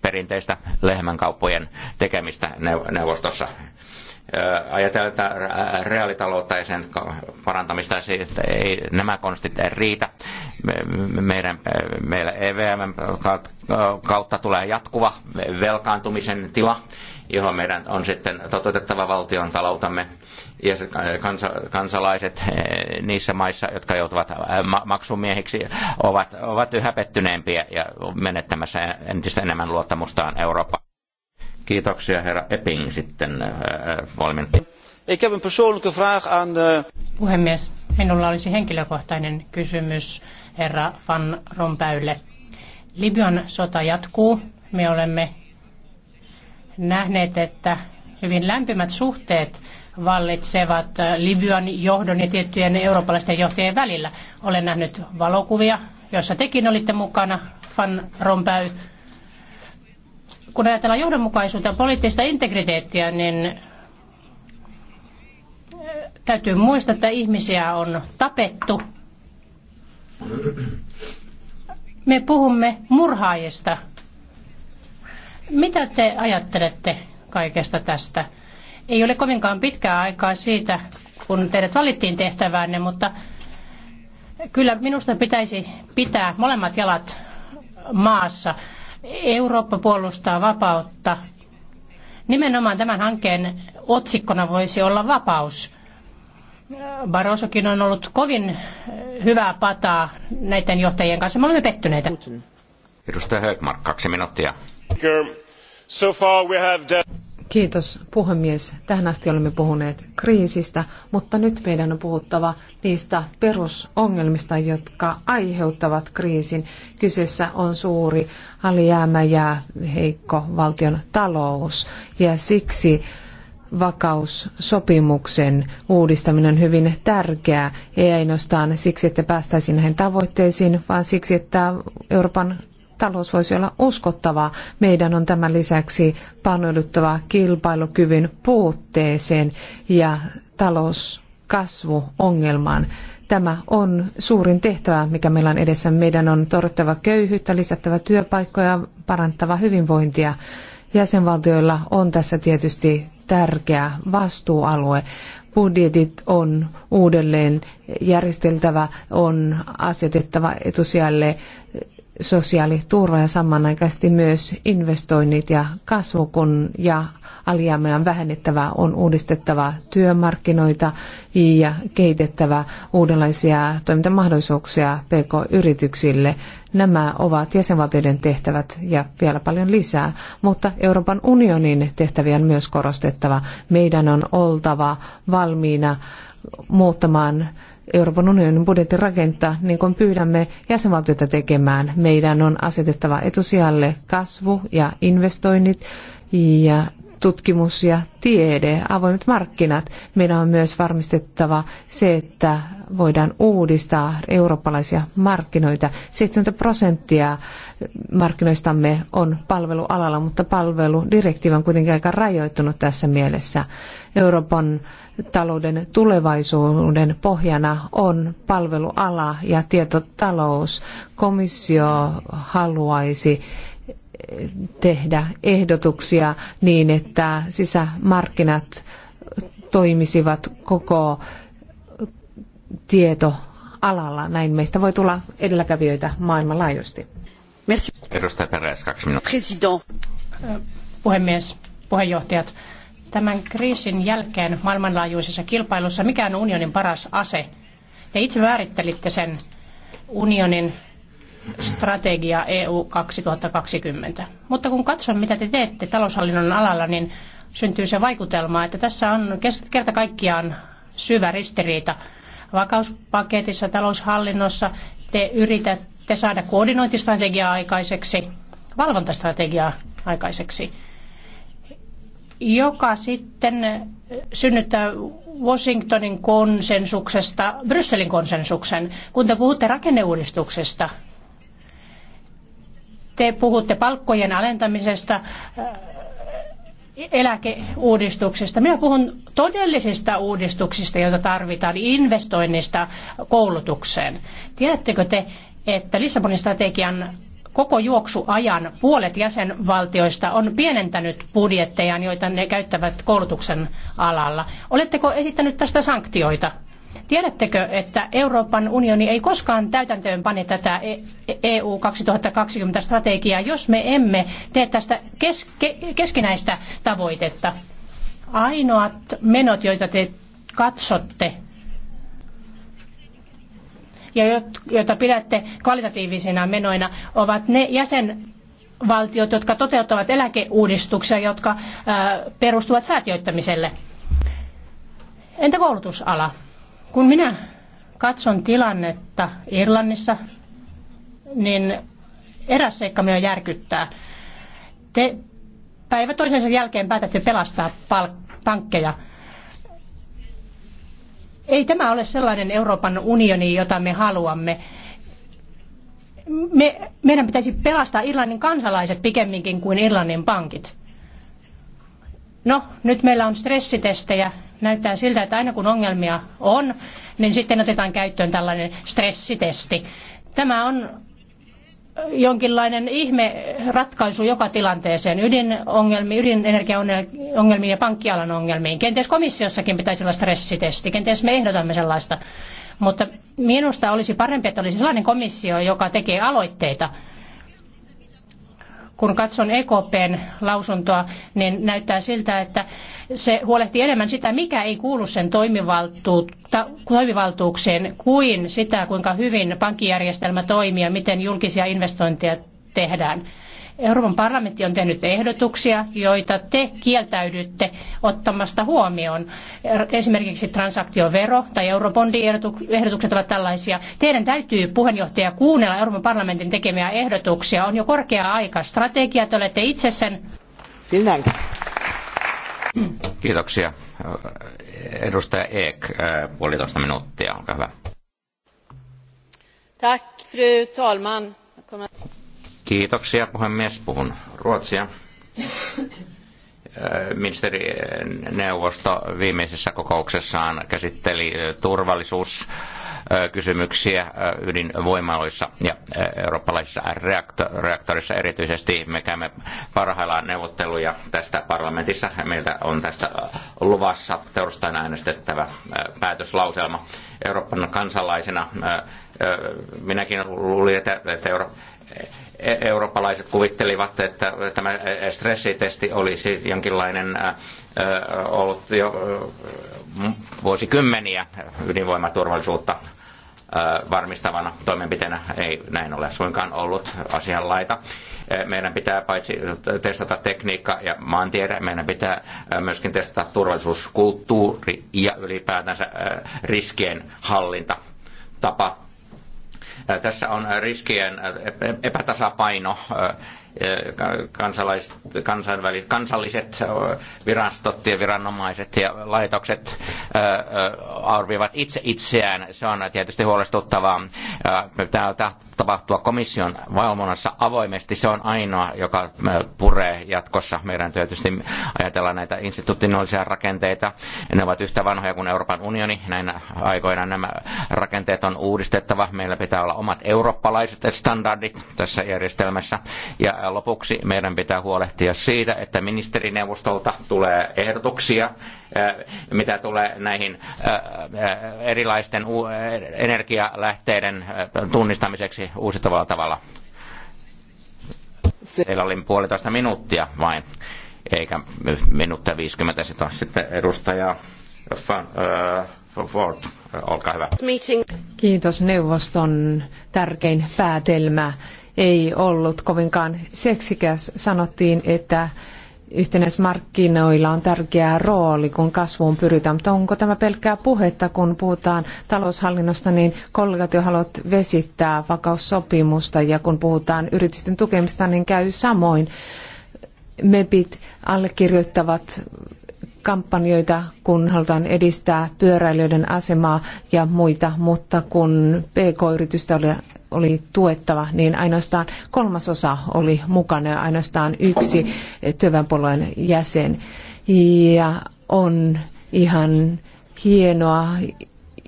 perinteistä lehmänkauppojen tekemistä neuvostossa ajatellaan reaalitaloutta ja sen parantamista, siitä ei nämä konstit ei riitä. Meidän, meillä EVM kautta tulee jatkuva velkaantumisen tila johon meidän on sitten toteutettava valtion taloutamme ja kansalaiset eh, niissä maissa, jotka joutuvat eh, maksumiehiksi, ovat, ovat yhä pettyneempiä ja menettämässä entistä enemmän luottamustaan Eurooppaan. Kiitoksia herra Epping sitten Volmin. Eh, Ik heb een persoonlijke vraag aan de... Puhemies, minulla olisi henkilökohtainen kysymys herra Van Rompäylle. Libyan sota jatkuu. Me olemme nähneet, että hyvin lämpimät suhteet vallitsevat äh, Libyan johdon ja tiettyjen eurooppalaisten johtajien välillä. Olen nähnyt valokuvia, joissa tekin olitte mukana, Van Rompuy. Kun ajatellaan johdonmukaisuutta ja poliittista integriteettiä, niin äh, täytyy muistaa, että ihmisiä on tapettu. Me puhumme murhaajista, mitä te ajattelette kaikesta tästä? Ei ole kovinkaan pitkää aikaa siitä, kun teidät valittiin tehtäväänne, mutta kyllä minusta pitäisi pitää molemmat jalat maassa. Eurooppa puolustaa vapautta. Nimenomaan tämän hankkeen otsikkona voisi olla vapaus. Barrosokin on ollut kovin hyvää pataa näiden johtajien kanssa. Me olemme pettyneitä. Edustaja Högmark, kaksi minuuttia. Kiitos puhemies. Tähän asti olemme puhuneet kriisistä, mutta nyt meidän on puhuttava niistä perusongelmista, jotka aiheuttavat kriisin. Kyseessä on suuri alijäämä ja heikko valtion talous ja siksi vakaussopimuksen uudistaminen on hyvin tärkeää, ei ainoastaan siksi, että päästäisiin näihin tavoitteisiin, vaan siksi, että Euroopan talous voisi olla uskottavaa. Meidän on tämän lisäksi panouduttava kilpailukyvyn puutteeseen ja talouskasvuongelmaan. Tämä on suurin tehtävä, mikä meillä on edessä. Meidän on torjuttava köyhyyttä, lisättävä työpaikkoja, parantava hyvinvointia. Jäsenvaltioilla on tässä tietysti tärkeä vastuualue budjetit on uudelleen järjesteltävä, on asetettava etusijalle sosiaaliturva ja samanaikaisesti myös investoinnit ja kasvu kun, ja on vähennettävä on uudistettava työmarkkinoita ja kehitettävä uudenlaisia toimintamahdollisuuksia PK-yrityksille. Nämä ovat jäsenvaltioiden tehtävät ja vielä paljon lisää, mutta Euroopan unionin tehtäviä on myös korostettava. Meidän on oltava valmiina muuttamaan Euroopan unionin budjetin rakentaa, niin kuin pyydämme jäsenvaltioita tekemään. Meidän on asetettava etusijalle kasvu ja investoinnit ja tutkimus ja tiede, avoimet markkinat. Meidän on myös varmistettava se, että voidaan uudistaa eurooppalaisia markkinoita. 70 prosenttia markkinoistamme on palvelualalla, mutta palveludirektiivi on kuitenkin aika rajoittunut tässä mielessä. Euroopan talouden tulevaisuuden pohjana on palveluala ja tietotalous. Komissio haluaisi tehdä ehdotuksia niin, että sisämarkkinat toimisivat koko tietoalalla. Näin meistä voi tulla edelläkävijöitä maailmanlaajuisesti. Merci. Edustaja Peres, kaksi minuuttia. President. Puhemies, puheenjohtajat. Tämän kriisin jälkeen maailmanlaajuisessa kilpailussa mikä on unionin paras ase? Te itse määrittelitte sen unionin strategia EU 2020. Mutta kun katson, mitä te teette taloushallinnon alalla, niin syntyy se vaikutelma, että tässä on kerta kaikkiaan syvä ristiriita. Vakauspaketissa, taloushallinnossa te yritätte saada koordinointistrategiaa aikaiseksi, valvontastrategiaa aikaiseksi joka sitten synnyttää Washingtonin konsensuksesta Brysselin konsensuksen. Kun te puhutte rakenneuudistuksesta, te puhutte palkkojen alentamisesta, äh, eläkeuudistuksesta. Minä puhun todellisista uudistuksista, joita tarvitaan, investoinnista koulutukseen. Tiedättekö te, että Lissabonin strategian koko juoksuajan puolet jäsenvaltioista on pienentänyt budjettejaan, joita ne käyttävät koulutuksen alalla. Oletteko esittänyt tästä sanktioita? Tiedättekö, että Euroopan unioni ei koskaan täytäntöön pane tätä EU e 2020 strategiaa, jos me emme tee tästä keske, keskinäistä tavoitetta? Ainoat menot, joita te katsotte ja joita pidätte kvalitatiivisina menoina, ovat ne jäsenvaltiot, jotka toteuttavat eläkeuudistuksia, jotka perustuvat säätiöittämiselle. Entä koulutusala? Kun minä katson tilannetta Irlannissa, niin eräs seikka minua järkyttää. Te päivä toisensa jälkeen päätätte pelastaa pankkeja. Ei tämä ole sellainen Euroopan unioni, jota me haluamme. Me, meidän pitäisi pelastaa Irlannin kansalaiset pikemminkin kuin Irlannin pankit. No, nyt meillä on stressitestejä. Näyttää siltä, että aina kun ongelmia on, niin sitten otetaan käyttöön tällainen stressitesti. Tämä on jonkinlainen ihme ratkaisu joka tilanteeseen, ydinongelmiin, ydinenergiaongelmiin ja pankkialan ongelmiin. Kenties komissiossakin pitäisi olla stressitesti, kenties me ehdotamme sellaista. Mutta minusta olisi parempi, että olisi sellainen komissio, joka tekee aloitteita kun katson EKPn lausuntoa, niin näyttää siltä, että se huolehtii enemmän sitä, mikä ei kuulu sen toimivaltuukseen, kuin sitä, kuinka hyvin pankkijärjestelmä toimii ja miten julkisia investointeja tehdään. Euroopan parlamentti on tehnyt ehdotuksia, joita te kieltäydytte ottamasta huomioon. Esimerkiksi transaktiovero tai eurobondiehdotukset ovat tällaisia. Teidän täytyy puheenjohtaja kuunnella Euroopan parlamentin tekemiä ehdotuksia. On jo korkea aika. Strategia, te olette itse sen... Kiitoksia. Edustaja Eek, äh, puolitoista minuuttia, olkaa hyvä. Tack, fru talman. Kiitoksia puhemies. Puhun ruotsia. Ministerineuvosto viimeisessä kokouksessaan käsitteli turvallisuus kysymyksiä ydinvoimaloissa ja eurooppalaisissa reaktorissa erityisesti. Me käymme parhaillaan neuvotteluja tästä parlamentissa. Meiltä on tästä luvassa torstaina äänestettävä päätöslauselma. Euroopan kansalaisena minäkin luulin, että, että Euro- E- eurooppalaiset kuvittelivat, että tämä stressitesti olisi jonkinlainen ollut jo vuosikymmeniä ydinvoimaturvallisuutta varmistavana toimenpiteenä ei näin ole suinkaan ollut asianlaita. Meidän pitää paitsi testata tekniikka ja maantiede, meidän pitää myöskin testata turvallisuuskulttuuri ja ylipäätänsä riskien hallinta tapa tässä on riskien epätasapaino. Kansalaiset, kansalliset virastot ja viranomaiset ja laitokset arvioivat itse itseään. Se on tietysti huolestuttavaa. Täältä tapahtua komission valvonnassa avoimesti. Se on ainoa, joka puree jatkossa. Meidän tietysti ajatella näitä institutionaalisia rakenteita. Ne ovat yhtä vanhoja kuin Euroopan unioni. Näinä aikoina nämä rakenteet on uudistettava. Meillä pitää olla omat eurooppalaiset standardit tässä järjestelmässä. Ja lopuksi meidän pitää huolehtia siitä, että ministerineuvostolta tulee ehdotuksia, mitä tulee näihin erilaisten energialähteiden tunnistamiseksi pitäisi uusittavalla tavalla. Teillä oli puolitoista minuuttia vain, eikä minuuttia 50 sitä sitten edustaja Ford, äh, olkaa hyvä. Kiitos neuvoston tärkein päätelmä. Ei ollut kovinkaan seksikäs. Sanottiin, että yhtenäismarkkinoilla on tärkeä rooli, kun kasvuun pyritään, mutta onko tämä pelkkää puhetta, kun puhutaan taloushallinnosta, niin kollegat jo haluavat vesittää vakaussopimusta ja kun puhutaan yritysten tukemista, niin käy samoin. MEPit allekirjoittavat kampanjoita, kun halutaan edistää pyöräilijöiden asemaa ja muita, mutta kun PK-yritystä oli, oli tuettava, niin ainoastaan kolmasosa oli mukana ja ainoastaan yksi työväenpuolueen jäsen. Ja on ihan hienoa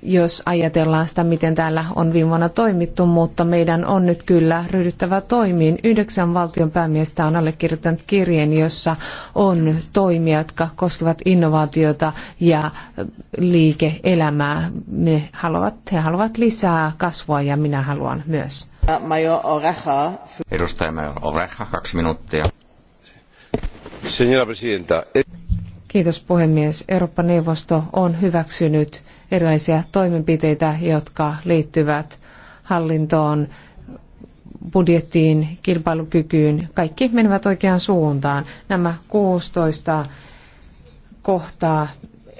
jos ajatellaan sitä, miten täällä on viime vuonna toimittu, mutta meidän on nyt kyllä ryhdyttävä toimiin. Yhdeksän valtion päämiestä on allekirjoittanut kirjeen, jossa on toimia, jotka koskevat innovaatiota ja liike-elämää. haluavat, he haluavat lisää kasvua ja minä haluan myös. Edustaja Major Oreja, kaksi minuuttia. Señora presidenta. Eh- Kiitos puhemies. Eurooppa-neuvosto on hyväksynyt erilaisia toimenpiteitä, jotka liittyvät hallintoon, budjettiin, kilpailukykyyn. Kaikki menevät oikeaan suuntaan. Nämä 16 kohtaa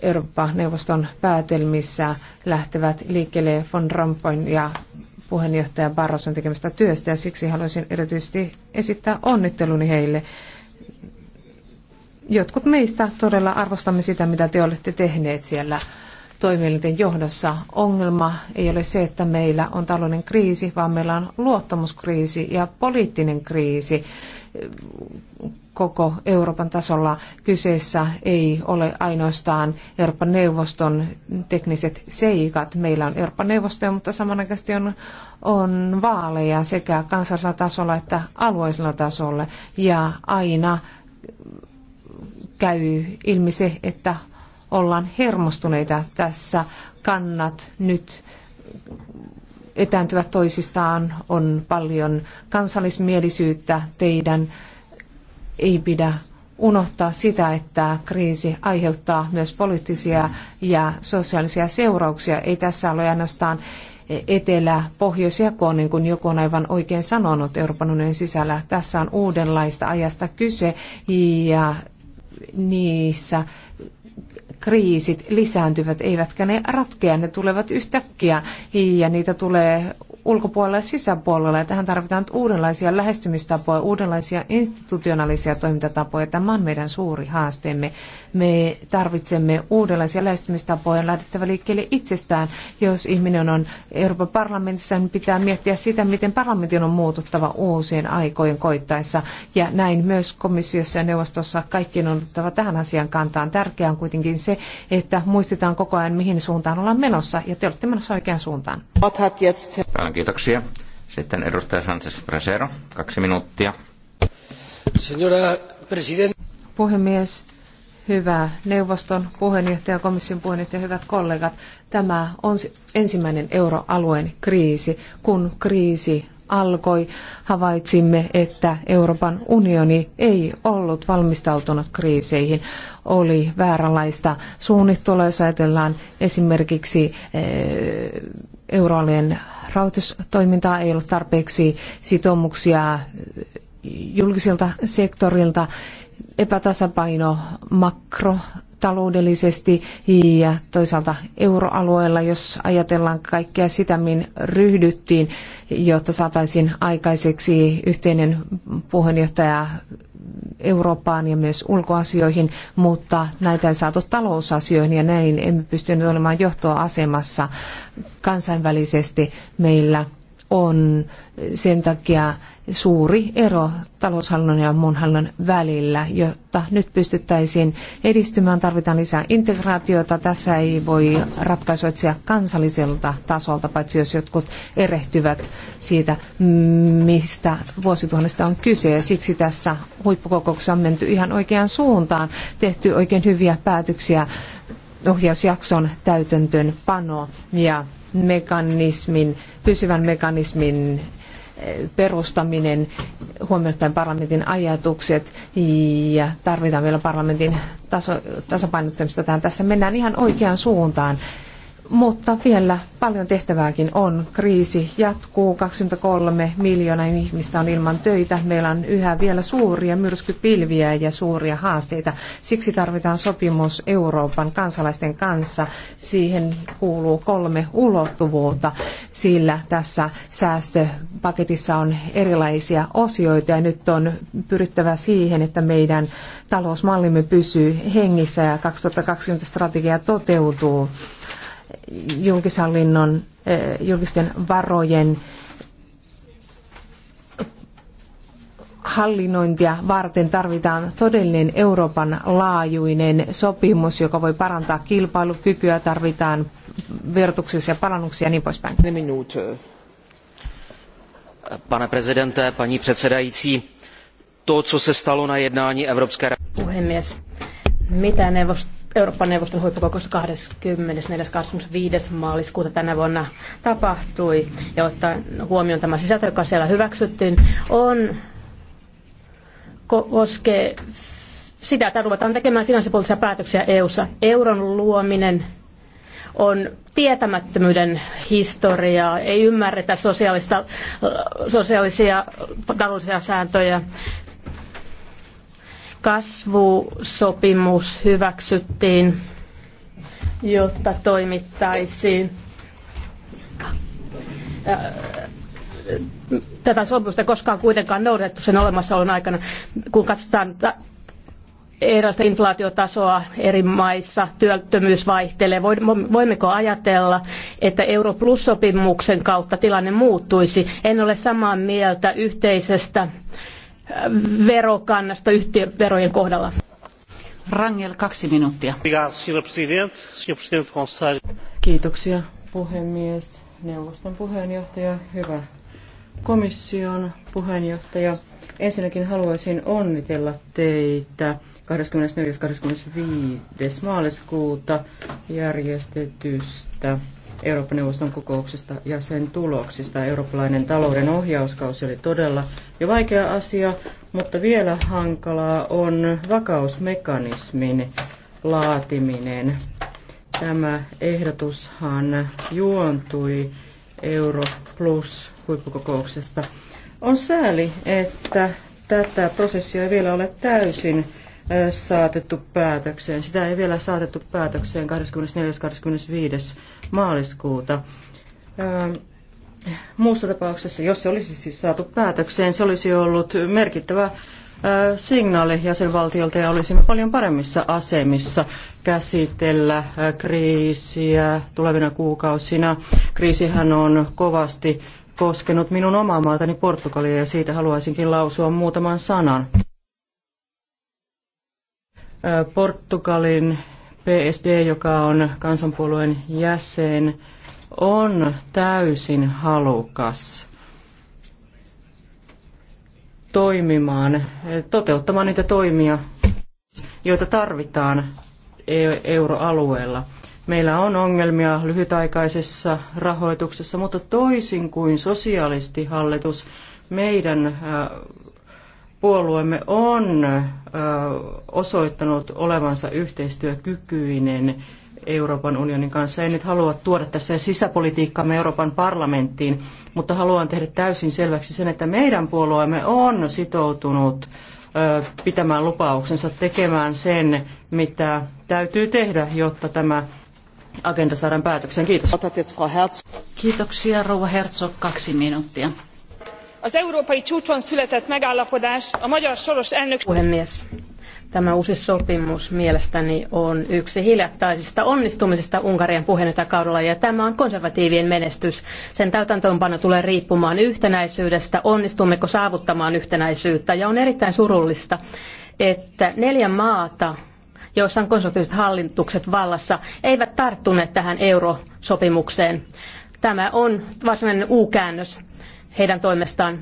Eurooppa-neuvoston päätelmissä lähtevät liikkeelle von Rompuyn ja puheenjohtaja Barroson tekemästä työstä ja siksi haluaisin erityisesti esittää onnitteluni heille. Jotkut meistä todella arvostamme sitä, mitä te olette tehneet siellä toimielinten johdossa. Ongelma ei ole se, että meillä on talouden kriisi, vaan meillä on luottamuskriisi ja poliittinen kriisi eh, koko Euroopan tasolla. Kyseessä ei ole ainoastaan Euroopan neuvoston tekniset seikat. Meillä on Euroopan neuvostoja, mutta samanaikaisesti on, on vaaleja sekä kansallisella tasolla että alueellisella tasolla. Ja aina käy ilmi se, että ollaan hermostuneita tässä. Kannat nyt etääntyvät toisistaan, on paljon kansallismielisyyttä teidän. Ei pidä unohtaa sitä, että kriisi aiheuttaa myös poliittisia ja sosiaalisia seurauksia. Ei tässä ole ainoastaan etelä pohjoisjakoon, niin kuin joku on aivan oikein sanonut Euroopan unionin sisällä. Tässä on uudenlaista ajasta kyse ja niissä kriisit lisääntyvät, eivätkä ne ratkea, ne tulevat yhtäkkiä ja niitä tulee ulkopuolella ja sisäpuolella. Ja tähän tarvitaan uudenlaisia lähestymistapoja, uudenlaisia institutionaalisia toimintatapoja. Tämä on meidän suuri haasteemme. Me tarvitsemme uudenlaisia lähestymistapoja lähdettävä liikkeelle itsestään. Jos ihminen on Euroopan parlamentissa, niin pitää miettiä sitä, miten parlamentin on muututtava uusien aikojen koittaessa. Ja näin myös komissiossa ja neuvostossa kaikkien on otettava tähän asiaan kantaan. Tärkeää on kuitenkin se, että muistetaan koko ajan, mihin suuntaan ollaan menossa. Ja te olette menossa oikeaan suuntaan. Kiitoksia. Sitten edustaja Sanchez kaksi minuuttia. Signora president. Puhemies, hyvä neuvoston puheenjohtaja, komission puheenjohtaja, hyvät kollegat. Tämä on ensimmäinen euroalueen kriisi. Kun kriisi alkoi, havaitsimme, että Euroopan unioni ei ollut valmistautunut kriiseihin. Oli vääränlaista suunnittelua, jos ajatellaan esimerkiksi eh, euroalueen rahoitustoimintaa, ei ollut tarpeeksi sitoumuksia julkiselta sektorilta epätasapaino makrotaloudellisesti ja toisaalta euroalueella, jos ajatellaan kaikkea sitä, min ryhdyttiin, jotta saataisiin aikaiseksi yhteinen puheenjohtaja Eurooppaan ja myös ulkoasioihin, mutta näitä ei saatu talousasioihin ja näin emme pystyneet olemaan johtoasemassa kansainvälisesti. Meillä on sen takia suuri ero taloushallinnon ja muun hallinnon välillä, jotta nyt pystyttäisiin edistymään. Tarvitaan lisää integraatiota. Tässä ei voi ratkaisuja etsiä kansalliselta tasolta, paitsi jos jotkut erehtyvät siitä, mistä vuosituhannesta on kyse. Siksi tässä huippukokouksessa on menty ihan oikeaan suuntaan, tehty oikein hyviä päätöksiä ohjausjakson täytäntöönpano ja mekanismin, pysyvän mekanismin perustaminen huomioittain parlamentin ajatukset ja tarvitaan vielä parlamentin taso, tasapainottamista tähän. Tässä mennään ihan oikeaan suuntaan. Mutta vielä paljon tehtävääkin on. Kriisi jatkuu, 23 miljoonaa ihmistä on ilman töitä. Meillä on yhä vielä suuria myrskypilviä ja suuria haasteita. Siksi tarvitaan sopimus Euroopan kansalaisten kanssa. Siihen kuuluu kolme ulottuvuutta, sillä tässä säästöpaketissa on erilaisia osioita ja nyt on pyrittävä siihen, että meidän talousmallimme pysyy hengissä ja 2020 strategia toteutuu julkishallinnon, eh, julkisten varojen hallinnointia varten tarvitaan todellinen Euroopan laajuinen sopimus, joka voi parantaa kilpailukykyä, tarvitaan verotuksessa parannuksia ja niin poispäin. Pane prezidente, pani předsedající, to, co se stalo na jednání Evropské Puhemies, mitä neuvosto Euroopan neuvoston huippukokous 24.25. maaliskuuta tänä vuonna tapahtui, ja ottaen huomioon tämä sisältö, joka siellä hyväksyttiin, on koskee sitä, että ruvetaan tekemään finanssipoliittisia päätöksiä EU-ssa. Euron luominen on tietämättömyyden historiaa, ei ymmärretä sosiaalista, sosiaalisia taloudellisia sääntöjä, Kasvusopimus hyväksyttiin, jotta toimittaisiin äh, tätä sopimusta koskaan kuitenkaan noudatettu sen olemassaolon aikana. Kun katsotaan erilaista inflaatiotasoa eri maissa, työttömyys vaihtelee. Voimmeko ajatella, että Euro Plus-sopimuksen kautta tilanne muuttuisi? En ole samaa mieltä yhteisestä verokannasta yhtiöverojen kohdalla. Rangel, kaksi minuuttia. Kiitoksia puhemies, neuvoston puheenjohtaja, hyvä komission puheenjohtaja. Ensinnäkin haluaisin onnitella teitä 24.–25. maaliskuuta järjestetystä Euroopan neuvoston kokouksesta ja sen tuloksista. Eurooppalainen talouden ohjauskausi oli todella jo vaikea asia, mutta vielä hankalaa on vakausmekanismin laatiminen. Tämä ehdotushan juontui Euro Plus huippukokouksesta. On sääli, että tätä prosessia ei vielä ole täysin saatettu päätökseen. Sitä ei vielä saatettu päätökseen 24.–25 maaliskuuta. Muussa tapauksessa, jos se olisi siis saatu päätökseen, se olisi ollut merkittävä signaali jäsenvaltiolta ja olisimme paljon paremmissa asemissa käsitellä kriisiä tulevina kuukausina. Kriisihän on kovasti koskenut minun omaa maatani Portugalia ja siitä haluaisinkin lausua muutaman sanan. Portugalin PSD, joka on kansanpuolueen jäsen, on täysin halukas toimimaan, toteuttamaan niitä toimia, joita tarvitaan e- euroalueella. Meillä on ongelmia lyhytaikaisessa rahoituksessa, mutta toisin kuin sosialistihallitus, meidän äh, puolueemme on osoittanut olevansa yhteistyökykyinen Euroopan unionin kanssa. En nyt halua tuoda tässä sisäpolitiikkaamme Euroopan parlamenttiin, mutta haluan tehdä täysin selväksi sen, että meidän puolueemme on sitoutunut pitämään lupauksensa, tekemään sen, mitä täytyy tehdä, jotta tämä agenda saadaan päätökseen. Kiitos. Kiitoksia, Rouva Herzog, kaksi minuuttia az európai csúcson született megállapodás a magyar soros elnökség. puhemies tämä uusi sopimus mielestäni on yksi hiljattaisista onnistumisista Unkarin puheenjohtajakaudella ja tämä on konservatiivien menestys. Sen täytäntöönpano tulee riippumaan yhtenäisyydestä, onnistummeko saavuttamaan yhtenäisyyttä ja on erittäin surullista, että neljä maata joissa on konservatiiviset hallitukset vallassa, eivät tarttuneet tähän eurosopimukseen. Tämä on varsinainen U-käännös heidän toimestaan.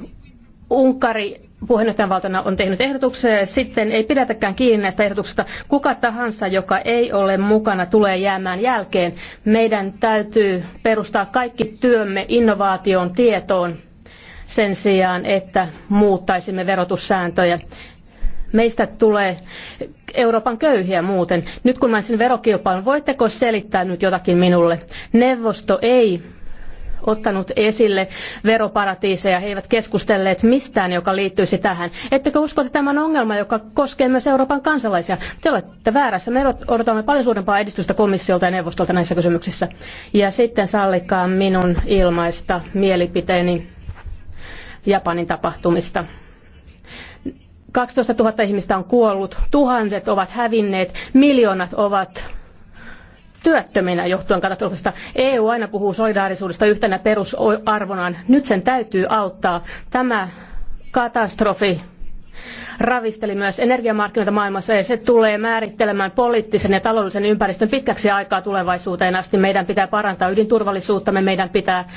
Unkari puheenjohtajanvaltana on tehnyt ehdotuksia ja sitten ei pidätäkään kiinni näistä ehdotuksista. Kuka tahansa, joka ei ole mukana, tulee jäämään jälkeen. Meidän täytyy perustaa kaikki työmme innovaation tietoon sen sijaan, että muuttaisimme verotussääntöjä. Meistä tulee Euroopan köyhiä muuten. Nyt kun mainitsin verokilpailun, voitteko selittää nyt jotakin minulle? Neuvosto ei ottanut esille veroparatiiseja. He eivät keskustelleet mistään, joka liittyisi tähän. Ettekö usko, että tämä on ongelma, joka koskee myös Euroopan kansalaisia? Te olette väärässä. Me odotamme paljon suurempaa edistystä komissiolta ja neuvostolta näissä kysymyksissä. Ja sitten sallikaa minun ilmaista mielipiteeni Japanin tapahtumista. 12 000 ihmistä on kuollut, tuhannet ovat hävinneet, miljoonat ovat työttöminä johtuen katastrofista. EU aina puhuu solidaarisuudesta yhtenä perusarvonaan. Nyt sen täytyy auttaa. Tämä katastrofi ravisteli myös energiamarkkinoita maailmassa ja se tulee määrittelemään poliittisen ja taloudellisen ympäristön pitkäksi aikaa tulevaisuuteen asti. Meidän pitää parantaa ydinturvallisuuttamme, meidän pitää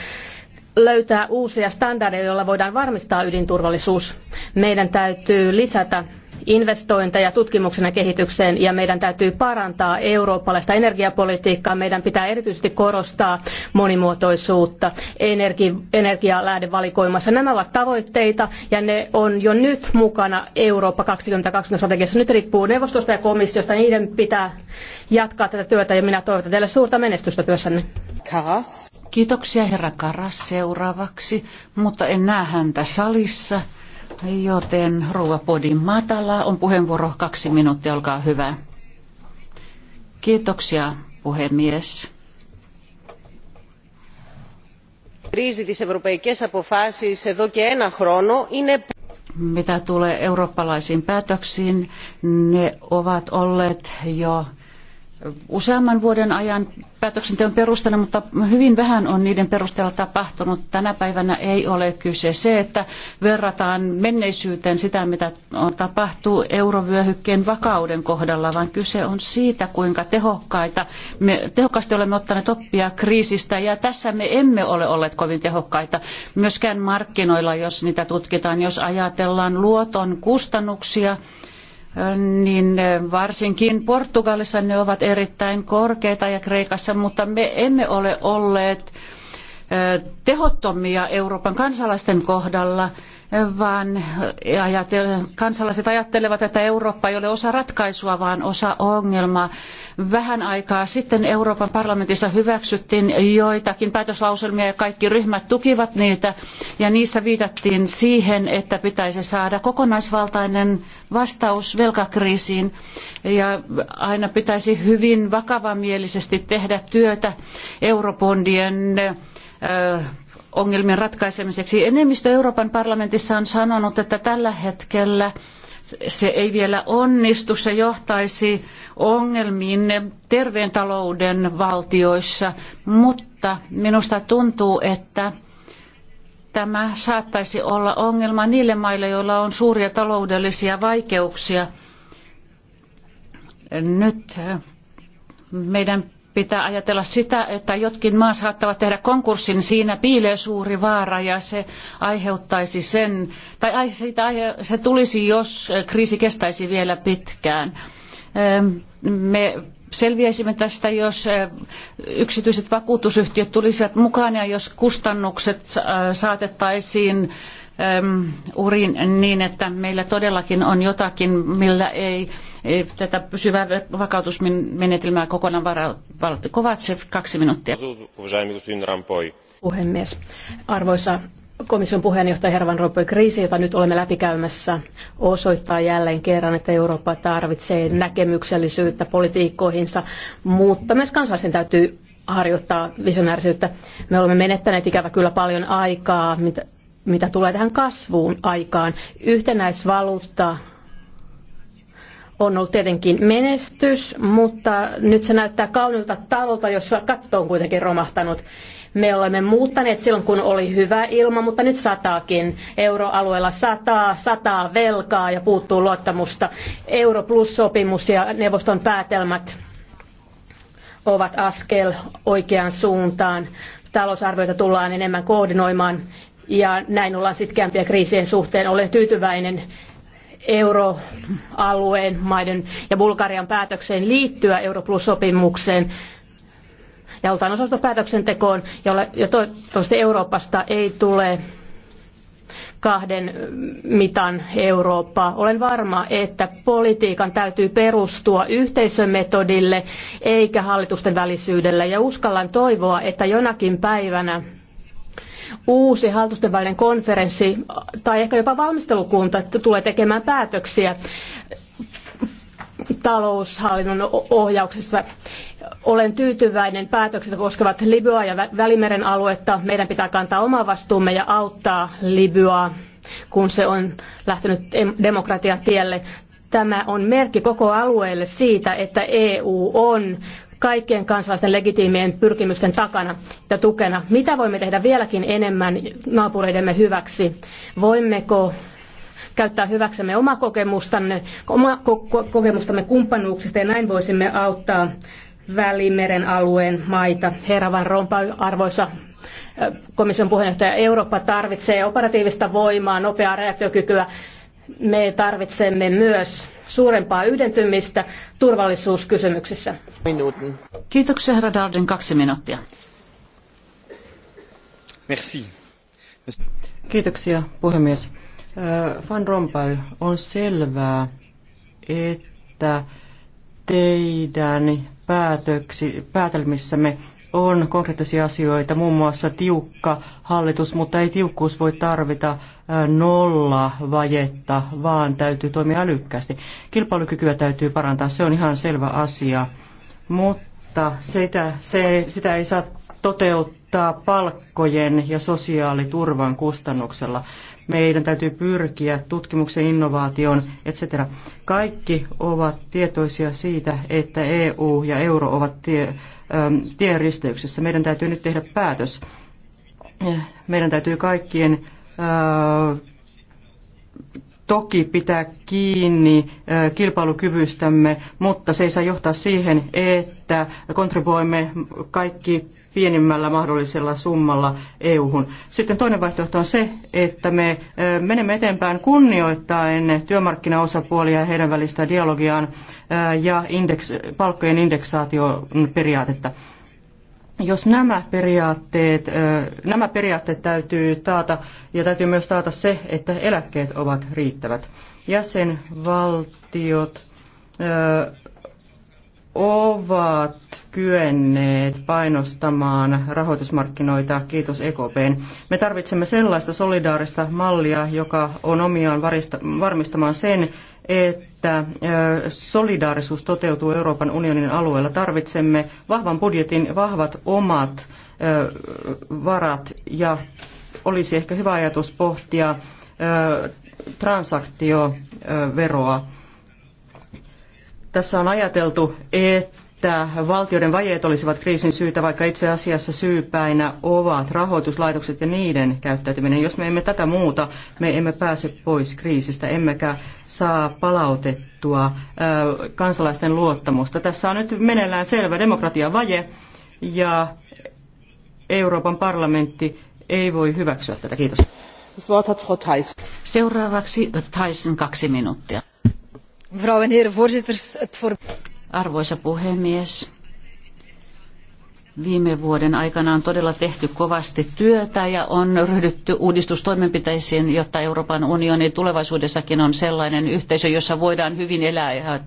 löytää uusia standardeja, joilla voidaan varmistaa ydinturvallisuus. Meidän täytyy lisätä investointeja tutkimuksen ja kehitykseen ja meidän täytyy parantaa eurooppalaista energiapolitiikkaa. Meidän pitää erityisesti korostaa monimuotoisuutta energi- energialähdevalikoimassa. Nämä ovat tavoitteita ja ne on jo nyt mukana Eurooppa 2020 strategiassa. Nyt riippuu neuvostosta ja komissiosta. Niiden pitää jatkaa tätä työtä ja minä toivotan teille suurta menestystä työssänne. Karas. Kiitoksia herra Karas seuraavaksi, mutta en näe häntä salissa. Joten ruoapodin matala on puheenvuoro kaksi minuuttia, olkaa hyvä. Kiitoksia puhemies. Mitä tulee eurooppalaisiin päätöksiin, ne ovat olleet jo useamman vuoden ajan päätöksenteon perusteella, mutta hyvin vähän on niiden perusteella tapahtunut. Tänä päivänä ei ole kyse se, että verrataan menneisyyteen sitä, mitä tapahtuu eurovyöhykkeen vakauden kohdalla, vaan kyse on siitä, kuinka tehokkaita me tehokkaasti olemme ottaneet oppia kriisistä, ja tässä me emme ole olleet kovin tehokkaita myöskään markkinoilla, jos niitä tutkitaan, jos ajatellaan luoton kustannuksia, niin varsinkin Portugalissa ne ovat erittäin korkeita ja Kreikassa, mutta me emme ole olleet tehottomia Euroopan kansalaisten kohdalla vaan ajatel, kansalaiset ajattelevat, että Eurooppa ei ole osa ratkaisua, vaan osa ongelmaa. Vähän aikaa sitten Euroopan parlamentissa hyväksyttiin joitakin päätöslauselmia ja kaikki ryhmät tukivat niitä ja niissä viitattiin siihen, että pitäisi saada kokonaisvaltainen vastaus velkakriisiin ja aina pitäisi hyvin vakavamielisesti tehdä työtä eurobondien ongelmien ratkaisemiseksi. Enemmistö Euroopan parlamentissa on sanonut, että tällä hetkellä se ei vielä onnistu, se johtaisi ongelmiin terveen talouden valtioissa, mutta minusta tuntuu, että tämä saattaisi olla ongelma niille maille, joilla on suuria taloudellisia vaikeuksia. Nyt meidän pitää ajatella sitä, että jotkin maat saattavat tehdä konkurssin, siinä piilee suuri vaara ja se aiheuttaisi sen, tai siitä se tulisi, jos kriisi kestäisi vielä pitkään. Me selviäisimme tästä, jos eh, yksityiset vakuutusyhtiöt tulisivat mukaan ja jos kustannukset äh, saatettaisiin Ähm, urin niin, että meillä todellakin on jotakin, millä ei, tätä pysyvää vakautusmenetelmää kokonaan varautu. Kovatsev, kaksi minuuttia. Puhemies. Arvoisa komission puheenjohtaja Hervan Rompoi kriisi, jota nyt olemme läpikäymässä, osoittaa jälleen kerran, että Eurooppa tarvitsee näkemyksellisyyttä politiikkoihinsa, mutta myös kansalaisten täytyy harjoittaa visionäärisyyttä. Me olemme menettäneet ikävä kyllä paljon aikaa, mitä mitä tulee tähän kasvuun aikaan. Yhtenäisvaluutta on ollut tietenkin menestys, mutta nyt se näyttää kaunilta talolta, jossa katto on kuitenkin romahtanut. Me olemme muuttaneet silloin, kun oli hyvä ilma, mutta nyt sataakin. Euroalueella sataa, sataa velkaa ja puuttuu luottamusta. Euro plus-sopimus ja neuvoston päätelmät ovat askel oikeaan suuntaan. Talousarvioita tullaan enemmän koordinoimaan ja näin ollaan sitkeämpiä kriisien suhteen. Olen tyytyväinen euroalueen maiden ja Bulgarian päätökseen liittyä Europlus-sopimukseen ja otan osallistua päätöksentekoon, jolla, ja toivottavasti Euroopasta ei tule kahden mitan Eurooppaa. Olen varma, että politiikan täytyy perustua yhteisömetodille eikä hallitusten välisyydelle ja uskallan toivoa, että jonakin päivänä uusi hallitusten välinen konferenssi tai ehkä jopa valmistelukunta tulee tekemään päätöksiä taloushallinnon ohjauksessa. Olen tyytyväinen päätökset koskevat Libyaa ja Välimeren aluetta. Meidän pitää kantaa oma vastuumme ja auttaa Libyaa, kun se on lähtenyt demokratian tielle. Tämä on merkki koko alueelle siitä, että EU on kaikkien kansalaisten legitiimien pyrkimysten takana ja tukena. Mitä voimme tehdä vieläkin enemmän naapureidemme hyväksi? Voimmeko käyttää hyväksemme omaa kokemustamme, oma ko- kokemustamme kumppanuuksista ja näin voisimme auttaa Välimeren alueen maita. Herra Van Rompuy, arvoisa komission puheenjohtaja, Eurooppa tarvitsee operatiivista voimaa, nopeaa reaktiokykyä me tarvitsemme myös suurempaa yhdentymistä turvallisuuskysymyksissä. Minuutin. Kiitoksia, herra Darden. Kaksi minuuttia. Merci. Kiitoksia, puhemies. Van Rompuy, on selvää, että teidän päätöksi, päätelmissämme on konkreettisia asioita, muun muassa tiukka hallitus, mutta ei tiukkuus voi tarvita nolla vajetta, vaan täytyy toimia älykkäästi. Kilpailukykyä täytyy parantaa, se on ihan selvä asia, mutta sitä, se, sitä ei saa toteuttaa palkkojen ja sosiaaliturvan kustannuksella. Meidän täytyy pyrkiä tutkimukseen, innovaatioon, etc. Kaikki ovat tietoisia siitä, että EU ja euro ovat tie, Ähm, tienristeyksessä. Meidän täytyy nyt tehdä päätös. Eh, meidän täytyy kaikkien äh, toki pitää kiinni äh, kilpailukyvystämme, mutta se ei saa johtaa siihen, että kontribuoimme kaikki pienimmällä mahdollisella summalla EU-hun. Sitten toinen vaihtoehto on se, että me menemme eteenpäin kunnioittain työmarkkinaosapuolia ja heidän välistä dialogiaan ja indeks, palkkojen indeksaation periaatetta. Jos nämä periaatteet, nämä periaatteet täytyy taata ja täytyy myös taata se, että eläkkeet ovat riittävät. Jäsenvaltiot ovat kyenneet painostamaan rahoitusmarkkinoita, kiitos EKPn. Me tarvitsemme sellaista solidaarista mallia, joka on omiaan varmistamaan sen, että solidaarisuus toteutuu Euroopan unionin alueella. Tarvitsemme vahvan budjetin, vahvat omat varat ja olisi ehkä hyvä ajatus pohtia transaktioveroa tässä on ajateltu, että valtioiden vajeet olisivat kriisin syytä, vaikka itse asiassa syypäinä ovat rahoituslaitokset ja niiden käyttäytyminen. Jos me emme tätä muuta, me emme pääse pois kriisistä, emmekä saa palautettua kansalaisten luottamusta. Tässä on nyt meneillään selvä demokratian ja Euroopan parlamentti ei voi hyväksyä tätä. Kiitos. Seuraavaksi Tyson kaksi minuuttia. Arvoisa puhemies, Viime vuoden aikana on todella tehty kovasti työtä ja on ryhdytty uudistustoimenpiteisiin, jotta Euroopan unioni tulevaisuudessakin on sellainen yhteisö, jossa voidaan hyvin elää ja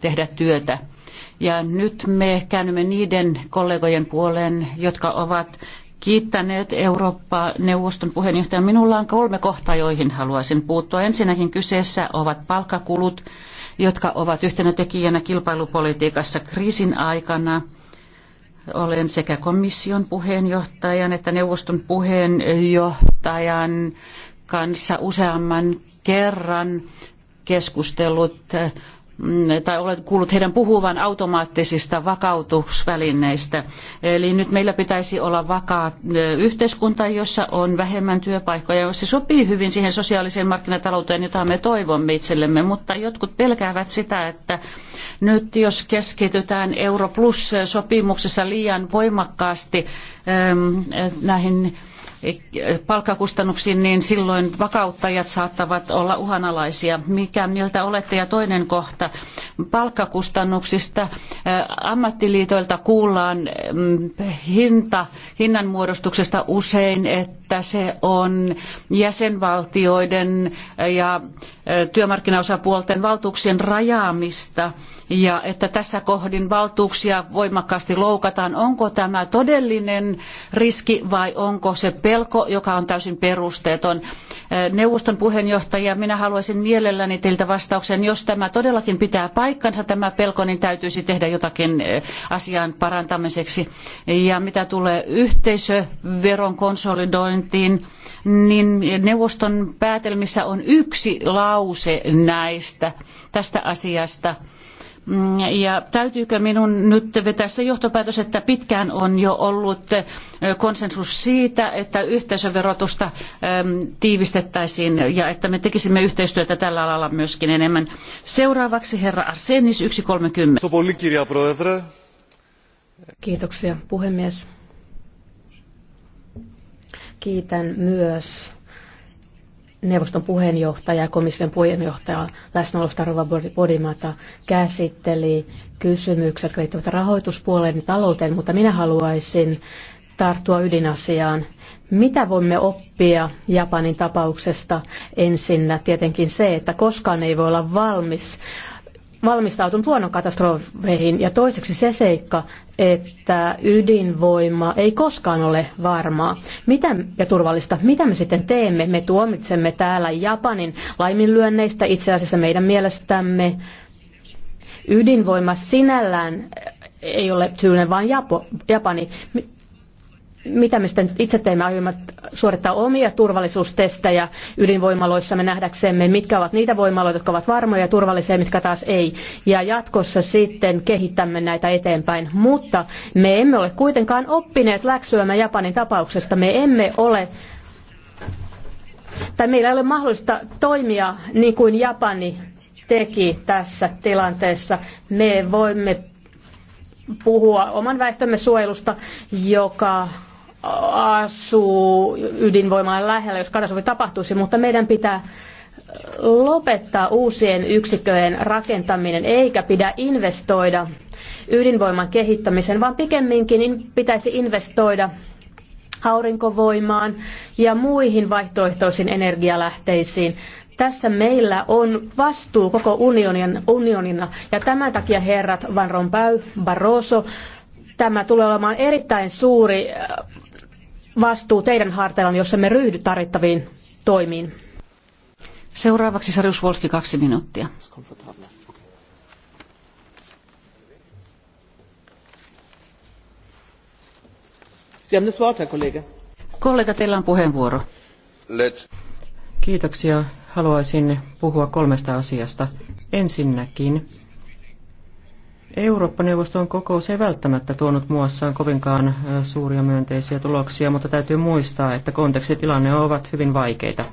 tehdä työtä. Ja nyt me käännymme niiden kollegojen puoleen, jotka ovat kiittäneet Eurooppa-neuvoston puheenjohtajan. Minulla on kolme kohtaa, joihin haluaisin puuttua. Ensinnäkin kyseessä ovat palkkakulut jotka ovat yhtenä tekijänä kilpailupolitiikassa kriisin aikana. Olen sekä komission puheenjohtajan että neuvoston puheenjohtajan kanssa useamman kerran keskustellut tai olen kuullut heidän puhuvan automaattisista vakautusvälineistä. Eli nyt meillä pitäisi olla vakaa eh, yhteiskunta, jossa on vähemmän työpaikkoja. Se sopii hyvin siihen sosiaaliseen markkinatalouteen, jota me toivomme itsellemme, mutta jotkut pelkäävät sitä, että nyt jos keskitytään Euro Plus-sopimuksessa liian voimakkaasti eh, näihin palkkakustannuksiin, niin silloin vakauttajat saattavat olla uhanalaisia. Mikä mieltä olette? Ja toinen kohta palkkakustannuksista. Äh, ammattiliitoilta kuullaan mm, hinta, hinnan muodostuksesta usein, että se on jäsenvaltioiden ja äh, työmarkkinaosapuolten valtuuksien rajaamista ja että tässä kohdin valtuuksia voimakkaasti loukataan. Onko tämä todellinen riski vai onko se pelko, joka on täysin perusteeton. Neuvoston puheenjohtaja, minä haluaisin mielelläni teiltä vastauksen. Jos tämä todellakin pitää paikkansa, tämä pelko, niin täytyisi tehdä jotakin eh, asian parantamiseksi. Ja mitä tulee yhteisöveron konsolidointiin, niin neuvoston päätelmissä on yksi lause näistä, tästä asiasta – Mm, ja täytyykö minun nyt vetää se johtopäätös, että pitkään on jo ollut konsensus siitä, että yhteisöverotusta tiivistettäisiin ja että me tekisimme yhteistyötä tällä alalla myöskin enemmän. Seuraavaksi herra Arsenis 1.30. Kiitoksia puhemies. Kiitän myös neuvoston puheenjohtaja ja komission puheenjohtaja läsnäolosta Rova Bodimata käsitteli kysymykset, jotka liittyvät rahoituspuoleen ja talouteen, mutta minä haluaisin tarttua ydinasiaan. Mitä voimme oppia Japanin tapauksesta? Ensinnä tietenkin se, että koskaan ei voi olla valmis valmistautunut luonnonkatastrofeihin ja toiseksi se seikka, että ydinvoima ei koskaan ole varmaa mitä, ja turvallista. Mitä me sitten teemme? Me tuomitsemme täällä Japanin laiminlyönneistä itse asiassa meidän mielestämme. Ydinvoima sinällään ei ole syyllinen, vaan Japo, Japani mitä me sitten itse teemme, aiomme suorittaa omia turvallisuustestejä ydinvoimaloissamme nähdäksemme, mitkä ovat niitä voimaloita, jotka ovat varmoja ja turvallisia, mitkä taas ei. Ja jatkossa sitten kehittämme näitä eteenpäin. Mutta me emme ole kuitenkaan oppineet läksyämme Japanin tapauksesta. Me emme ole tai meillä ei ole mahdollista toimia niin kuin Japani teki tässä tilanteessa. Me voimme puhua oman väestömme suojelusta, joka asuu ydinvoimaan lähellä, jos katastrofi tapahtuisi, mutta meidän pitää lopettaa uusien yksiköjen rakentaminen eikä pidä investoida ydinvoiman kehittämiseen, vaan pikemminkin pitäisi investoida aurinkovoimaan ja muihin vaihtoehtoisiin energialähteisiin. Tässä meillä on vastuu koko unionin, unionina ja tämän takia herrat Van Rompuy, Barroso, tämä tulee olemaan erittäin suuri vastuu teidän harteillanne, jos emme ryhdy tarvittaviin toimiin. Seuraavaksi Sarius Volski, kaksi minuuttia. Sie haben das Wort, Herr Kollege. Kollega, teillä on puheenvuoro. Let. Kiitoksia. Haluaisin puhua kolmesta asiasta. Ensinnäkin Eurooppa-neuvoston kokous ei välttämättä tuonut muassaan kovinkaan suuria myönteisiä tuloksia, mutta täytyy muistaa, että kontekstitilanne ovat hyvin vaikeita.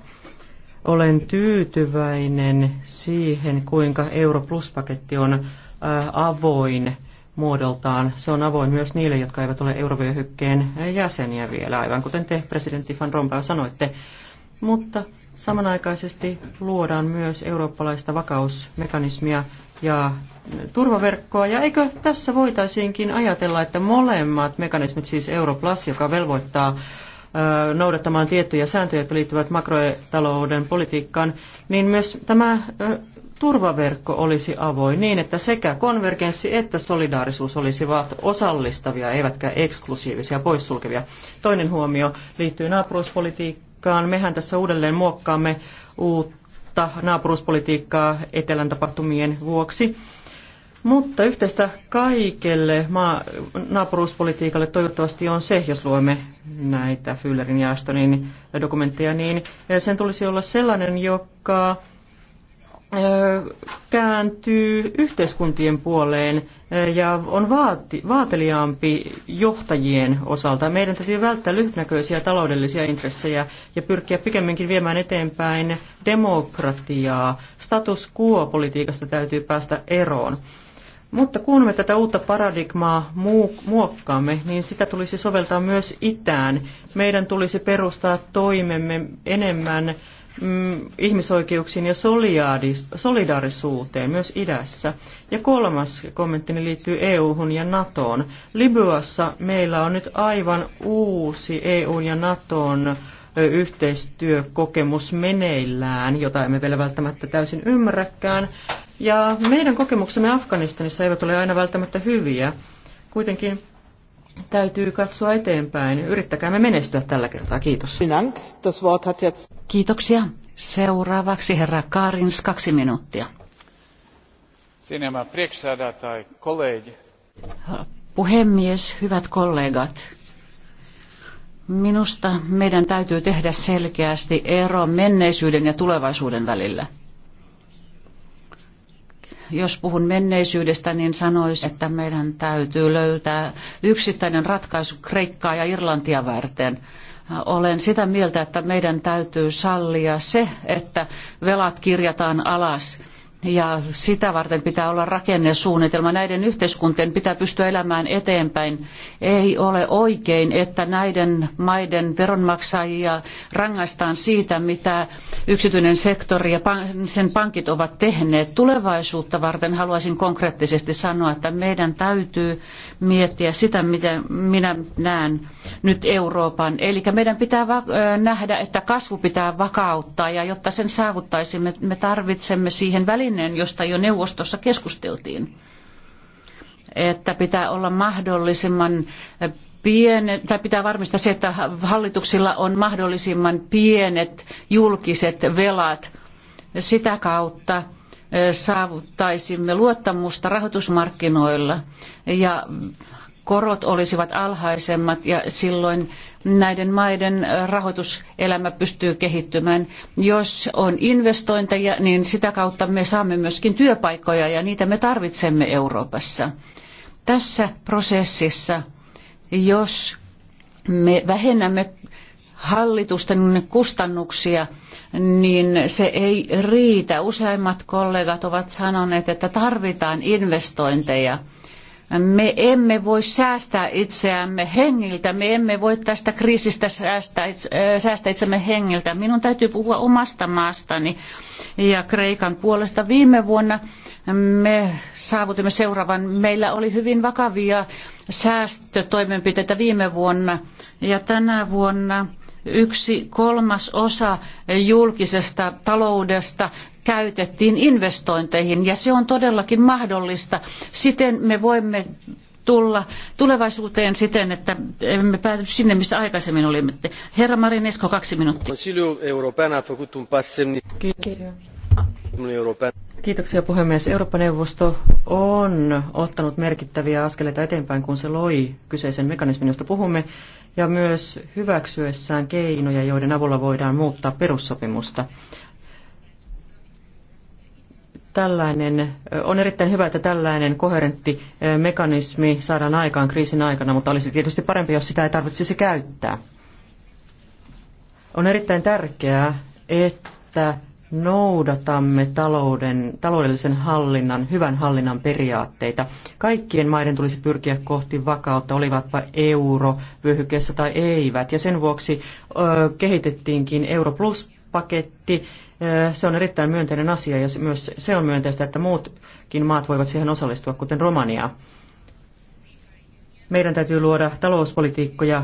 Olen tyytyväinen siihen, kuinka Euro Plus-paketti on avoin muodoltaan. Se on avoin myös niille, jotka eivät ole eurovyöhykkeen jäseniä vielä, aivan kuten te, presidentti Van Rompuy, sanoitte. Mutta samanaikaisesti luodaan myös eurooppalaista vakausmekanismia ja turvaverkkoa, ja eikö tässä voitaisiinkin ajatella, että molemmat mekanismit, siis Europlus, joka velvoittaa noudattamaan tiettyjä sääntöjä, jotka liittyvät makrotalouden politiikkaan, niin myös tämä turvaverkko olisi avoin niin, että sekä konvergenssi että solidaarisuus olisivat osallistavia, eivätkä eksklusiivisia, poissulkevia. Toinen huomio liittyy naapuruuspolitiikkaan. Mehän tässä uudelleen muokkaamme uutta naapuruuspolitiikkaa etelän tapahtumien vuoksi. Mutta yhteistä kaikelle maa, naapuruuspolitiikalle toivottavasti on se, jos luemme näitä Füllerin ja Ashtonin dokumentteja, niin sen tulisi olla sellainen, joka kääntyy yhteiskuntien puoleen ja on vaati, vaateliaampi johtajien osalta. Meidän täytyy välttää lyhytnäköisiä taloudellisia intressejä ja pyrkiä pikemminkin viemään eteenpäin demokratiaa. Status quo-politiikasta täytyy päästä eroon. Mutta kun me tätä uutta paradigmaa muokkaamme, niin sitä tulisi soveltaa myös itään. Meidän tulisi perustaa toimemme enemmän mm, ihmisoikeuksiin ja solidaarisuuteen myös idässä. Ja kolmas kommenttini liittyy EU-hun ja NATOon. Libyassa meillä on nyt aivan uusi EU: ja NATOn yhteistyökokemus meneillään, jota emme vielä välttämättä täysin ymmärräkään. Ja meidän kokemuksemme Afganistanissa eivät ole aina välttämättä hyviä. Kuitenkin täytyy katsoa eteenpäin. Yrittäkäämme menestyä tällä kertaa. Kiitos. Kiitoksia. Seuraavaksi herra Kaarins, kaksi minuuttia. Puhemies, hyvät kollegat. Minusta meidän täytyy tehdä selkeästi ero menneisyyden ja tulevaisuuden välillä – jos puhun menneisyydestä, niin sanoisin, että meidän täytyy löytää yksittäinen ratkaisu Kreikkaa ja Irlantia varten. Olen sitä mieltä, että meidän täytyy sallia se, että velat kirjataan alas ja sitä varten pitää olla rakennesuunnitelma. Näiden yhteiskuntien pitää pystyä elämään eteenpäin. Ei ole oikein, että näiden maiden veronmaksajia rangaistaan siitä, mitä yksityinen sektori ja sen pankit ovat tehneet. Tulevaisuutta varten haluaisin konkreettisesti sanoa, että meidän täytyy miettiä sitä, mitä minä näen nyt Euroopan. Eli meidän pitää nähdä, että kasvu pitää vakauttaa ja jotta sen saavuttaisimme, me tarvitsemme siihen välineitä toinen, josta jo neuvostossa keskusteltiin, että pitää olla mahdollisimman pienet, tai pitää varmistaa se, että hallituksilla on mahdollisimman pienet julkiset velat. Sitä kautta eh, saavuttaisimme luottamusta rahoitusmarkkinoilla ja korot olisivat alhaisemmat ja silloin näiden maiden rahoituselämä pystyy kehittymään. Jos on investointeja, niin sitä kautta me saamme myöskin työpaikkoja ja niitä me tarvitsemme Euroopassa. Tässä prosessissa, jos me vähennämme hallitusten kustannuksia, niin se ei riitä. Useimmat kollegat ovat sanoneet, että tarvitaan investointeja – me emme voi säästää itseämme hengiltä, me emme voi tästä kriisistä säästää, äh, säästää hengiltä. Minun täytyy puhua omasta maastani ja Kreikan puolesta. Viime vuonna me saavutimme seuraavan. Meillä oli hyvin vakavia säästötoimenpiteitä viime vuonna ja tänä vuonna yksi kolmas osa julkisesta taloudesta käytettiin investointeihin ja se on todellakin mahdollista. Siten me voimme tulla tulevaisuuteen siten, että emme pääty sinne, missä aikaisemmin olimme. Herra esko kaksi minuuttia. Kiitoksia. Kiitoksia puhemies. Eurooppa-neuvosto on ottanut merkittäviä askeleita eteenpäin, kun se loi kyseisen mekanismin, josta puhumme, ja myös hyväksyessään keinoja, joiden avulla voidaan muuttaa perussopimusta tällainen, on erittäin hyvä, että tällainen koherentti mekanismi saadaan aikaan kriisin aikana, mutta olisi tietysti parempi, jos sitä ei tarvitsisi käyttää. On erittäin tärkeää, että noudatamme talouden, taloudellisen hallinnan, hyvän hallinnan periaatteita. Kaikkien maiden tulisi pyrkiä kohti vakautta, olivatpa eurovyöhykkeessä tai eivät. Ja sen vuoksi ö, kehitettiinkin Euro Plus-paketti, se on erittäin myönteinen asia ja myös se on myönteistä, että muutkin maat voivat siihen osallistua, kuten Romania. Meidän täytyy luoda talouspolitiikkoja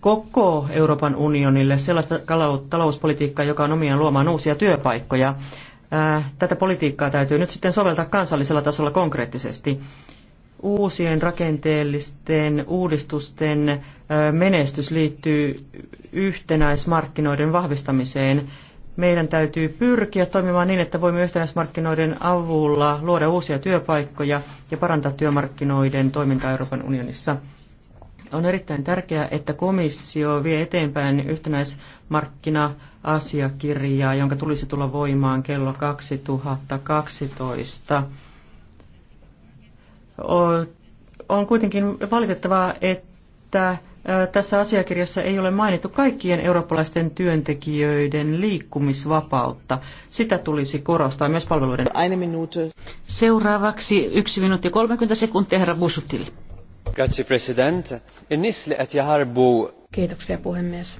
koko Euroopan unionille, sellaista talouspolitiikkaa, joka on omiaan luomaan uusia työpaikkoja. Tätä politiikkaa täytyy nyt sitten soveltaa kansallisella tasolla konkreettisesti uusien rakenteellisten uudistusten menestys liittyy yhtenäismarkkinoiden vahvistamiseen meidän täytyy pyrkiä toimimaan niin, että voimme yhtenäismarkkinoiden avulla luoda uusia työpaikkoja ja parantaa työmarkkinoiden toimintaa Euroopan unionissa. On erittäin tärkeää, että komissio vie eteenpäin yhtenäismarkkina-asiakirjaa, jonka tulisi tulla voimaan kello 2012. On kuitenkin valitettavaa, että tässä asiakirjassa ei ole mainittu kaikkien eurooppalaisten työntekijöiden liikkumisvapautta. Sitä tulisi korostaa myös palveluiden. Aina minuutti. Seuraavaksi yksi minuutti 30 sekuntia herra Busutil. Grazie president. Kiitoksia puhemies.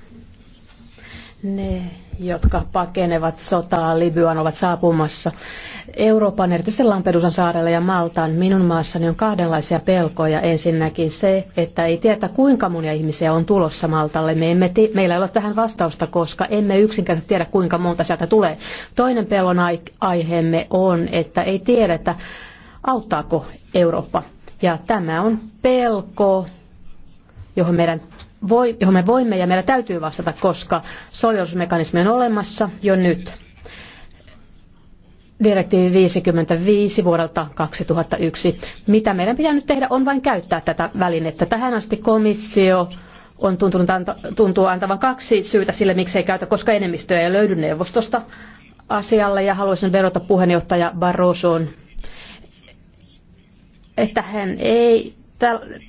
Ne jotka pakenevat sotaa Libyan, ovat saapumassa Euroopan, erityisesti Lampedusan saarelle ja Maltaan. Minun maassani on kahdenlaisia pelkoja. Ensinnäkin se, että ei tiedä kuinka monia ihmisiä on tulossa Maltalle. Me emme meillä ei ole tähän vastausta, koska emme yksinkertaisesti tiedä, kuinka monta sieltä tulee. Toinen pelon aiheemme on, että ei tiedetä, auttaako Eurooppa. Ja tämä on pelko, johon meidän voi, johon me voimme ja meillä täytyy vastata, koska solidarisuusmekanismi on olemassa jo nyt. Direktiivi 55 vuodelta 2001. Mitä meidän pitää nyt tehdä on vain käyttää tätä välinettä. Tähän asti komissio on tuntunut anta, tuntuu antavan kaksi syytä sille, ei käytä, koska enemmistöä ei löydy neuvostosta asialle ja haluaisin verota puheenjohtaja Barrosoon, että hän ei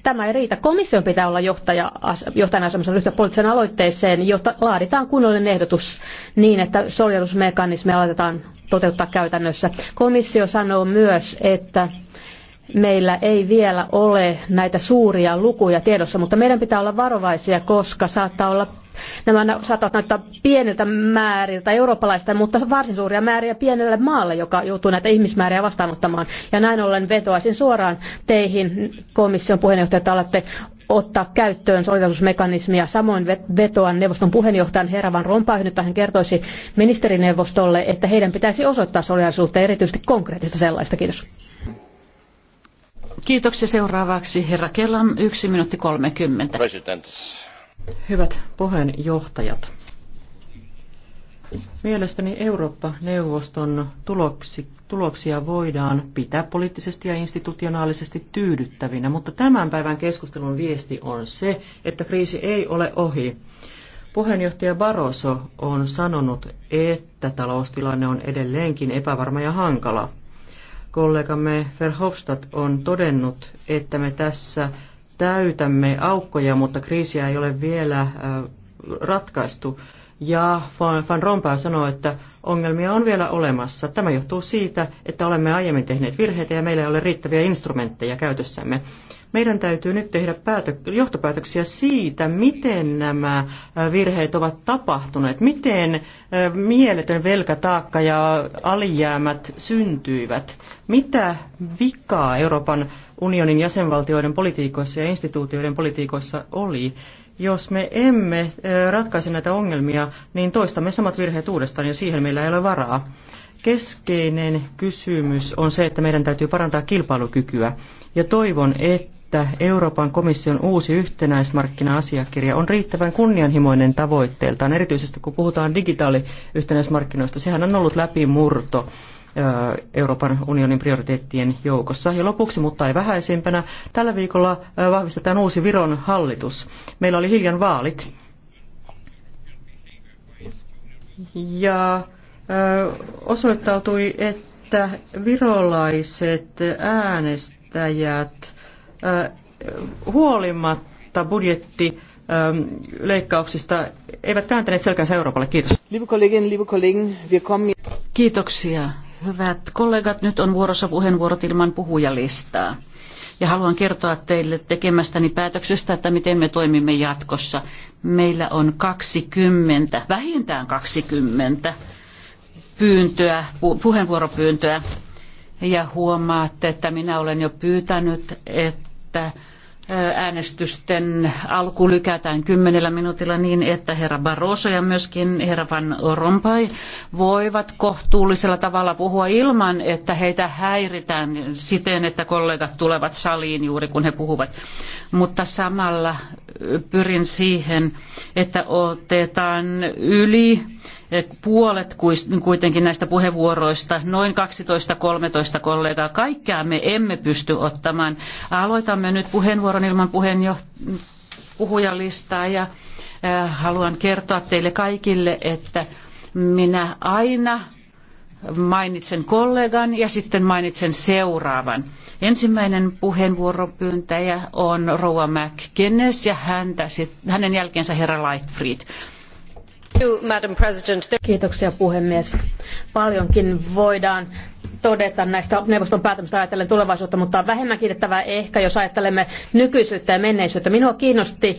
tämä ei riitä. Komission pitää olla johtaja, johtajana asemassa ryhtyä poliittiseen aloitteeseen, jotta laaditaan kunnollinen ehdotus niin, että solidarisuusmekanismi aloitetaan toteuttaa käytännössä. Komissio sanoo myös, että meillä ei vielä ole näitä suuria lukuja tiedossa, mutta meidän pitää olla varovaisia, koska saattaa olla Nämä saattavat näyttää pieniltä määriltä eurooppalaista, mutta varsin suuria määriä pienelle maalle, joka joutuu näitä ihmismääriä vastaanottamaan. Ja näin ollen vetoaisin suoraan teihin komission puheenjohtaja, että ottaa käyttöön solidarisuusmekanismia. Samoin vetoan neuvoston puheenjohtajan Heravan Rompaihin, että hän kertoisi ministerineuvostolle, että heidän pitäisi osoittaa solidarisuutta erityisesti konkreettista sellaista. Kiitos. Kiitoksia seuraavaksi herra Kellam, 1 minuutti 30. Hyvät puheenjohtajat, mielestäni Eurooppa-neuvoston tuloksi, tuloksia voidaan pitää poliittisesti ja institutionaalisesti tyydyttävinä, mutta tämän päivän keskustelun viesti on se, että kriisi ei ole ohi. Puheenjohtaja Barroso on sanonut, että taloustilanne on edelleenkin epävarma ja hankala. Kollegamme Verhofstadt on todennut, että me tässä täytämme aukkoja, mutta kriisiä ei ole vielä äh, ratkaistu. Ja Van Rompuy sanoi, että ongelmia on vielä olemassa. Tämä johtuu siitä, että olemme aiemmin tehneet virheitä ja meillä ei ole riittäviä instrumentteja käytössämme. Meidän täytyy nyt tehdä päätö- johtopäätöksiä siitä, miten nämä äh, virheet ovat tapahtuneet, miten äh, mieletön velkataakka ja alijäämät syntyivät, mitä vikaa Euroopan unionin jäsenvaltioiden politiikoissa ja instituutioiden politiikoissa oli. Jos me emme eh, ratkaise näitä ongelmia, niin toistamme samat virheet uudestaan ja siihen meillä ei ole varaa. Keskeinen kysymys on se, että meidän täytyy parantaa kilpailukykyä ja toivon, että Euroopan komission uusi yhtenäismarkkina-asiakirja on riittävän kunnianhimoinen tavoitteeltaan, erityisesti kun puhutaan digitaaliyhtenäismarkkinoista. Sehän on ollut läpimurto Euroopan unionin prioriteettien joukossa. Ja lopuksi, mutta ei vähäisimpänä, tällä viikolla vahvistetaan uusi Viron hallitus. Meillä oli hiljan vaalit. Ja osoittautui, että virolaiset äänestäjät huolimatta budjetti leikkauksista eivät kääntäneet selkänsä Euroopalle. Kiitos. Kiitoksia, Hyvät kollegat, nyt on vuorossa puheenvuorot ilman puhujalistaa. Ja haluan kertoa teille tekemästäni päätöksestä, että miten me toimimme jatkossa. Meillä on 20, vähintään 20 pyyntöä, puheenvuoropyyntöä. Ja huomaatte, että minä olen jo pyytänyt, että äänestysten alku lykätään kymmenellä minuutilla niin, että herra Barroso ja myöskin herra Van Rompuy voivat kohtuullisella tavalla puhua ilman, että heitä häiritään siten, että kollegat tulevat saliin juuri kun he puhuvat. Mutta samalla pyrin siihen, että otetaan yli puolet kuitenkin näistä puheenvuoroista, noin 12-13 kollegaa. Kaikkea me emme pysty ottamaan. Aloitamme nyt puheenvuoron ilman puhujalistaa ja äh, haluan kertoa teille kaikille, että minä aina mainitsen kollegan ja sitten mainitsen seuraavan. Ensimmäinen puheenvuoropyyntäjä on Rouva McGuinness ja häntä, hänen jälkeensä herra Lightfried. Kiitoksia puhemies. Paljonkin voidaan todeta näistä neuvoston päätömistä ajatellen tulevaisuutta, mutta vähemmän kiitettävää ehkä, jos ajattelemme nykyisyyttä ja menneisyyttä. Minua kiinnosti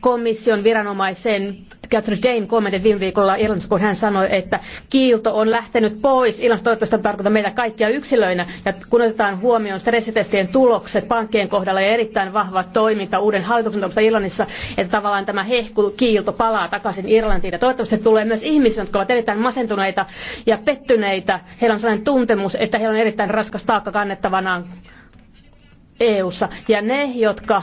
komission viranomaisen Catherine Jane kommentit viime viikolla Irlannissa, kun hän sanoi, että kiilto on lähtenyt pois. Ilmastotoivottavasti tarkoittaa meitä kaikkia yksilöinä. Ja kun otetaan huomioon stressitestien tulokset pankkien kohdalla ja erittäin vahva toiminta uuden hallituksen toimesta Irlannissa, että tavallaan tämä hehku kiilto palaa takaisin Irlantiin. Ja toivottavasti tulee myös ihmisiä, jotka ovat erittäin masentuneita ja pettyneitä. Heillä on sellainen tuntemus, että heillä on erittäin raskas taakka kannettavanaan EU-ssa. Ja ne, jotka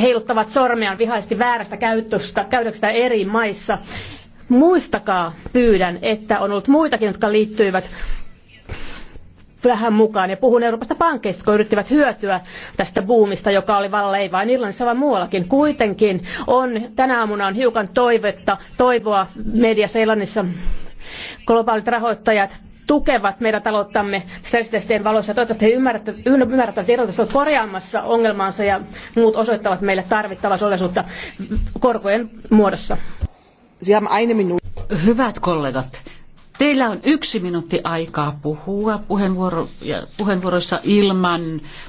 heiluttavat sormeaan vihaisesti väärästä käytöstä, käytöksestä eri maissa. Muistakaa, pyydän, että on ollut muitakin, jotka liittyivät tähän mukaan. Ja puhun Euroopasta pankkeista, jotka yrittivät hyötyä tästä buumista, joka oli vallalla ei vain Irlannissa, vaan muuallakin. Kuitenkin on, tänä aamuna on hiukan toivetta, toivoa mediassa Irlannissa globaalit rahoittajat tukevat meidän talouttamme stressitestien valossa. Toivottavasti he ymmärtävät, ymmärtävät että korjaamassa ongelmaansa ja muut osoittavat meille tarvittavaa solidisuutta korkojen muodossa. Hyvät kollegat, Teillä on yksi minuutti aikaa puhua puheenvuoro, puheenvuoroissa ilman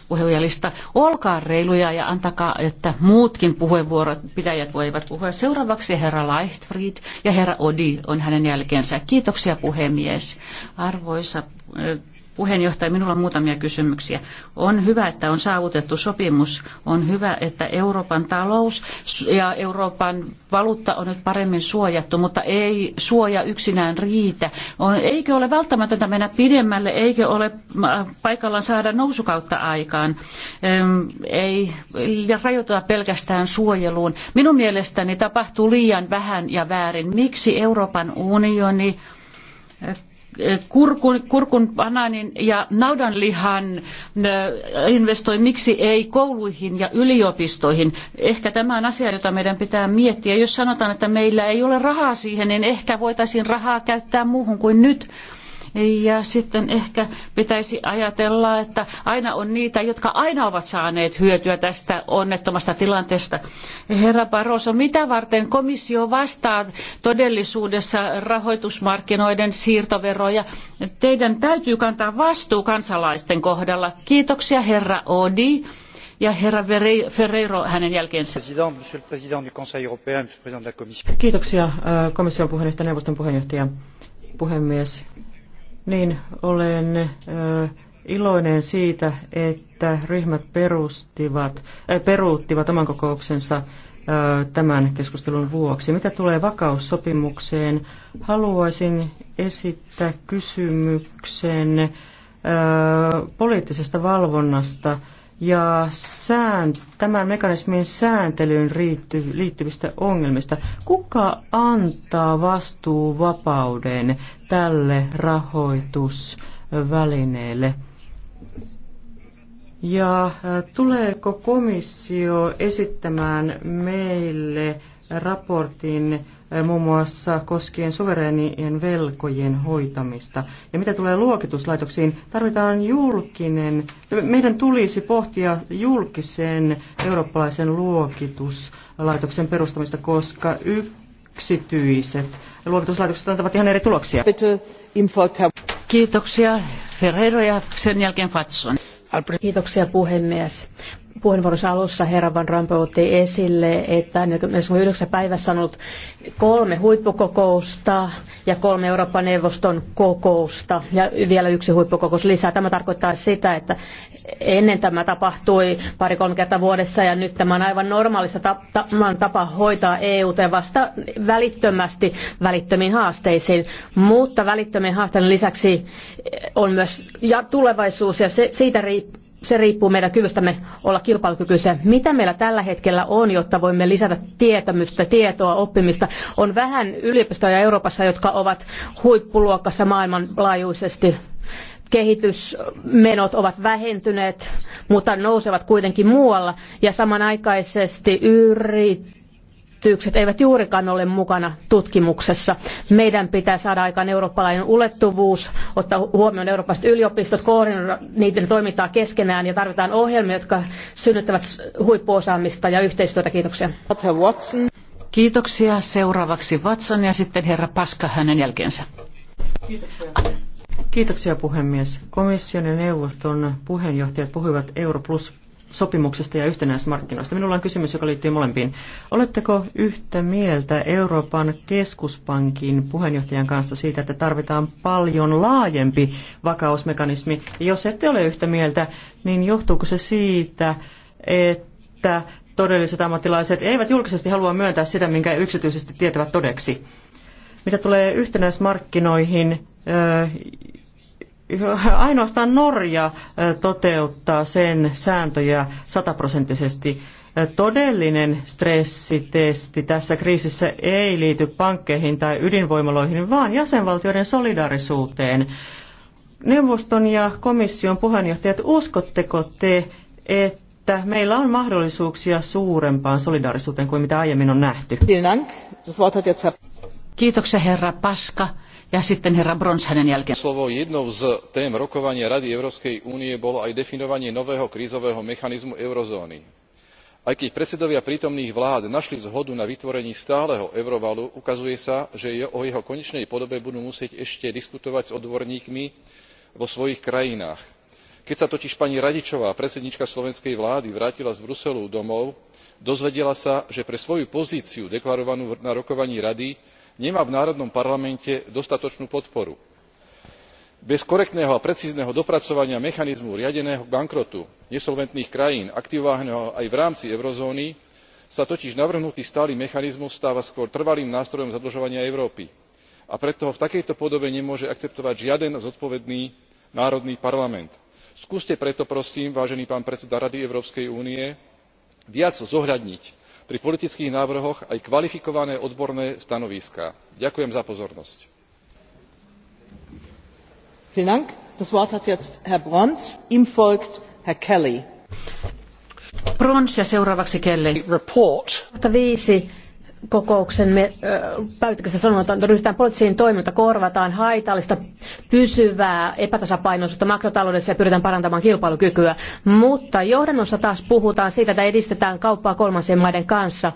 puhujalista. Olkaa reiluja ja antakaa, että muutkin puheenvuorot pitäjät voivat puhua. Seuraavaksi herra Leichtfried ja herra Odi on hänen jälkeensä. Kiitoksia puhemies. Arvoisa Puheenjohtaja, minulla on muutamia kysymyksiä. On hyvä, että on saavutettu sopimus. On hyvä, että Euroopan talous ja Euroopan valuutta on nyt paremmin suojattu, mutta ei suoja yksinään riitä. On, eikö ole välttämätöntä mennä pidemmälle, eikö ole äh, paikallaan saada nousukautta aikaan? ei ja rajoiteta pelkästään suojeluun. Minun mielestäni tapahtuu liian vähän ja väärin. Miksi Euroopan unioni kurkun, kurkun banaanin ja naudanlihan investoi, miksi ei kouluihin ja yliopistoihin. Ehkä tämä on asia, jota meidän pitää miettiä. Jos sanotaan, että meillä ei ole rahaa siihen, niin ehkä voitaisiin rahaa käyttää muuhun kuin nyt. Ja sitten ehkä pitäisi ajatella, että aina on niitä, jotka aina ovat saaneet hyötyä tästä onnettomasta tilanteesta. Herra Barroso, mitä varten komissio vastaa todellisuudessa rahoitusmarkkinoiden siirtoveroja? Teidän täytyy kantaa vastuu kansalaisten kohdalla. Kiitoksia herra Odi ja herra Ferreiro hänen jälkeensä. Kiitoksia komission puheenjohtaja, neuvoston puheenjohtaja, puhemies. Niin, olen iloinen siitä, että ryhmät perustivat, äh, peruuttivat oman kokouksensa tämän keskustelun vuoksi. Mitä tulee vakaussopimukseen, haluaisin esittää kysymyksen poliittisesta valvonnasta – ja sään, tämän mekanismin sääntelyyn riitty, liittyvistä ongelmista. Kuka antaa vastuuvapauden tälle rahoitusvälineelle? Ja tuleeko komissio esittämään meille raportin muun muassa koskien suvereenien velkojen hoitamista. Ja mitä tulee luokituslaitoksiin, tarvitaan julkinen, meidän tulisi pohtia julkisen eurooppalaisen luokituslaitoksen perustamista, koska yksityiset luokituslaitokset antavat ihan eri tuloksia. Kiitoksia Ferrero ja sen jälkeen Fatson. Kiitoksia puhemies puheenvuoronsa alussa herra Van Rompuy otti esille, että 49 päivässä on ollut kolme huippukokousta ja kolme Euroopan neuvoston kokousta ja vielä yksi huippukokous lisää. Tämä tarkoittaa sitä, että ennen tämä tapahtui pari-kolme kertaa vuodessa ja nyt tämä on aivan normaalista tapa hoitaa eu ja vasta välittömästi välittömiin haasteisiin. Mutta välittömien haasteiden lisäksi on myös ja tulevaisuus ja se, siitä riippuu se riippuu meidän kyvystämme olla kilpailukykyisiä. Mitä meillä tällä hetkellä on, jotta voimme lisätä tietämystä, tietoa, oppimista? On vähän yliopistoja Euroopassa, jotka ovat huippuluokassa maailmanlaajuisesti. Kehitysmenot ovat vähentyneet, mutta nousevat kuitenkin muualla. Ja samanaikaisesti yrit, yritykset eivät juurikaan ole mukana tutkimuksessa. Meidän pitää saada aikaan eurooppalainen ulottuvuus, ottaa huomioon eurooppalaiset yliopistot, koordinoida niiden toimintaa keskenään ja tarvitaan ohjelmia, jotka synnyttävät huippuosaamista ja yhteistyötä. Kiitoksia. Kiitoksia. Seuraavaksi Watson ja sitten herra Paska hänen jälkeensä. Kiitoksia. Kiitoksia puhemies. Komission ja neuvoston puheenjohtajat puhuivat Europlus sopimuksesta ja yhtenäismarkkinoista. Minulla on kysymys, joka liittyy molempiin. Oletteko yhtä mieltä Euroopan keskuspankin puheenjohtajan kanssa siitä, että tarvitaan paljon laajempi vakausmekanismi? Jos ette ole yhtä mieltä, niin johtuuko se siitä, että todelliset ammattilaiset eivät julkisesti halua myöntää sitä, minkä yksityisesti tietävät todeksi? Mitä tulee yhtenäismarkkinoihin, Ainoastaan Norja toteuttaa sen sääntöjä sataprosenttisesti. Todellinen stressitesti tässä kriisissä ei liity pankkeihin tai ydinvoimaloihin, vaan jäsenvaltioiden solidaarisuuteen. Neuvoston ja komission puheenjohtajat, uskotteko te, että meillä on mahdollisuuksia suurempaan solidaarisuuteen kuin mitä aiemmin on nähty? Kiitoksia herra Paska ja sitten herra Brons hänen Slovo jednou z tém rokovania Rady Európskej únie bolo aj definovanie nového krízového mechanizmu eurozóny. Aj keď predsedovia prítomných vlád našli zhodu na vytvorení stáleho eurovalu, ukazuje sa, že o jeho konečnej podobe budú musieť ešte diskutovať s odborníkmi vo svojich krajinách. Keď sa totiž pani Radičová, predsedníčka slovenskej vlády, vrátila z Bruselu domov, dozvedela sa, že pre svoju pozíciu deklarovanú na rokovaní Rady nemá v národnom parlamente dostatočnú podporu. bez korektného a precízneho dopracovania mechanizmu riadeného bankrotu nesolventných krajín aktivovaného aj v rámci eurozóny sa totiž navrhnutý stály mechanizmus stáva skôr trvalým nástrojom zadlžovania európy a preto ho v takejto podobe nemôže akceptovať žiaden zodpovedný národný parlament. skúste preto prosím vážený pán predseda rady európskej únie viac zohľadniť pri politických návrhoch aj kvalifikované odborné stanoviská. ďakujem za pozornosť kokouksen me, päätöksessä sanotaan, että ryhdytään poliittisiin toiminta, korvataan haitallista pysyvää epätasapainoisuutta makrotaloudessa ja pyritään parantamaan kilpailukykyä. Mutta johdannossa taas puhutaan siitä, että edistetään kauppaa kolmansien maiden kanssa.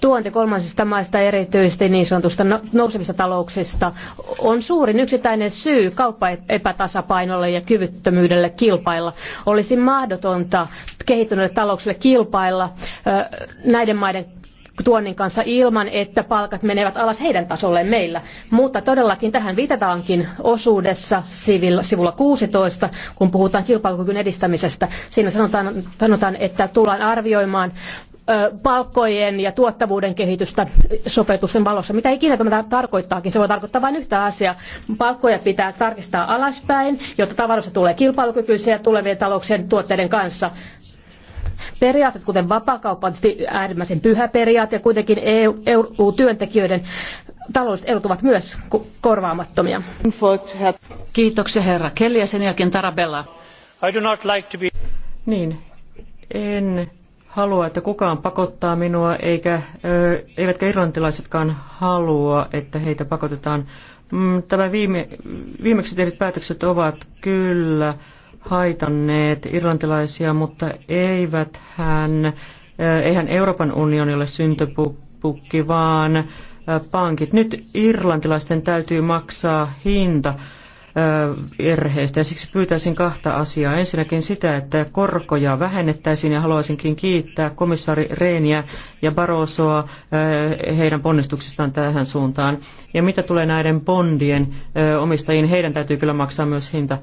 Tuonti kolmansista maista erityisesti niin sanotusta no- nousevista talouksista on suurin yksittäinen syy kauppaepätasapainolle ja kyvyttömyydelle kilpailla. Olisi mahdotonta kehittyneille talouksille kilpailla näiden maiden tuonnin kanssa ilman, että palkat menevät alas heidän tasolleen meillä. Mutta todellakin tähän viitataankin osuudessa sivulla 16, kun puhutaan kilpailukyvyn edistämisestä. Siinä sanotaan, sanotaan että tullaan arvioimaan palkkojen ja tuottavuuden kehitystä sopeutusten valossa. Mitä ikinä tämä tarkoittaakin, se voi tarkoittaa vain yhtä asiaa. Palkkoja pitää tarkistaa alaspäin, jotta tavaroista tulee kilpailukykyisiä tulevien talouksien tuotteiden kanssa periaatteet, kuten vapaakauppa on tietysti äärimmäisen pyhä periaate, ja kuitenkin EU-työntekijöiden e taloudelliset edut ovat myös korvaamattomia. Kiitoksia herra Kelly ja sen jälkeen Tarabella. I do not like to be... Niin, en halua, että kukaan pakottaa minua, eikä, eivätkä irlantilaisetkaan halua, että heitä pakotetaan. Mm, tämä viime, viimeksi tehdyt päätökset ovat kyllä haitanneet irlantilaisia, mutta eivät hän, eh, eihän Euroopan unionille syntöpukki, vaan eh, pankit. Nyt irlantilaisten täytyy maksaa hinta erheistä eh, ja siksi pyytäisin kahta asiaa. Ensinnäkin sitä, että korkoja vähennettäisiin ja haluaisinkin kiittää komissaari Reeniä ja Barosoa heidän ponnistuksistaan tähän suuntaan. Ja mitä tulee näiden bondien omistajiin, heidän täytyy kyllä maksaa myös hinta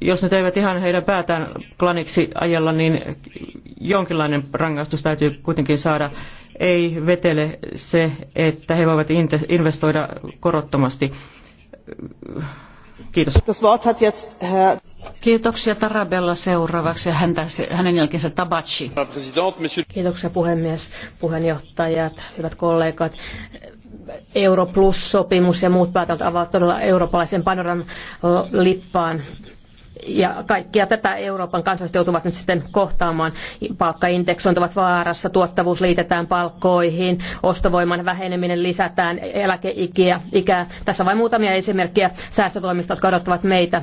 jos ne eivät ihan heidän päätään klaniksi ajella, niin jonkinlainen rangaistus täytyy kuitenkin saada. Ei vetele se, että he voivat investoida korottomasti. Kiitos. Das Wort hat jetzt Herr... Kiitoksia Tarabella seuraavaksi ja häntä, hänen jälkeensä Tabachi. Kiitoksia puhemies, puheenjohtajat, hyvät kollegat. Euro Plus-sopimus ja muut päätöntä avaavat todella eurooppalaisen panoran lippaan ja kaikkia tätä Euroopan kansalaiset joutuvat nyt sitten kohtaamaan. Palkkaindeksoinnit ovat vaarassa, tuottavuus liitetään palkkoihin, ostovoiman väheneminen lisätään, eläkeikää. Ikää. Tässä vain muutamia esimerkkejä säästötoimista, jotka odottavat meitä.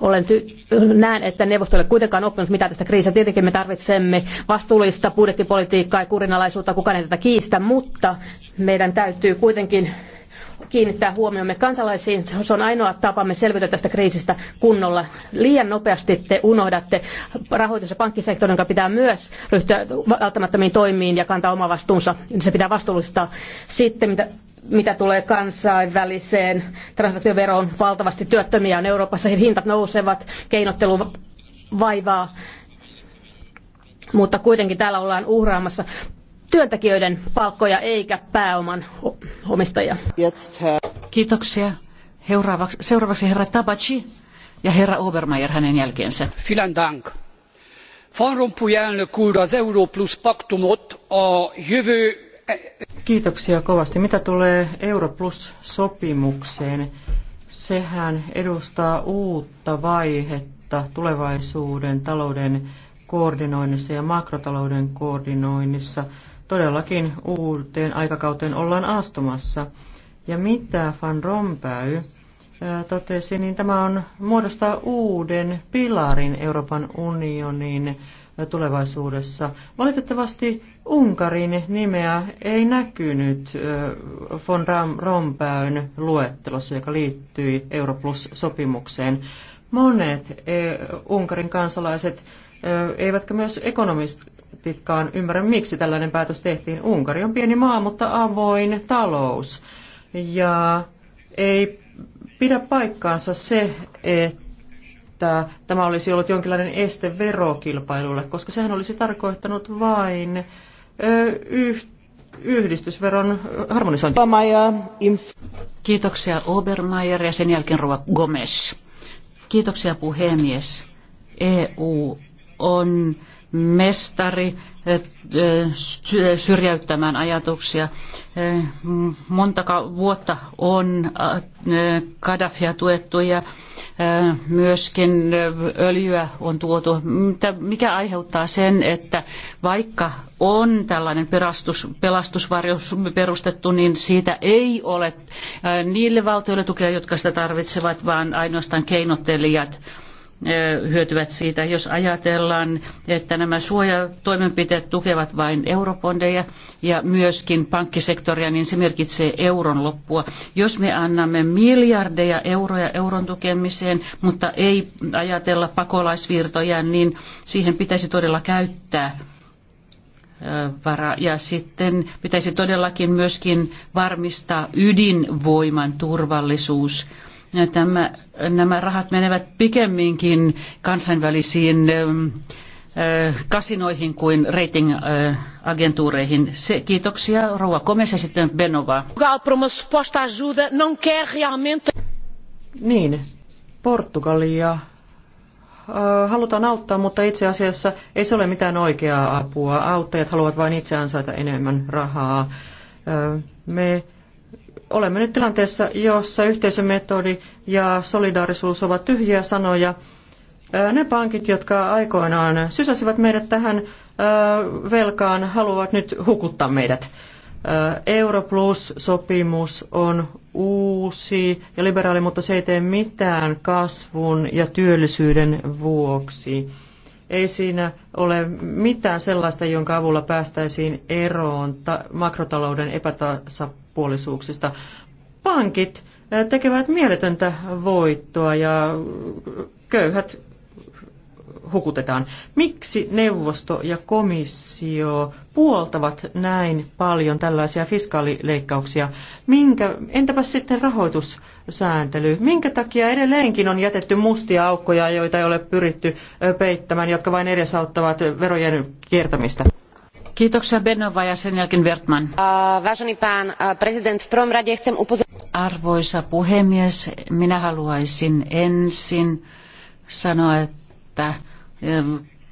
Olen ty- näen, että neuvosto ei ole kuitenkaan oppinut mitään tästä kriisistä. Tietenkin me tarvitsemme vastuullista budjettipolitiikkaa ja kurinalaisuutta, kukaan ei tätä kiistä, mutta meidän täytyy kuitenkin kiinnittää huomiomme kansalaisiin. Se on ainoa tapamme selvitä tästä kriisistä kunnolla. Liian nopeasti te unohdatte rahoitus- ja pankkisektorin, joka pitää myös ryhtyä välttämättömiin toimiin ja kantaa oma vastuunsa. Se pitää vastuullistaa. Sitten mitä mitä tulee kansainväliseen transaktioveroon, valtavasti työttömiä on Euroopassa, hintat nousevat, keinottelu vaivaa mutta kuitenkin täällä ollaan uhraamassa työntekijöiden palkkoja eikä pääoman omistajia. Äh, Kiitoksia. Seuraavaksi, seuraavaksi herra Tabaci ja herra Obermeier hänen jälkeensä. Vielen dank. Van Rompuy Europlus paktumot a jövő... Eh, Kiitoksia kovasti. Mitä tulee Europlus-sopimukseen, sehän edustaa uutta vaihetta tulevaisuuden talouden koordinoinnissa ja makrotalouden koordinoinnissa – Todellakin uuteen aikakauteen ollaan astumassa. Ja mitä Van Rompuy äh, totesi, niin tämä on muodostaa uuden pilarin Euroopan unionin äh, tulevaisuudessa. Valitettavasti Unkarin nimeä ei näkynyt äh, von Rompäyn luettelossa, joka liittyi Europlus-sopimukseen. Monet Unkarin kansalaiset, eivätkä myös ekonomist, parlamentitkaan ymmärrä, miksi tällainen päätös tehtiin. Unkari on pieni maa, mutta avoin talous. Ja ei pidä paikkaansa se, että tämä olisi ollut jonkinlainen este verokilpailulle, koska sehän olisi tarkoittanut vain yhdistysveron harmonisointia. Kiitoksia Obermeier ja sen jälkeen Rova Gomes. Kiitoksia puhemies. EU on mestari e, syrjäyttämään ajatuksia. E, Monta vuotta on e, Gaddafia tuettu ja myöskin öljyä on tuotu, mikä aiheuttaa sen, että vaikka on tällainen pelastus, pelastusvarjo perustettu, niin siitä ei ole niille valtioille tukea, jotka sitä tarvitsevat, vaan ainoastaan keinottelijat – hyötyvät siitä. Jos ajatellaan, että nämä suojatoimenpiteet tukevat vain eurobondeja ja myöskin pankkisektoria, niin se merkitsee euron loppua. Jos me annamme miljardeja euroja euron tukemiseen, mutta ei ajatella pakolaisvirtoja, niin siihen pitäisi todella käyttää vara. Ja sitten pitäisi todellakin myöskin varmistaa ydinvoiman turvallisuus Tämä, nämä rahat menevät pikemminkin kansainvälisiin ähm, äh, kasinoihin kuin ratingagentuureihin. Se, kiitoksia. Rouva Komes ja sitten Benova. Niin, Portugalia äh, halutaan auttaa, mutta itse asiassa ei se ole mitään oikeaa apua. Auttajat haluavat vain itse ansaita enemmän rahaa. Äh, me olemme nyt tilanteessa, jossa yhteisömetodi ja solidaarisuus ovat tyhjiä sanoja. Ne pankit, jotka aikoinaan sysäsivät meidät tähän velkaan, haluavat nyt hukuttaa meidät. Europlus-sopimus on uusi ja liberaali, mutta se ei tee mitään kasvun ja työllisyyden vuoksi. Ei siinä ole mitään sellaista, jonka avulla päästäisiin eroon makrotalouden epätasapuolisuuksista. Pankit tekevät mieletöntä voittoa ja köyhät hukutetaan. Miksi neuvosto ja komissio puoltavat näin paljon tällaisia fiskaalileikkauksia? Minkä, entäpä sitten rahoitussääntely? Minkä takia edelleenkin on jätetty mustia aukkoja, joita ei ole pyritty peittämään, jotka vain edesauttavat verojen kiertämistä? Kiitoksia Benova ja sen jälkeen Wertman. Äh, äh, Arvoisa puhemies, minä haluaisin ensin sanoa, että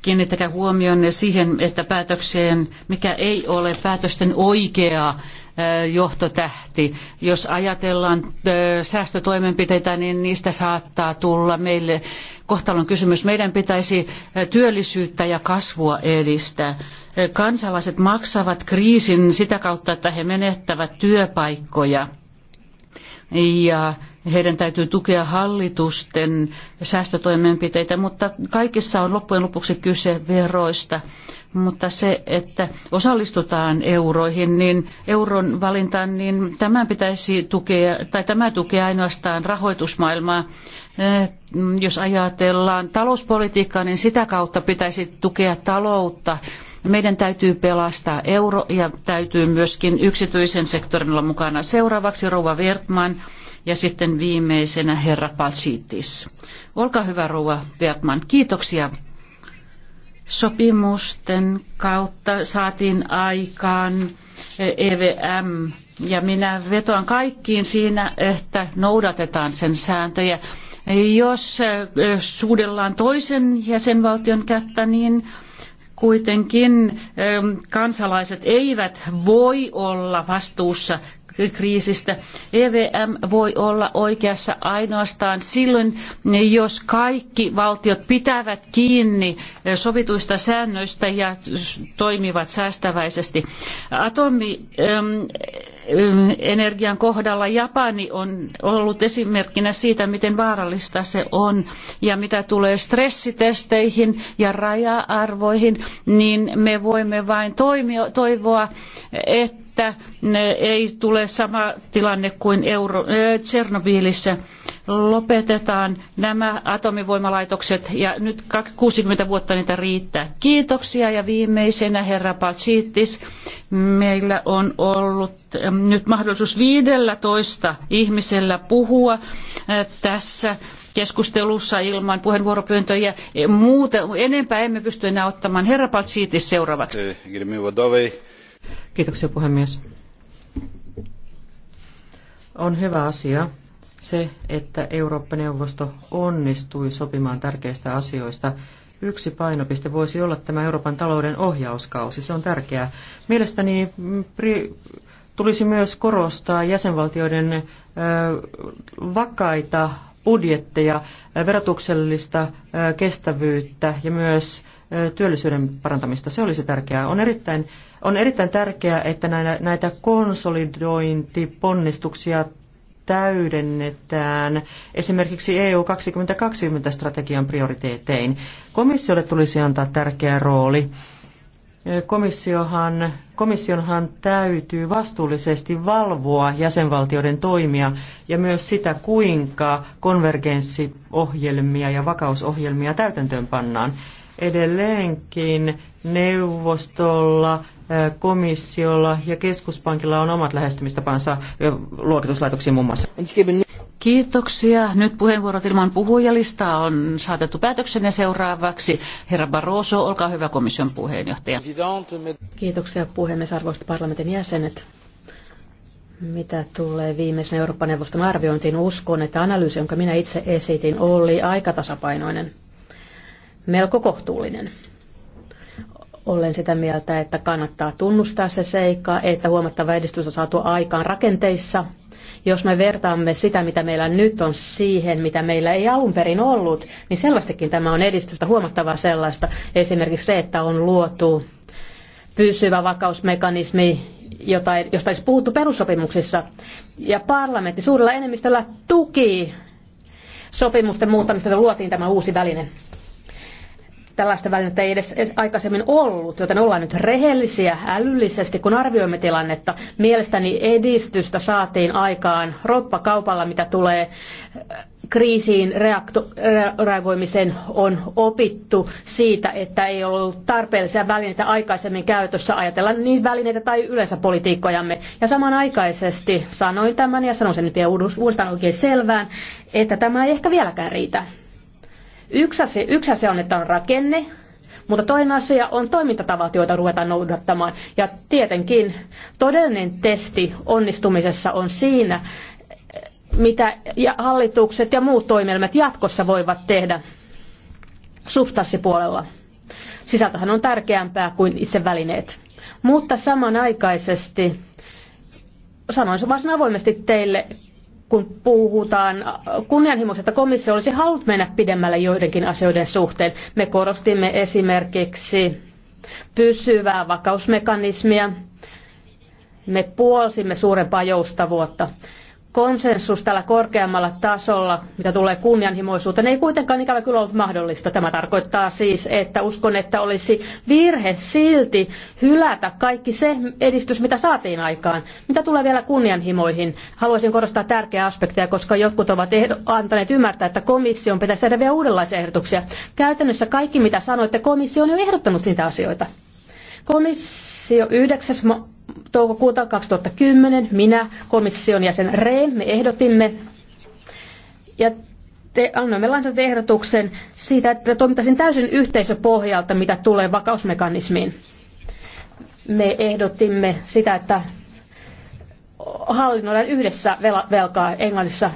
kiinnittäkää huomionne siihen, että päätökseen, mikä ei ole päätösten oikea johtotähti. Jos ajatellaan säästötoimenpiteitä, niin niistä saattaa tulla meille kohtalon kysymys. Meidän pitäisi työllisyyttä ja kasvua edistää. Kansalaiset maksavat kriisin sitä kautta, että he menettävät työpaikkoja. Ja heidän täytyy tukea hallitusten säästötoimenpiteitä, mutta kaikissa on loppujen lopuksi kyse veroista. Mutta se, että osallistutaan euroihin, niin euron valintaan, niin tämän pitäisi tukea, tai tämä tukee ainoastaan rahoitusmaailmaa. Eh, jos ajatellaan talouspolitiikkaa, niin sitä kautta pitäisi tukea taloutta. Meidän täytyy pelastaa euro ja täytyy myöskin yksityisen sektorin olla mukana. Seuraavaksi Rouva Wertman ja sitten viimeisenä herra Palsitis. Olkaa hyvä rouva Bergman, kiitoksia. Sopimusten kautta saatiin aikaan EVM ja minä vetoan kaikkiin siinä, että noudatetaan sen sääntöjä. Jos suudellaan toisen jäsenvaltion kättä, niin kuitenkin kansalaiset eivät voi olla vastuussa kriisistä. EVM voi olla oikeassa ainoastaan silloin, jos kaikki valtiot pitävät kiinni sovituista säännöistä ja toimivat säästäväisesti. Atomi energian kohdalla Japani on ollut esimerkkinä siitä, miten vaarallista se on. Ja mitä tulee stressitesteihin ja raja-arvoihin, niin me voimme vain toimia, toivoa, että että ei tule sama tilanne kuin Euro- Tsernobylissä. Lopetetaan nämä atomivoimalaitokset ja nyt 60 vuotta niitä riittää. Kiitoksia ja viimeisenä herra Palcitis. Meillä on ollut nyt mahdollisuus 15 ihmisellä puhua tässä keskustelussa ilman puheenvuoropyyntöjä. Muuta, enempää emme pysty enää ottamaan. Herra Palcitis seuraavaksi. Kiitoksia puhemies. On hyvä asia se, että Eurooppa-neuvosto onnistui sopimaan tärkeistä asioista. Yksi painopiste voisi olla tämä Euroopan talouden ohjauskausi. Se on tärkeää. Mielestäni tulisi myös korostaa jäsenvaltioiden vakaita budjetteja, verotuksellista kestävyyttä ja myös työllisyyden parantamista. Se olisi tärkeää. On erittäin on erittäin tärkeää, että näitä konsolidointiponnistuksia täydennetään esimerkiksi EU 2020-strategian prioriteetein. Komissiolle tulisi antaa tärkeä rooli. Komissiohan, komissionhan täytyy vastuullisesti valvoa jäsenvaltioiden toimia ja myös sitä, kuinka konvergenssiohjelmia ja vakausohjelmia täytäntöön pannaan. Edelleenkin neuvostolla komissiolla ja keskuspankilla on omat lähestymistapansa luokituslaitoksiin muun muassa. Kiitoksia. Nyt puheenvuorot ilman puhujalistaa on saatettu päätöksen ja seuraavaksi herra Barroso, olkaa hyvä komission puheenjohtaja. Kiitoksia puhemies arvoisat parlamentin jäsenet. Mitä tulee viimeisen Euroopan neuvoston arviointiin, uskon, että analyysi, jonka minä itse esitin, oli aika tasapainoinen, melko kohtuullinen. Olen sitä mieltä, että kannattaa tunnustaa se seikka, että huomattava edistys on saatu aikaan rakenteissa. Jos me vertaamme sitä, mitä meillä nyt on siihen, mitä meillä ei alun perin ollut, niin selvästikin tämä on edistystä huomattavaa sellaista. Esimerkiksi se, että on luotu pysyvä vakausmekanismi, jota, josta olisi puhuttu perussopimuksissa. Ja parlamentti suurella enemmistöllä tuki sopimusten muuttamista, että luotiin tämä uusi väline tällaista välinettä ei edes aikaisemmin ollut, joten ollaan nyt rehellisiä älyllisesti, kun arvioimme tilannetta. Mielestäni edistystä saatiin aikaan roppakaupalla, mitä tulee äh, kriisiin reakto- reagoimisen on opittu siitä, että ei ollut tarpeellisia välineitä aikaisemmin käytössä ajatella niin välineitä tai yleensä politiikkojamme. Ja samanaikaisesti sanoin tämän ja sanon sen nyt vielä uudestaan oikein selvään, että tämä ei ehkä vieläkään riitä. Yksi asia, yksi asia on, että on rakenne, mutta toinen asia on toimintatavat, joita ruvetaan noudattamaan. Ja tietenkin todellinen testi onnistumisessa on siinä, mitä hallitukset ja muut toimielimet jatkossa voivat tehdä substanssipuolella. Sisältöhän on tärkeämpää kuin itse välineet. Mutta samanaikaisesti sanoin varsin avoimesti teille, kun puhutaan kunnianhimoisesta, komissio olisi halunnut mennä pidemmälle joidenkin asioiden suhteen. Me korostimme esimerkiksi pysyvää vakausmekanismia. Me puolsimme suurempaa joustavuutta konsensus tällä korkeammalla tasolla, mitä tulee kunnianhimoisuuteen, ei kuitenkaan ikävä kyllä ollut mahdollista. Tämä tarkoittaa siis, että uskon, että olisi virhe silti hylätä kaikki se edistys, mitä saatiin aikaan. Mitä tulee vielä kunnianhimoihin, haluaisin korostaa tärkeää aspektia, koska jotkut ovat antaneet ymmärtää, että komission pitäisi tehdä vielä uudenlaisia ehdotuksia. Käytännössä kaikki, mitä sanoitte, komissio on jo ehdottanut niitä asioita. Komissio 9 toukokuuta 2010 minä, komission jäsen Rehn, me ehdotimme ja te, annoimme lainsäädäntöehdotuksen siitä, että toimittaisiin täysin yhteisöpohjalta, mitä tulee vakausmekanismiin. Me ehdotimme sitä, että hallinnoidaan yhdessä velkaa. Englannissa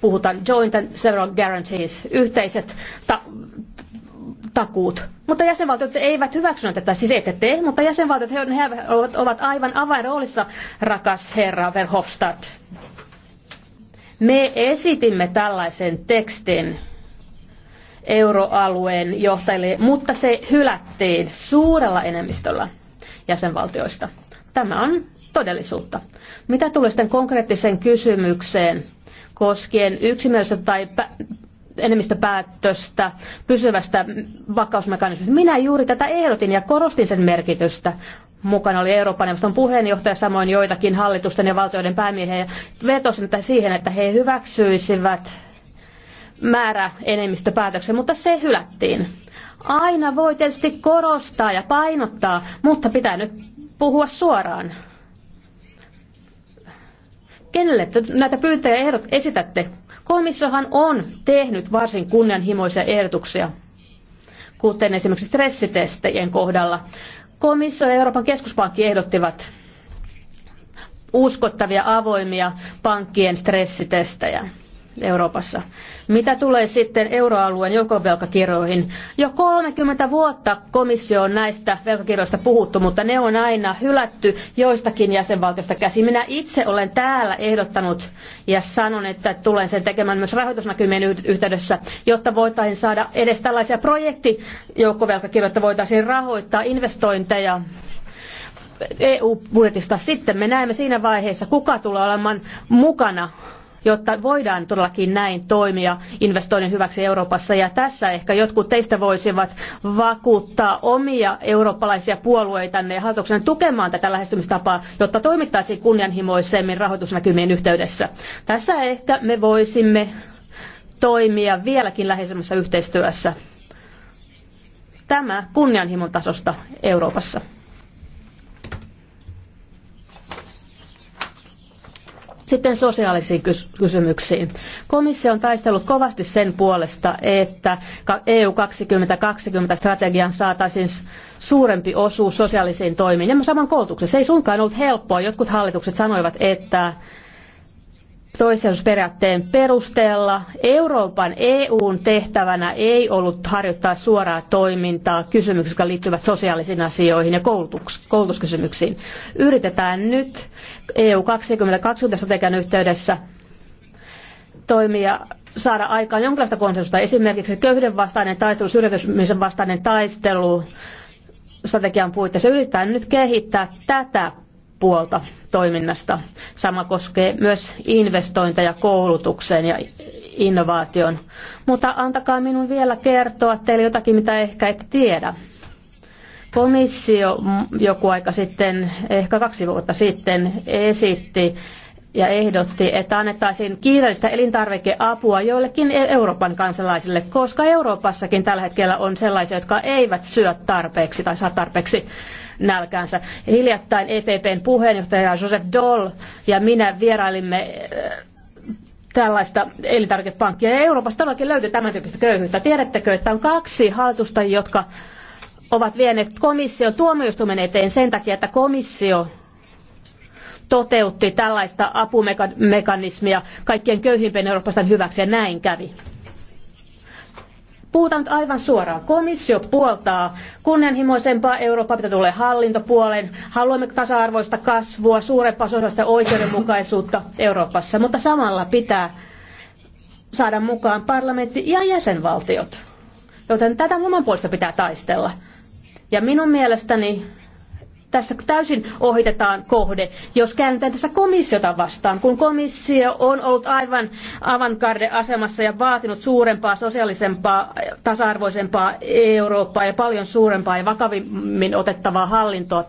puhutaan joint and several guarantees, yhteiset ta- takuut. Mutta jäsenvaltiot eivät hyväksyneet tätä, siis ette tee, mutta jäsenvaltiot he, he ovat, ovat aivan avainroolissa, rakas herra Verhofstadt. Me esitimme tällaisen tekstin euroalueen johtajille, mutta se hylättiin suurella enemmistöllä jäsenvaltioista. Tämä on todellisuutta. Mitä tulee sitten konkreettiseen kysymykseen koskien yksimielistä tai enemmistöpäätöstä pysyvästä vakausmekanismista. Minä juuri tätä ehdotin ja korostin sen merkitystä. Mukana oli Euroopan neuvoston puheenjohtaja, samoin joitakin hallitusten ja valtioiden päämiehiä. Ja vetosin että siihen, että he hyväksyisivät määrä enemmistöpäätöksen, mutta se hylättiin. Aina voi tietysti korostaa ja painottaa, mutta pitää nyt puhua suoraan. Kenelle näitä pyyntöjä esitätte? Komissiohan on tehnyt varsin kunnianhimoisia ehdotuksia, kuten esimerkiksi stressitestejen kohdalla. Komissio ja Euroopan keskuspankki ehdottivat uskottavia avoimia pankkien stressitestejä. Euroopassa. Mitä tulee sitten euroalueen joukkovelkakirjoihin? Jo 30 vuotta komissio on näistä velkakirjoista puhuttu, mutta ne on aina hylätty joistakin jäsenvaltioista käsin. Minä itse olen täällä ehdottanut ja sanon, että tulen sen tekemään myös rahoitusnäkymien yhteydessä, jotta voitaisiin saada edes tällaisia projektijoukkovelkakirjoja, että voitaisiin rahoittaa investointeja EU-budjetista. Sitten me näemme siinä vaiheessa, kuka tulee olemaan mukana jotta voidaan todellakin näin toimia investoinnin hyväksi Euroopassa. Ja tässä ehkä jotkut teistä voisivat vakuuttaa omia eurooppalaisia puolueitanne ja hallituksen tukemaan tätä lähestymistapaa, jotta toimittaisiin kunnianhimoisemmin rahoitusnäkymien yhteydessä. Tässä ehkä me voisimme toimia vieläkin läheisemmässä yhteistyössä. Tämä kunnianhimon tasosta Euroopassa. Sitten sosiaalisiin kysymyksiin. Komissio on taistellut kovasti sen puolesta, että EU 2020-strategian saataisiin suurempi osuus sosiaalisiin toimiin ja saman koulutukseen. Se ei suinkaan ollut helppoa. Jotkut hallitukset sanoivat, että toisellisuusperiaatteen perusteella Euroopan EUn tehtävänä ei ollut harjoittaa suoraa toimintaa kysymyksissä, jotka liittyvät sosiaalisiin asioihin ja koulutus, koulutuskysymyksiin. Yritetään nyt EU 2020 strategian yhteydessä toimia saada aikaan jonkinlaista konsensusta. Esimerkiksi köyhyyden vastainen taistelu, syrjäytymisen vastainen taistelu strategian puitteissa. Yritetään nyt kehittää tätä puolta toiminnasta. Sama koskee myös investointeja koulutukseen ja innovaation. Mutta antakaa minun vielä kertoa teille jotakin, mitä ehkä ette tiedä. Komissio joku aika sitten, ehkä kaksi vuotta sitten, esitti ja ehdotti, että annettaisiin kiireellistä elintarvikeapua joillekin e- Euroopan kansalaisille, koska Euroopassakin tällä hetkellä on sellaisia, jotka eivät syö tarpeeksi tai saa tarpeeksi nälkäänsä. Hiljattain EPPn puheenjohtaja Joseph Doll ja minä vierailimme äh, tällaista elintarvikepankkia. Ja Euroopassa todellakin löytyy tämän tyyppistä köyhyyttä. Tiedättekö, että on kaksi hallitusta, jotka ovat vieneet komission tuomioistuimen eteen sen takia, että komissio toteutti tällaista apumekanismia kaikkien köyhimpien eurooppalaisten hyväksi ja näin kävi. Puhutaan nyt aivan suoraan. Komissio puoltaa kunnianhimoisempaa Eurooppaa, mitä tulee hallintopuoleen. Haluamme tasa-arvoista kasvua, suurempaa sosiaalista oikeudenmukaisuutta Euroopassa, mutta samalla pitää saada mukaan parlamentti ja jäsenvaltiot. Joten tätä oman puolesta pitää taistella. Ja minun mielestäni tässä täysin ohitetaan kohde, jos käännytään tässä komissiota vastaan, kun komissio on ollut aivan avantgarde-asemassa ja vaatinut suurempaa, sosiaalisempaa, tasa-arvoisempaa Eurooppaa ja paljon suurempaa ja vakavimmin otettavaa hallintoa.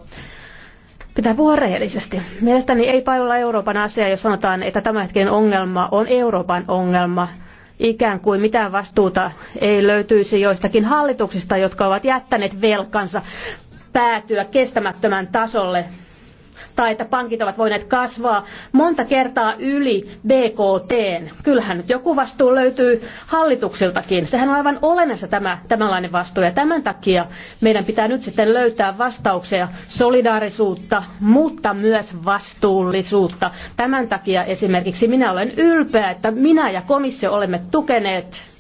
Pitää puhua rehellisesti. Mielestäni ei palvella Euroopan asiaa, jos sanotaan, että tämänhetkinen ongelma on Euroopan ongelma ikään kuin mitään vastuuta ei löytyisi joistakin hallituksista, jotka ovat jättäneet velkansa päätyä kestämättömän tasolle tai että pankit ovat voineet kasvaa monta kertaa yli BKT. Kyllähän nyt joku vastuu löytyy hallituksiltakin. Sehän on aivan olennaista tämä, tämänlainen vastuu ja tämän takia meidän pitää nyt sitten löytää vastauksia solidaarisuutta, mutta myös vastuullisuutta. Tämän takia esimerkiksi minä olen ylpeä, että minä ja komissio olemme tukeneet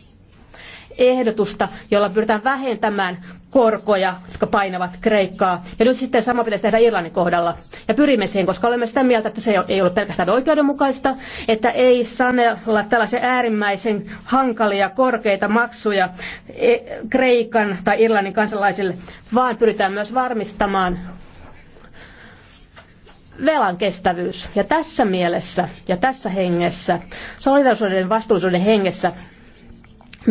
ehdotusta, jolla pyritään vähentämään korkoja, jotka painavat Kreikkaa. Ja nyt sitten sama pitäisi tehdä Irlannin kohdalla. Ja pyrimme siihen, koska olemme sitä mieltä, että se ei ole pelkästään oikeudenmukaista, että ei sanella tällaisia äärimmäisen hankalia, korkeita maksuja e, Kreikan tai Irlannin kansalaisille, vaan pyritään myös varmistamaan velan kestävyys. Ja tässä mielessä ja tässä hengessä, solidarisuuden ja vastuullisuuden hengessä,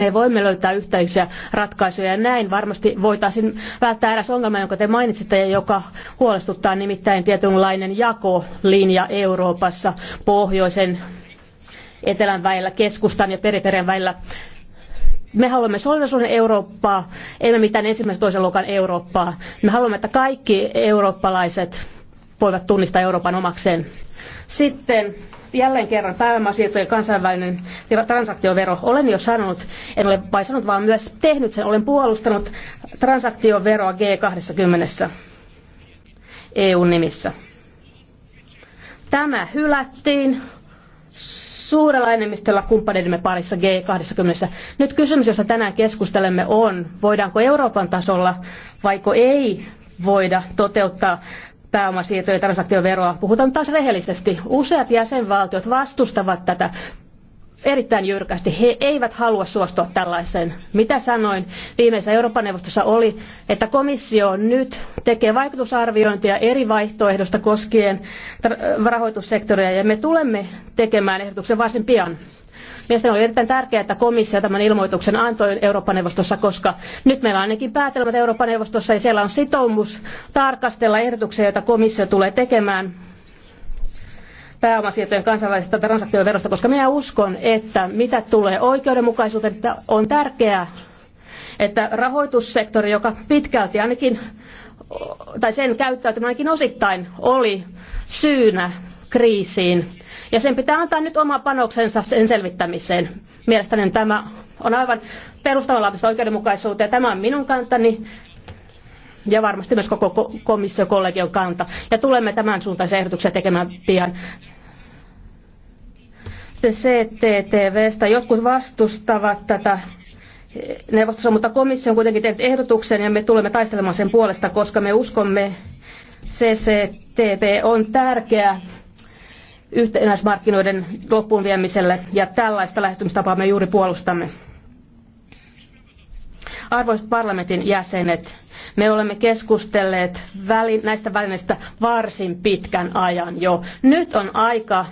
me voimme löytää yhteisiä ratkaisuja ja näin varmasti voitaisiin välttää eräs ongelma, jonka te mainitsitte ja joka huolestuttaa nimittäin tietynlainen jakolinja Euroopassa pohjoisen etelän välillä, keskustan ja periferian välillä. Me haluamme solidaarisuuden Eurooppaa, emme mitään ensimmäisen toisen luokan Eurooppaa. Me haluamme, että kaikki eurooppalaiset voivat tunnistaa Euroopan omakseen. Sitten jälleen kerran pääomasiirtojen kansainvälinen transaktiovero. Olen jo sanonut, en ole vain sanonut, vaan myös tehnyt sen. Olen puolustanut transaktioveroa G20 EU-nimissä. Tämä hylättiin suurella enemmistöllä kumppaneidemme parissa G20. Nyt kysymys, josta tänään keskustelemme on, voidaanko Euroopan tasolla vaiko ei voida toteuttaa pääomasiirtojen transaktioveroa. Puhutaan taas rehellisesti. Useat jäsenvaltiot vastustavat tätä erittäin jyrkästi. He eivät halua suostua tällaiseen. Mitä sanoin viimeisessä Euroopan neuvostossa oli, että komissio nyt tekee vaikutusarviointia eri vaihtoehdosta koskien rahoitussektoria ja me tulemme tekemään ehdotuksen varsin pian. Mielestäni oli erittäin tärkeää, että komissio tämän ilmoituksen antoi Euroopan neuvostossa, koska nyt meillä on ainakin päätelmät Euroopan neuvostossa ja siellä on sitoumus tarkastella ehdotuksia, joita komissio tulee tekemään pääomasiirtojen kansainvälisestä transaktioverosta, koska minä uskon, että mitä tulee oikeudenmukaisuuteen, että on tärkeää, että rahoitussektori, joka pitkälti ainakin, tai sen käyttäytyminen ainakin osittain oli syynä kriisiin. Ja sen pitää antaa nyt oma panoksensa sen selvittämiseen. Mielestäni tämä on aivan perustavanlaatuista oikeudenmukaisuutta ja tämä on minun kantani ja varmasti myös koko komissiokollegion kanta. Ja tulemme tämän suuntaisen ehdotuksia tekemään pian. Sitten CTTVstä jotkut vastustavat tätä neuvostossa, mutta komissio on kuitenkin tehnyt ehdotuksen ja me tulemme taistelemaan sen puolesta, koska me uskomme, CCTV on tärkeä yhtenäismarkkinoiden loppuun viemiselle, ja tällaista lähestymistapaa me juuri puolustamme. Arvoisat parlamentin jäsenet, me olemme keskustelleet väli, näistä välineistä varsin pitkän ajan jo. Nyt on aika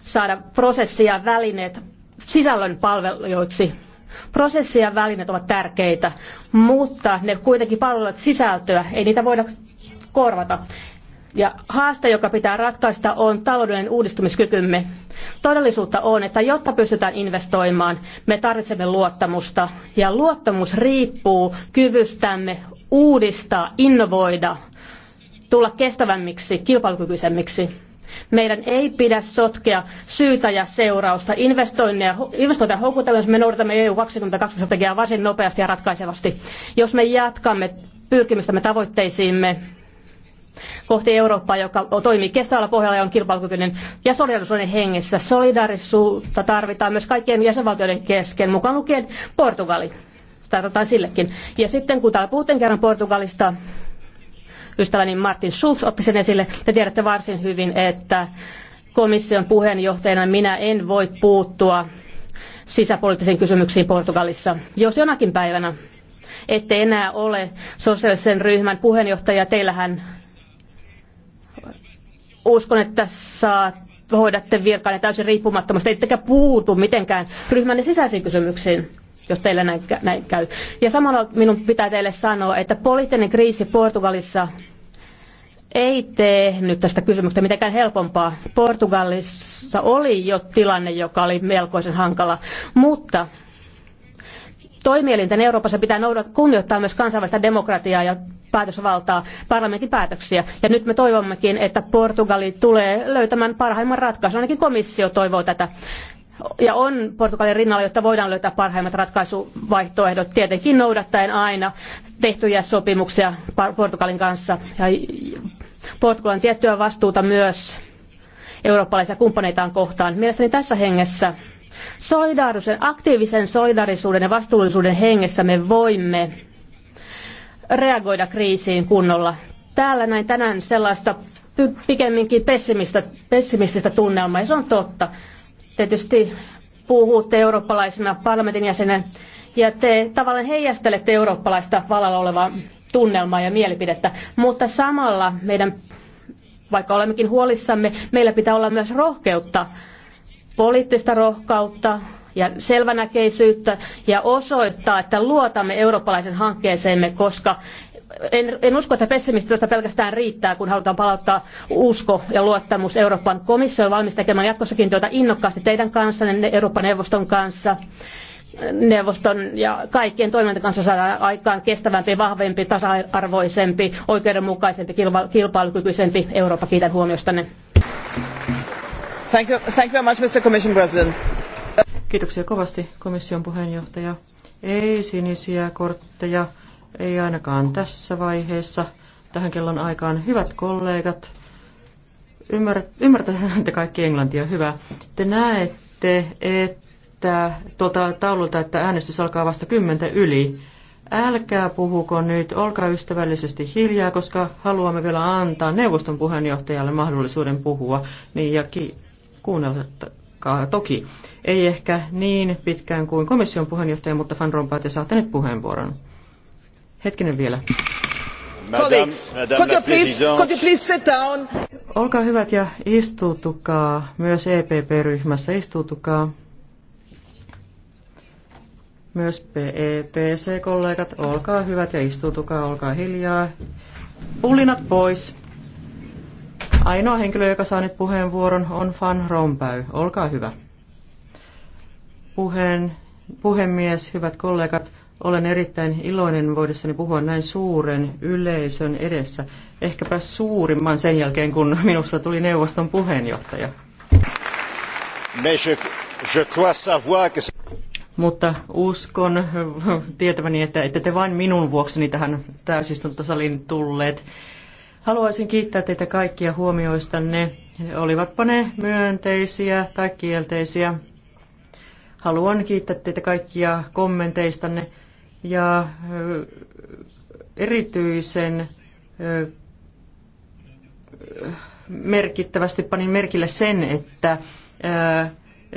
saada prosessi ja välineet sisällön palvelijoiksi. Prosessi ja välineet ovat tärkeitä, mutta ne kuitenkin palvelevat sisältöä, ei niitä voida korvata. Ja haaste, joka pitää ratkaista, on taloudellinen uudistumiskykymme. Todellisuutta on, että jotta pystytään investoimaan, me tarvitsemme luottamusta. Ja luottamus riippuu kyvystämme uudistaa, innovoida, tulla kestävämmiksi, kilpailukykyisemmiksi. Meidän ei pidä sotkea syytä ja seurausta. Investointeja, investointeja houkutellaan, jos me noudatamme EU 2020 strategiaa varsin nopeasti ja ratkaisevasti. Jos me jatkamme pyrkimystämme tavoitteisiimme, kohti Eurooppaa, joka toimii kestävällä pohjalla ja on kilpailukykyinen ja solidarisuuden hengessä. Solidarisuutta tarvitaan myös kaikkien jäsenvaltioiden kesken, mukaan lukien Portugali. Tarvitaan sillekin. Ja sitten kun täällä puhuttiin kerran Portugalista, ystäväni Martin Schulz otti sen esille. Te tiedätte varsin hyvin, että komission puheenjohtajana minä en voi puuttua sisäpoliittisiin kysymyksiin Portugalissa. Jos jonakin päivänä ette enää ole sosiaalisen ryhmän puheenjohtaja, teillähän uskon, että saat hoidatte virkaanne täysin riippumattomasti, ettekä puutu mitenkään ryhmänne sisäisiin kysymyksiin jos teillä näin, näin käy. Ja samalla minun pitää teille sanoa, että poliittinen kriisi Portugalissa ei tehnyt tästä kysymyksestä mitenkään helpompaa. Portugalissa oli jo tilanne, joka oli melkoisen hankala, mutta toimielinten Euroopassa pitää kunnioittaa myös kansainvälistä demokratiaa ja päätösvaltaa, parlamentin päätöksiä. Ja nyt me toivommekin, että Portugali tulee löytämään parhaimman ratkaisun. Ainakin komissio toivoo tätä ja on Portugalin rinnalla, jotta voidaan löytää parhaimmat ratkaisuvaihtoehdot, tietenkin noudattaen aina tehtyjä sopimuksia Portugalin kanssa. Ja Portugalin tiettyä vastuuta myös eurooppalaisia kumppaneitaan kohtaan. Mielestäni tässä hengessä solidaarisen, aktiivisen solidaarisuuden ja vastuullisuuden hengessä me voimme reagoida kriisiin kunnolla. Täällä näin tänään sellaista pikemminkin pessimististä, pessimististä tunnelmaa, ja se on totta. Tietysti puhutte eurooppalaisena parlamentin jäsenen, ja te tavallaan heijastelette eurooppalaista valalla olevaa tunnelmaa ja mielipidettä, mutta samalla meidän, vaikka olemmekin huolissamme, meillä pitää olla myös rohkeutta, poliittista rohkautta, ja selvänäkeisyyttä ja osoittaa, että luotamme eurooppalaisen hankkeeseemme, koska en, en usko, että pessimististä pelkästään riittää, kun halutaan palauttaa usko ja luottamus Euroopan komissioon valmis tekemään jatkossakin työtä innokkaasti teidän kanssanne, Euroopan neuvoston kanssa neuvoston ja kaikkien toimijoiden kanssa saadaan aikaan kestävämpi, vahvempi, tasa-arvoisempi, oikeudenmukaisempi, kilpailukykyisempi Eurooppa. Kiitän huomiostanne. Thank you, thank you very much, Mr. Commission President. Kiitoksia kovasti komission puheenjohtaja. Ei sinisiä kortteja, ei ainakaan tässä vaiheessa tähän kellon aikaan. Hyvät kollegat, ymmärtähän te kaikki englantia, hyvä. Te näette, että tuolta taululta, että äänestys alkaa vasta kymmentä yli. Älkää puhuko nyt, olkaa ystävällisesti hiljaa, koska haluamme vielä antaa neuvoston puheenjohtajalle mahdollisuuden puhua niin ja ki- kuunnella matkaa. Toki ei ehkä niin pitkään kuin komission puheenjohtaja, mutta Van Rompuy, te saatte nyt puheenvuoron. Hetkinen vielä. Madame, Madame you please, you please sit down? Olkaa hyvät ja istuutukaa, myös EPP-ryhmässä istuutukaa. Myös PEPC-kollegat, olkaa hyvät ja istuutukaa, olkaa hiljaa. Pullinat pois. Ainoa henkilö, joka saa nyt puheenvuoron, on Van Rompuy. Olkaa hyvä. Puheen, puhemies, hyvät kollegat, olen erittäin iloinen voidessani puhua näin suuren yleisön edessä. Ehkäpä suurimman sen jälkeen, kun minusta tuli neuvoston puheenjohtaja. Mais je, je crois savoir que mutta uskon tietäväni, että ette te vain minun vuokseni tähän täysistuntosaliin tulleet. Haluaisin kiittää teitä kaikkia huomioistanne, olivatpa ne myönteisiä tai kielteisiä. Haluan kiittää teitä kaikkia kommenteistanne ja erityisen merkittävästi panin merkille sen, että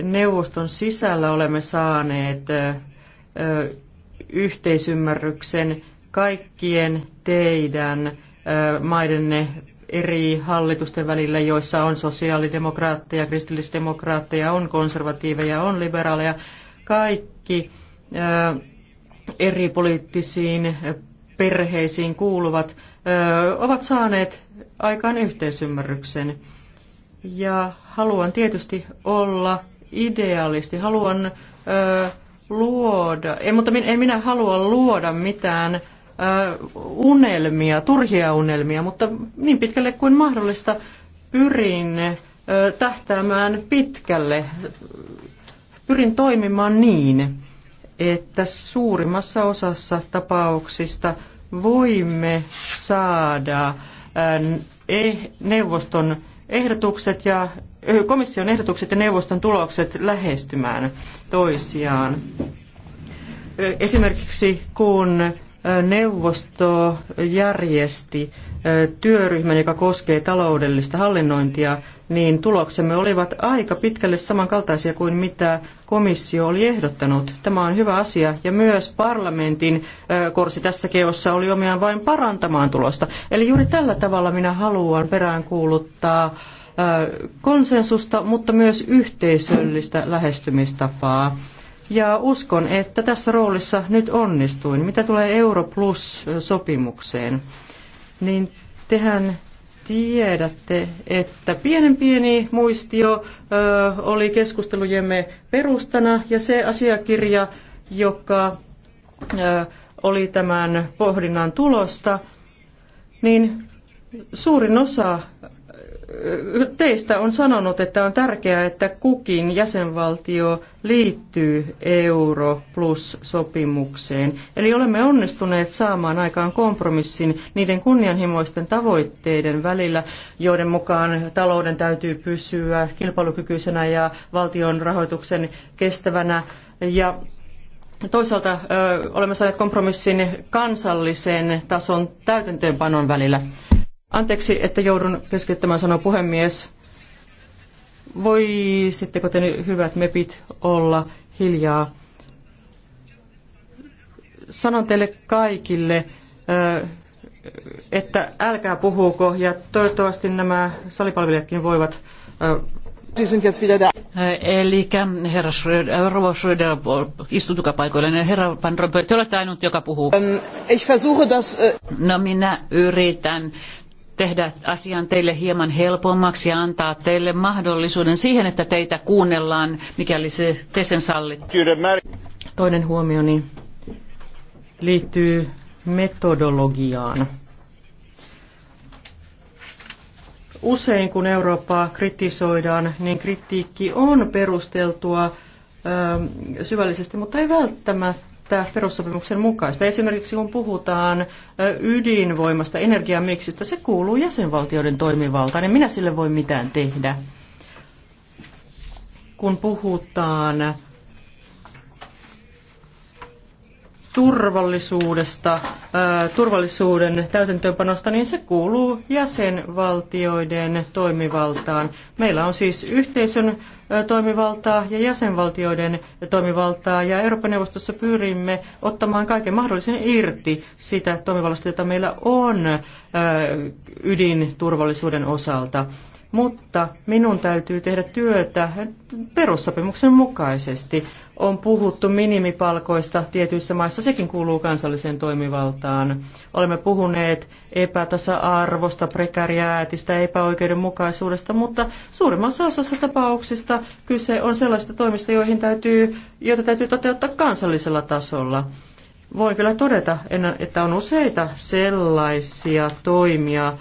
neuvoston sisällä olemme saaneet yhteisymmärryksen kaikkien teidän maidenne eri hallitusten välillä, joissa on sosiaalidemokraatteja, kristillisdemokraatteja, on konservatiiveja, on liberaaleja. Kaikki eri poliittisiin perheisiin kuuluvat ovat saaneet aikaan yhteisymmärryksen. Ja haluan tietysti olla idealisti, haluan luoda, ei, mutta minä, en minä halua luoda mitään unelmia, turhia unelmia, mutta niin pitkälle kuin mahdollista pyrin tähtäämään pitkälle, pyrin toimimaan niin, että suurimmassa osassa tapauksista voimme saada e, neuvoston ehdotukset ja komission ehdotukset ja neuvoston tulokset lähestymään toisiaan. Esimerkiksi kun neuvosto järjesti työryhmän, joka koskee taloudellista hallinnointia, niin tuloksemme olivat aika pitkälle samankaltaisia kuin mitä komissio oli ehdottanut. Tämä on hyvä asia ja myös parlamentin korsi tässä keossa oli omiaan vain parantamaan tulosta. Eli juuri tällä tavalla minä haluan peräänkuuluttaa konsensusta, mutta myös yhteisöllistä lähestymistapaa ja uskon, että tässä roolissa nyt onnistuin. Mitä tulee Europlus-sopimukseen, niin tehän tiedätte, että pienen pieni muistio ö, oli keskustelujemme perustana ja se asiakirja, joka ö, oli tämän pohdinnan tulosta, niin suurin osa teistä on sanonut, että on tärkeää, että kukin jäsenvaltio liittyy Euro Plus-sopimukseen. Eli olemme onnistuneet saamaan aikaan kompromissin niiden kunnianhimoisten tavoitteiden välillä, joiden mukaan talouden täytyy pysyä kilpailukykyisenä ja valtion rahoituksen kestävänä. Ja toisaalta olemme saaneet kompromissin kansallisen tason täytäntöönpanon välillä. Anteeksi, että joudun keskeyttämään sanoa puhemies. Voisitteko te hyvät mepit olla hiljaa? Sanon teille kaikille, että älkää puhuko ja toivottavasti nämä salipalvelijatkin voivat Eli herra Schröder, äh, rouva Schröder, istutukaa paikoille. Herra Van Rompuy, te olette ainut, joka puhuu. Ähm, äh, no minä yritän tehdä asian teille hieman helpommaksi ja antaa teille mahdollisuuden siihen, että teitä kuunnellaan, mikäli se te sen sallitte. Toinen huomioni liittyy metodologiaan. Usein kun Eurooppaa kritisoidaan, niin kritiikki on perusteltua syvällisesti, mutta ei välttämättä käyttää perussopimuksen mukaista. Esimerkiksi kun puhutaan ydinvoimasta, energiamiksistä, se kuuluu jäsenvaltioiden toimivaltaan, niin minä sille voi mitään tehdä. Kun puhutaan turvallisuudesta, turvallisuuden täytäntöönpanosta, niin se kuuluu jäsenvaltioiden toimivaltaan. Meillä on siis yhteisön toimivaltaa ja jäsenvaltioiden toimivaltaa, ja Euroopan neuvostossa pyrimme ottamaan kaiken mahdollisen irti sitä toimivallasta, jota meillä on ydinturvallisuuden osalta. Mutta minun täytyy tehdä työtä perussopimuksen mukaisesti on puhuttu minimipalkoista tietyissä maissa, sekin kuuluu kansalliseen toimivaltaan. Olemme puhuneet epätasa-arvosta, prekariaatista, epäoikeudenmukaisuudesta, mutta suurimmassa osassa tapauksista kyse on sellaisista toimista, joihin täytyy, joita täytyy toteuttaa kansallisella tasolla. Voin kyllä todeta, että on useita sellaisia toimia,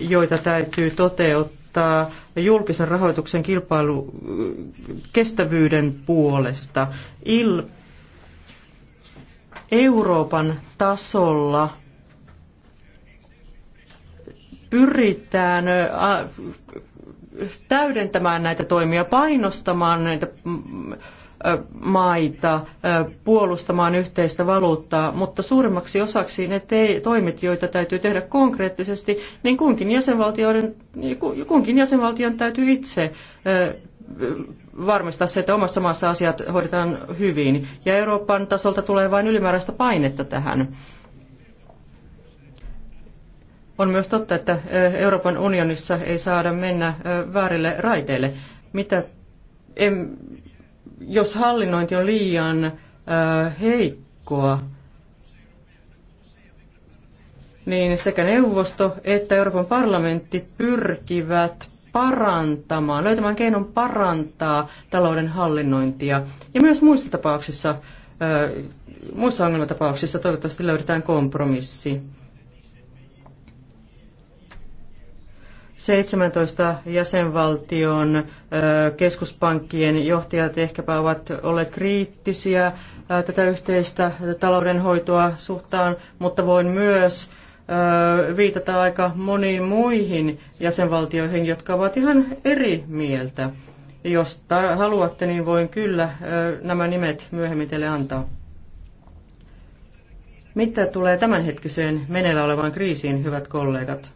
joita täytyy toteuttaa vastaa julkisen rahoituksen kilpailu kestävyyden puolesta. Il, Euroopan tasolla pyritään äh, täydentämään näitä toimia, painostamaan näitä mm, maita puolustamaan yhteistä valuuttaa, mutta suurimmaksi osaksi ne te- toimet, joita täytyy tehdä konkreettisesti, niin kunkin, jäsenvaltioiden, kunkin jäsenvaltion täytyy itse varmistaa se, että omassa maassa asiat hoidetaan hyvin. Ja Euroopan tasolta tulee vain ylimääräistä painetta tähän. On myös totta, että Euroopan unionissa ei saada mennä väärille raiteille. Mitä em jos hallinnointi on liian heikkoa, niin sekä neuvosto että Euroopan parlamentti pyrkivät parantamaan, löytämään keinon parantaa talouden hallinnointia. Ja myös muissa tapauksissa, muissa ongelmatapauksissa toivottavasti löydetään kompromissi. 17 jäsenvaltion keskuspankkien johtajat ehkäpä ovat olleet kriittisiä tätä yhteistä taloudenhoitoa suhtaan, mutta voin myös viitata aika moniin muihin jäsenvaltioihin, jotka ovat ihan eri mieltä. Jos haluatte, niin voin kyllä nämä nimet myöhemmin teille antaa. Mitä tulee tämänhetkiseen meneillä olevaan kriisiin, hyvät kollegat?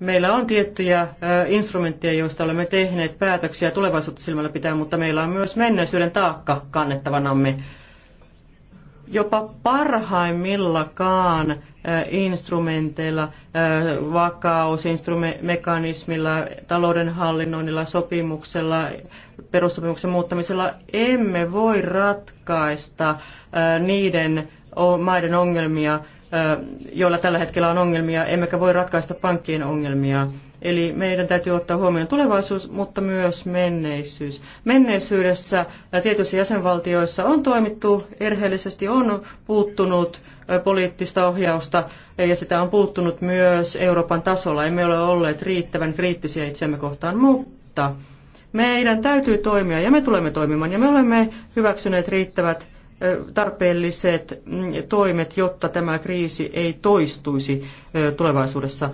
Meillä on tiettyjä instrumentteja, joista olemme tehneet päätöksiä tulevaisuutta silmällä pitää, mutta meillä on myös menneisyyden taakka kannettavanamme. Jopa parhaimmillakaan instrumenteilla, vakausinstrumentmekanismilla, taloudenhallinnoinnilla, sopimuksella, perussopimuksen muuttamisella emme voi ratkaista niiden maiden ongelmia, joilla tällä hetkellä on ongelmia, emmekä voi ratkaista pankkien ongelmia. Eli meidän täytyy ottaa huomioon tulevaisuus, mutta myös menneisyys. Menneisyydessä tietyissä jäsenvaltioissa on toimittu erheellisesti, on puuttunut poliittista ohjausta ja sitä on puuttunut myös Euroopan tasolla. Emme ole olleet riittävän kriittisiä itsemme kohtaan, mutta meidän täytyy toimia ja me tulemme toimimaan ja me olemme hyväksyneet riittävät tarpeelliset mm, toimet, jotta tämä kriisi ei toistuisi tulevaisuudessa.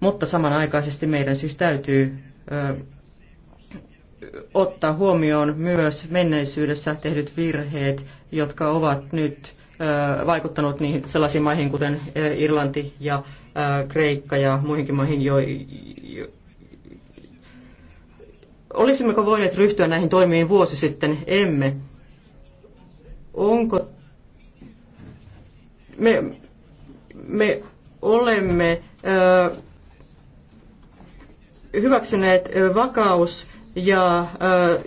Mutta samanaikaisesti meidän siis täytyy ottaa huomioon myös menneisyydessä tehdyt virheet, jotka ovat nyt vaikuttanut niihin sellaisiin maihin kuten Irlanti ja Kreikka ja muihinkin maihin, jo, Olisimmeko voineet ryhtyä näihin toimiin vuosi sitten? Emme onko me, me olemme ö, hyväksyneet vakaus- ja ö,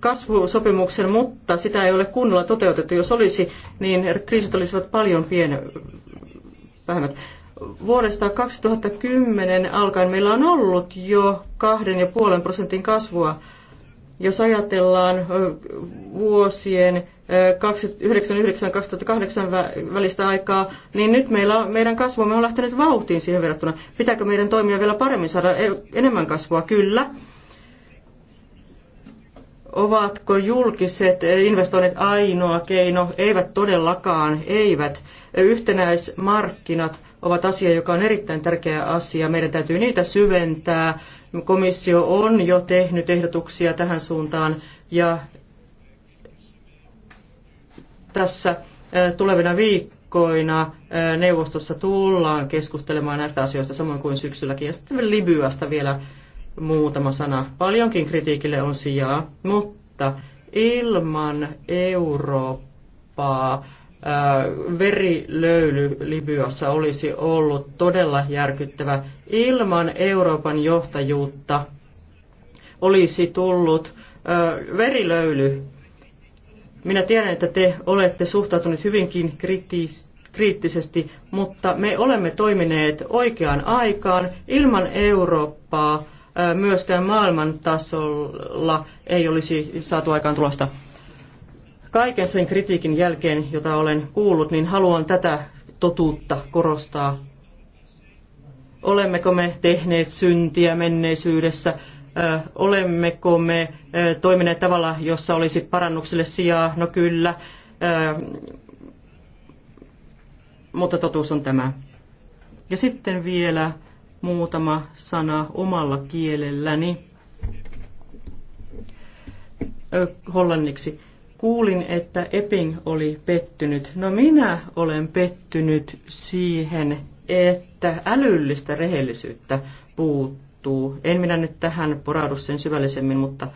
kasvusopimuksen, mutta sitä ei ole kunnolla toteutettu. Jos olisi, niin kriisit olisivat paljon pienet, vähemmät. Vuodesta 2010 alkaen meillä on ollut jo 2,5 prosentin kasvua. Jos ajatellaan vuosien 1999 2008 välistä aikaa, niin nyt meillä, meidän kasvumme on lähtenyt vauhtiin siihen verrattuna. Pitääkö meidän toimia vielä paremmin saada e-, enemmän kasvua? Kyllä. Ovatko julkiset investoinnit ainoa keino? Eivät todellakaan, eivät. Yhtenäismarkkinat ovat asia, joka on erittäin tärkeä asia. Meidän täytyy niitä syventää. Komissio on jo tehnyt ehdotuksia tähän suuntaan ja tässä tulevina viikkoina neuvostossa tullaan keskustelemaan näistä asioista samoin kuin syksylläkin. Ja sitten Libyasta vielä muutama sana. Paljonkin kritiikille on sijaa, mutta ilman Eurooppaa verilöyly Libyassa olisi ollut todella järkyttävä. Ilman Euroopan johtajuutta olisi tullut verilöyly minä tiedän, että te olette suhtautuneet hyvinkin kriittisesti, mutta me olemme toimineet oikeaan aikaan ilman Eurooppaa. Myöskään maailman tasolla ei olisi saatu aikaan tulosta. Kaiken sen kritiikin jälkeen, jota olen kuullut, niin haluan tätä totuutta korostaa olemmeko me tehneet syntiä menneisyydessä, olemmeko me toimineet tavalla, jossa olisi parannuksille sijaa? No kyllä, mutta totuus on tämä. Ja sitten vielä muutama sana omalla kielelläni hollanniksi. Kuulin, että Epping oli pettynyt. No minä olen pettynyt siihen, että älyllistä rehellisyyttä puuttuu muuttuu. En minä nyt tähän poraudu sen syvällisemmin, mutta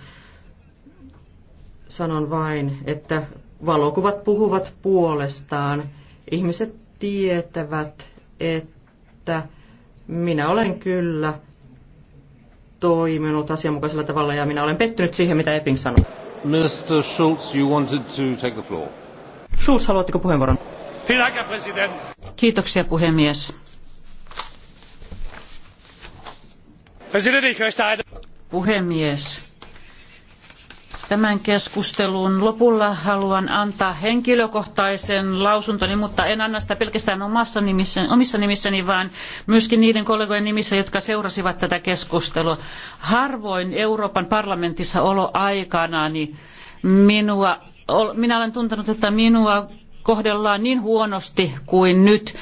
sanon vain, että valokuvat puhuvat puolestaan. Ihmiset tietävät, että minä olen kyllä toiminut asianmukaisella tavalla ja minä olen pettynyt siihen, mitä Epping sanoi. Mr. Schulz, you wanted to take the floor. Schulz, haluatteko puheenvuoron? Kiitoksia puhemies. Puhemies, tämän keskustelun lopulla haluan antaa henkilökohtaisen lausuntoni, mutta en anna sitä pelkästään omassa nimissäni, omissa nimissäni, vaan myöskin niiden kollegojen nimissä, jotka seurasivat tätä keskustelua. Harvoin Euroopan parlamentissa olo aikanani minua, minä olen tuntenut, että minua kohdellaan niin huonosti kuin nyt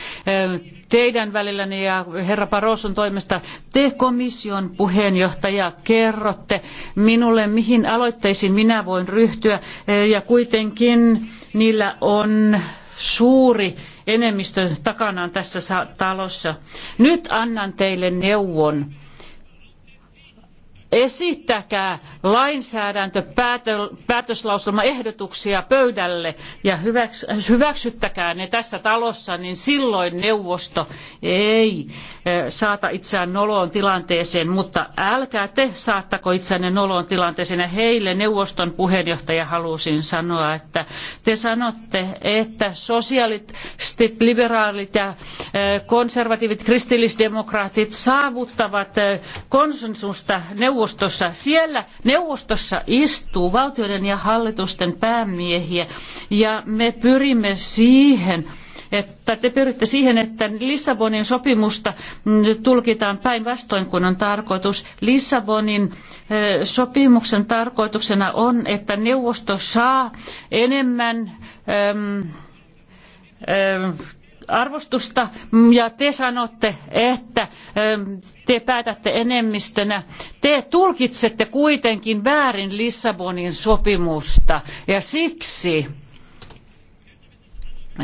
teidän välillänne ja herra Paroson toimesta. Te komission puheenjohtaja kerrotte minulle, mihin aloitteisiin minä voin ryhtyä ja kuitenkin niillä on suuri enemmistö takanaan tässä talossa. Nyt annan teille neuvon esittäkää lainsäädäntöpäätöslauselmaehdotuksia pöydälle ja hyväksyttäkää ne tässä talossa, niin silloin neuvosto ei eh, saata itseään noloon tilanteeseen, mutta älkää te saattako itseänne noloon tilanteeseen. Ja heille neuvoston puheenjohtaja halusin sanoa, että te sanotte, että sosialistit, liberaalit ja eh, konservatiivit, kristillisdemokraatit saavuttavat eh, konsensusta neuvostossa neuvostossa. Siellä neuvostossa istuu valtioiden ja hallitusten päämiehiä ja me pyrimme siihen, että te pyritte siihen, että Lissabonin sopimusta tulkitaan päinvastoin kuin on tarkoitus. Lissabonin sopimuksen tarkoituksena on, että neuvosto saa enemmän arvostusta mm, ja te sanotte, että ähm, te päätätte enemmistönä. Te tulkitsette kuitenkin väärin Lissabonin sopimusta ja siksi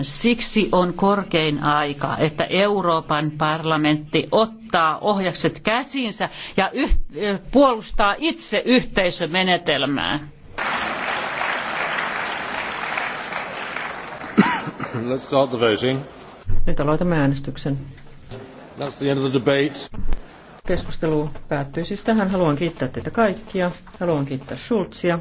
Siksi on korkein aika, että Euroopan parlamentti ottaa ohjakset käsiinsä ja äh, puolustaa itse yhteisömenetelmää. Let's start the voting. Nyt aloitamme äänestyksen. That's the end of the debate. Keskustelu päättyy siis tähän. Haluan kiittää teitä kaikkia. Haluan kiittää Schulzia.